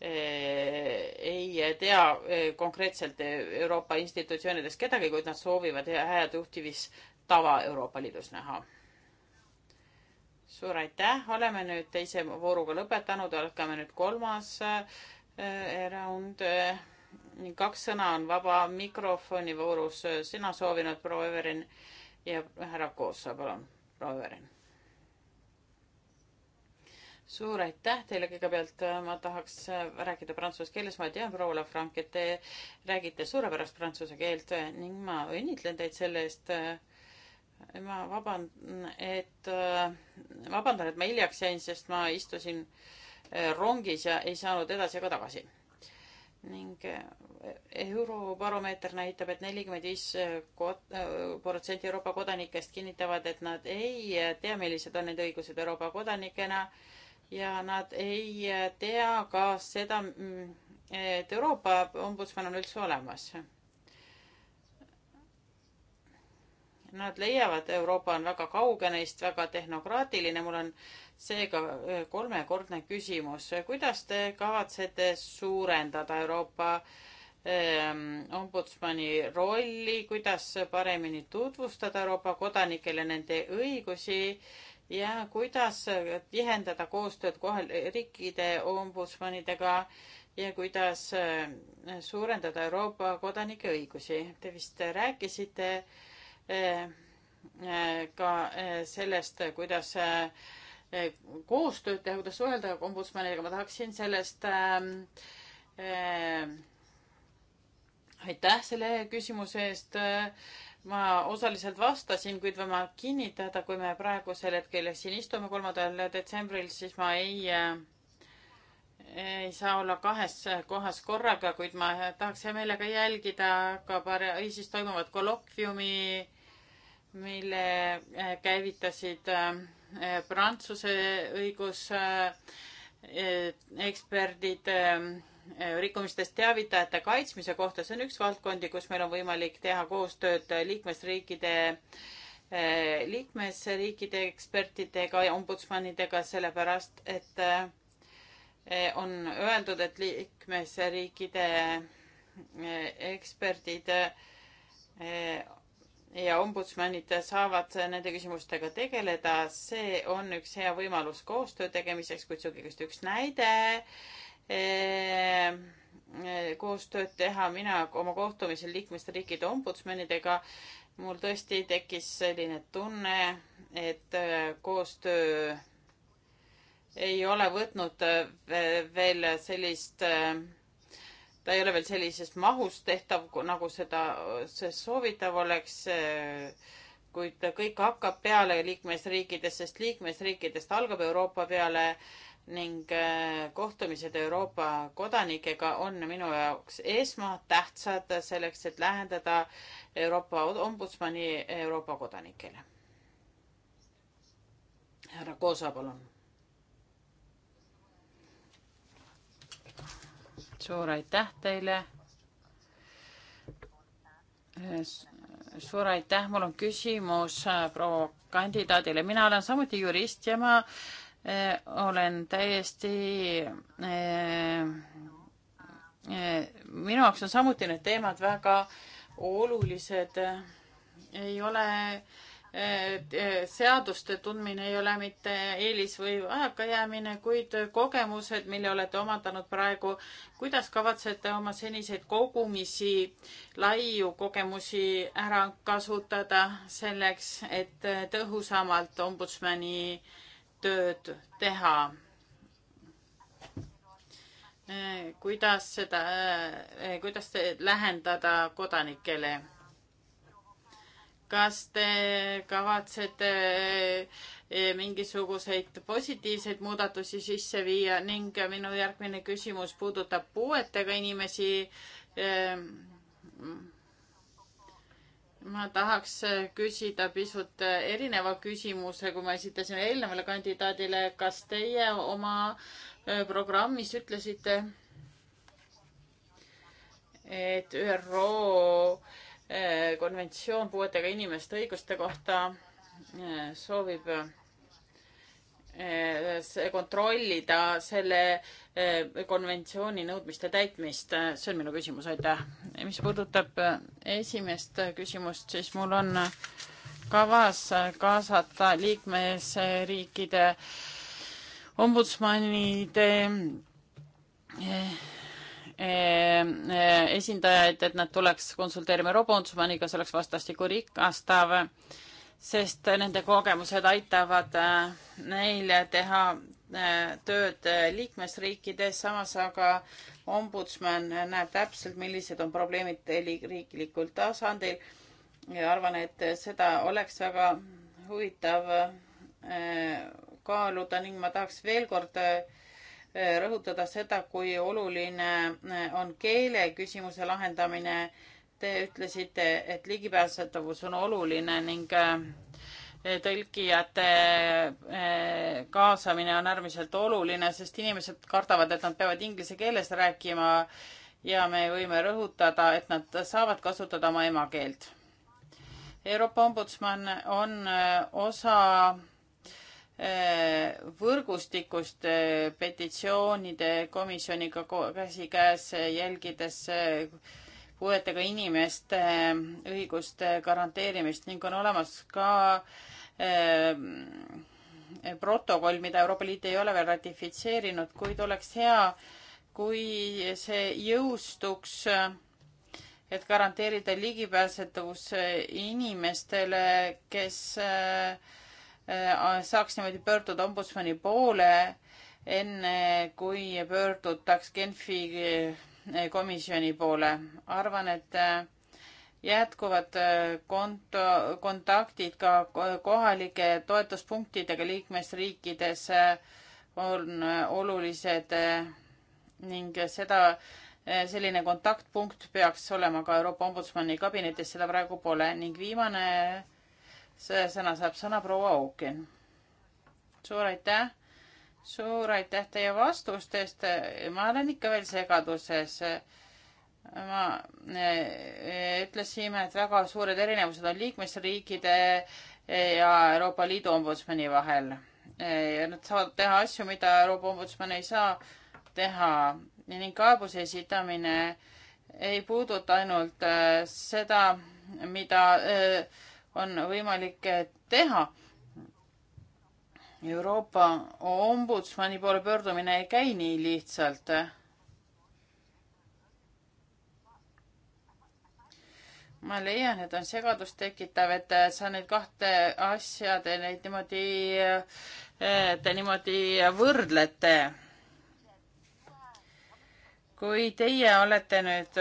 Eh, ei tea eh, konkreetselt Euroopa institutsioonidest kedagi, kuid nad soovivad head juhtimistava Euroopa Liidus näha. suur aitäh, oleme nüüd teise vooruga lõpetanud, hakkame nüüd kolmas eh, round. kaks sõna on vaba mikrofoni voorus, sina soovinud, proua Everin ja härra Koossa, palun, proua Everin suur aitäh teile kõigepealt, ma tahaks äh, rääkida prantsuse keeles, ma tean, proua Lafranc, et te räägite suurepärast prantsuse keelt äh, ning ma õnnitlen teid selle eest. Äh, ma vabandan, et, vabandan, et ma hiljaks jäin, sest ma istusin rongis ja ei saanud edasi ega tagasi. ning Eurobaromeeter näitab et, et nelikümmend viis protsenti Euroopa kodanikest kinnitavad, et nad ei tea, millised on nende õigused Euroopa kodanikena ja nad ei tea ka seda, et Euroopa ombudsman on üldse olemas. Nad leiavad, Euroopa on väga kauge neist, väga tehnokraatiline, mul on seega kolmekordne küsimus, kuidas te kavatsete suurendada Euroopa ehm, ombudsmani rolli, kuidas paremini tutvustada Euroopa kodanikele nende õigusi ja kuidas tihendada koostööd kohal riikide ombudsmanidega ja kuidas äh, suurendada Euroopa kodanike õigusi. Te vist rääkisite äh, äh, ka sellest, kuidas koostööd teha, kuidas suhelda ombudsmaniga, ma tahaksin sellest ähm, aitäh selle küsimuse eest ma osaliselt vastasin, kuid võin ma kinnitada, kui me praegusel hetkel siin istume, kolmandal detsembril, siis ma ei, ei saa olla kahes kohas korraga, kuid ma tahaks hea meelega jälgida ka Pariisis toimuvat kolokviumi, mille eh, käivitasid eh, Prantsuse õiguseksperdid eh, äh, rikkumistest teavitajate kaitsmise kohta, see on üks valdkondi, kus meil on võimalik teha koostööd liikmesriikide, eh, liikmesriikide ekspertidega ja ombudsmanidega, sellepärast et eh, on öeldud, et liikmesriikide eh, eksperdid ja ombudsmanid saavad nende küsimustega tegeleda, see on üks hea võimalus koostöö tegemiseks, kuid see on kõigest üks näide koostööd teha, mina oma kohtumisel liikmesriikide ombudsmanidega, mul tõesti tekkis selline tunne, et koostöö ei ole võtnud veel sellist, ta ei ole veel sellises mahus tehtav, nagu seda, see soovitav oleks, kuid kõik hakkab peale liikmesriikides, sest liikmesriikidest algab Euroopa peale äh, ning äh, kohtumised Euroopa kodanikega on minu jaoks esmatähtsad selleks, et lähendada Euroopa ombudsmani Euroopa kodanikele. härra Koosa, palun. suur aitäh teile. Äh, suur aitäh, mul on küsimus äh, proua kandidaadile, mina olen samuti jurist ja ma Äh, olen täiesti äh, äh, minu jaoks on samuti need teemad väga olulised. ei ole seaduste tundmine ei ole mitte eelis või vajakajäämine, kuid kogemused, mille olete omandanud praegu. kuidas kavatsete oma seniseid kogumisi, laiu kogemusi ära kasutada selleks, et tõhusamalt ombudsmani äh, tööd teha. kuidas seda, kuidas lähendada kodanikele? kas te kavatsete mingisuguseid positiivseid muudatusi sisse viia ning minu järgmine küsimus puudutab puuetega inimesi ma tahaks äh, küsida pisut äh, erineva küsimuse, kui ma esitasin eelnevale kandidaadile, kas teie oma äh, programmis ütlesite, et ÜRO konventsioon puuetega inimeste õiguste kohta soovib Eh, kontrollida selle eh, konventsiooni nõudmiste täitmist, see on minu küsimus, aitäh. mis puudutab eh, esimest küsimust, siis mul on kavas kaasata liikmesriikide ombudsmanide esindajaid, et nad tuleks konsulteerima Euroopa ombudsmaniga, see oleks vastastikku rikastav sest nende kogemused aitavad äh, neil teha äh, tööd äh, liikmesriikides, samas aga ombudsman näeb täpselt, millised on probleemid riiklikul tasandil ja arvan, et seda oleks väga huvitav kaaluda ning ma tahaks veel kord rõhutada seda, kui oluline on keele küsimuse lahendamine Te ütlesite, et ligipääsetavus on oluline ning äh, tõlkijate äh, kaasamine on äärmiselt oluline, sest inimesed kardavad, et nad peavad inglise keeles rääkima ja me võime rõhutada, et nad saavad kasutada oma emakeelt. Euroopa ombudsman on äh, osa võrgustikust petitsioonide komisjoniga käsikäes, jälgides puuetega inimeste äh, õiguste garanteerimist ning on olemas ka eh, protokoll, mida Euroopa Liit ei ole veel ratifitseerinud, kuid oleks hea, kui see jõustuks, äh, et garanteerida ligipääsetavus inimestele, kes eh, saaks niimoodi pöörduda ombudsmani poole, enne kui pöördutaks Genfi komisjoni poole. arvan, et äh, jätkuvad äh, konto, kontaktid ka kohalike toetuspunktidega liikmesriikides äh, on olulised ning seda, selline kontaktpunkt peaks olema ka Euroopa Ombudsmani kabinetis, seda praegu pole ning viimane sõna saab sõna proua Ookin. suur aitäh suur aitäh teie vastustest, ma olen ikka veel segaduses. ma e, e, ütlesime, et väga suured erinevused on liikmesriikide ja Euroopa Liidu ombudsmani vahel. E, nad saavad teha asju, mida Euroopa ombudsman ei saa teha ning kaebuse esitamine ei puuduta ainult seda, mida on võimalik teha Euroopa ombudsmani poole pöördumine ei käi nii lihtsalt. ma leian, et on segadust tekitav, et sa neid kahte asja, te neid niimoodi, te niimoodi võrdlete. kui teie olete nüüd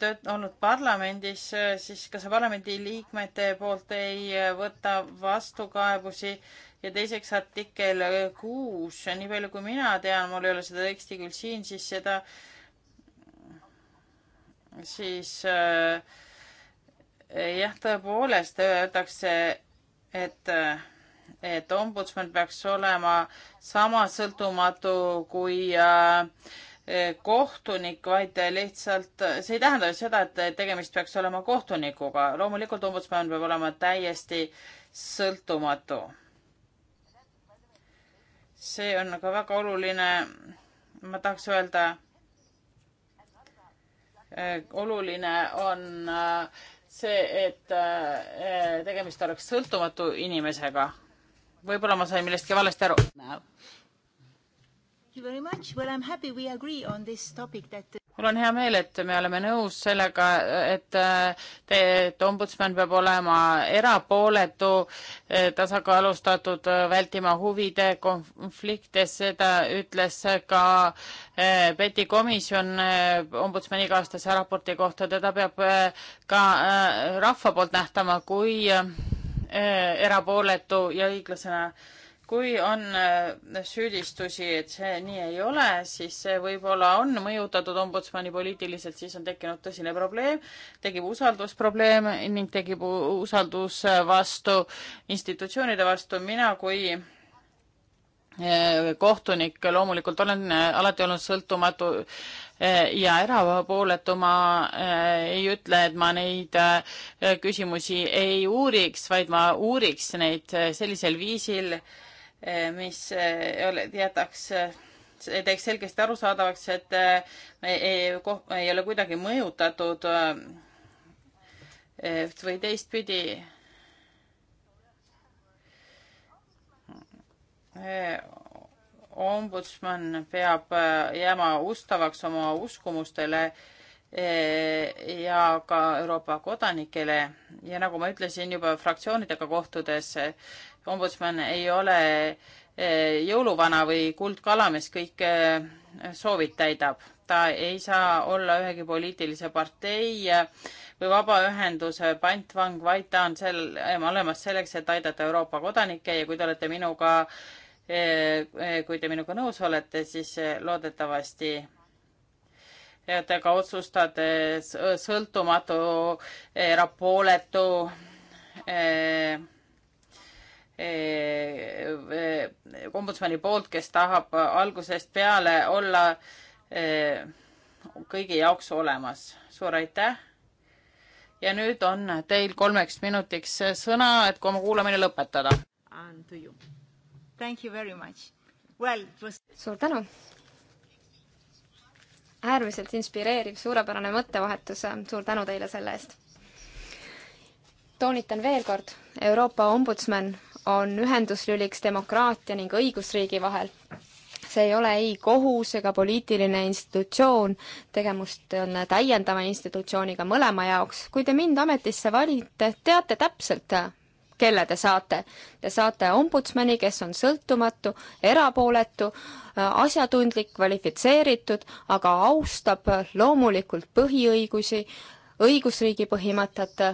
tööt-, olnud parlamendis, siis kas parlamendi liikmete poolt ei võta vastu kaebusi ja teiseks artikkel kuus, nii palju kui mina tean, mul ei ole seda teksti küll siin, siis seda, siis äh, jah, tõepoolest öeldakse, et, et ombudsman peaks olema sama sõltumatu kui äh, kohtunik, vaid lihtsalt see ei tähenda seda, et tegemist peaks olema kohtunikuga. loomulikult ombudsman peab olema täiesti sõltumatu. see on aga väga oluline, ma tahaks öelda, oluline on äh, see, et äh, tegemist oleks sõltumatu inimesega. võib-olla ma sain millestki valesti aru no.. That... mul on hea meel, et me oleme nõus sellega, et, äh, et ombudsman peab olema erapooletu, äh, tasakaalustatud, äh, vältima huvide konflikte, seda ütles ka Peti komisjon ombudsmani iga-aastase raporti kohta, teda peab ka rahva poolt nähtama kui erapooletu ja õiglasena kui on äh, süüdistusi, et see nii ei ole, siis see võib-olla on mõjutatud ombudsmani poliitiliselt, siis on tekkinud tõsine probleem, tekib usaldusprobleem ning tekib usaldus äh, vastu institutsioonide vastu. mina kui äh, kohtunik loomulikult olen alati olnud sõltumatu ja erapooletu, ma ei ütle, et ma neid küsimusi ei uuriks, vaid ma uuriks neid sellisel viisil, Eh, mis jätaks eh, eh, teeks selgesti arusaadavaks, et me ei, ei ole kuidagi mõjutatud või teistpidi ombudsman peab jääma ustavaks oma uskumustele ja ka Euroopa kodanikele ja nagu ma ütlesin juba fraktsioonidega kohtudes, ombudsman ei ole eh, jõuluvana või kuldkala, mis kõik eh, soovid täidab. ta ei saa olla ühegi poliitilise partei eh, või vabaühenduse pantvang, vaid ta on seal olemas selleks, et aidata Euroopa kodanikke ja kui te olete minuga, kui te minuga nõus olete, siis loodetavasti te ka otsustate sõltumatu, erapooletu kombudsmani poolt, kes tahab algusest peale olla eh, kõigi jaoks olemas. suur aitäh. ja nüüd on teil kolmeks minutiks sõna, et oma kuulamine lõpetada. Well, was... suur tänu. äärmiselt inspireeriv, suurepärane mõttevahetus. suur tänu teile selle eest. toonitan veel kord, Euroopa ombudsman on ühenduslüliks demokraatia ning õigusriigi vahel. see ei ole ei kohus ega poliitiline institutsioon, tegemust on täiendava institutsiooniga mõlema jaoks. kui te mind ametisse valite, teate täpselt, kelle te saate. Te saate ombudsmani, kes on sõltumatu, erapooletu, asjatundlik, kvalifitseeritud, aga austab loomulikult põhiõigusi, õigusriigi põhimõtet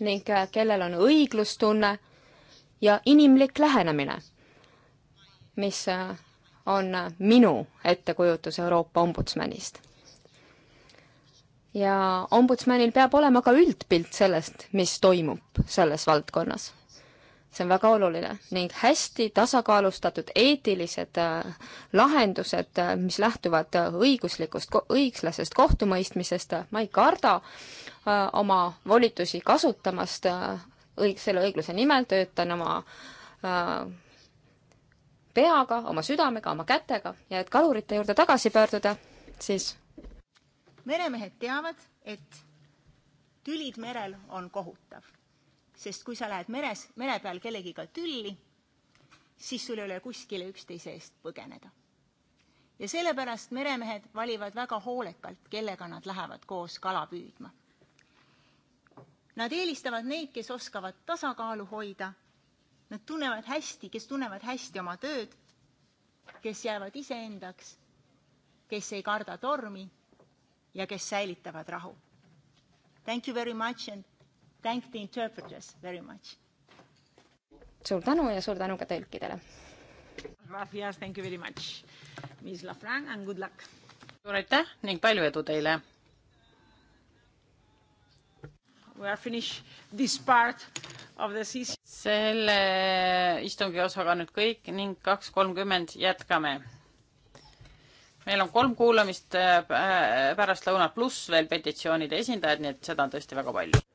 ning kellel on õiglustunne ja inimlik lähenemine, mis äh, on äh, minu ettekujutus Euroopa ombudsmanist. ja ombudsmanil peab olema ka üldpilt sellest, mis toimub selles valdkonnas. see on väga oluline ning hästi tasakaalustatud eetilised äh, lahendused, mis lähtuvad õiguslikust, õiglasest kohtumõistmisest, ma ei karda oma volitusi kasutamast õig-, selle õigluse nimel, töötan oma äh, peaga, oma südamega, oma kätega ja et kalurite juurde tagasi pöörduda, siis meremehed teavad, et tülid merel on kohutav. sest kui sa lähed meres, mere peal kellegiga tülli, siis sul ei ole kuskile üksteise eest põgeneda. ja sellepärast meremehed valivad väga hoolekalt, kellega nad lähevad koos kala püüdma Nad eelistavad neid, kes oskavad tasakaalu hoida. Nad tunnevad hästi, kes tunnevad hästi oma tööd, kes jäävad iseendaks, kes ei karda tormi ja kes säilitavad rahu. Thank you very much and thank the interpreters very much. suur tänu ja suur tänu ka tõlkidele. Gracias, thank you very much. Miss Lafranc and good luck. suur aitäh ning palju edu teile selle istungi osaga on nüüd kõik ning kaks kolmkümmend jätkame. meil on kolm kuulamist äh, pärast lõunat pluss veel petitsioonide esindajad, nii et seda on tõesti väga palju.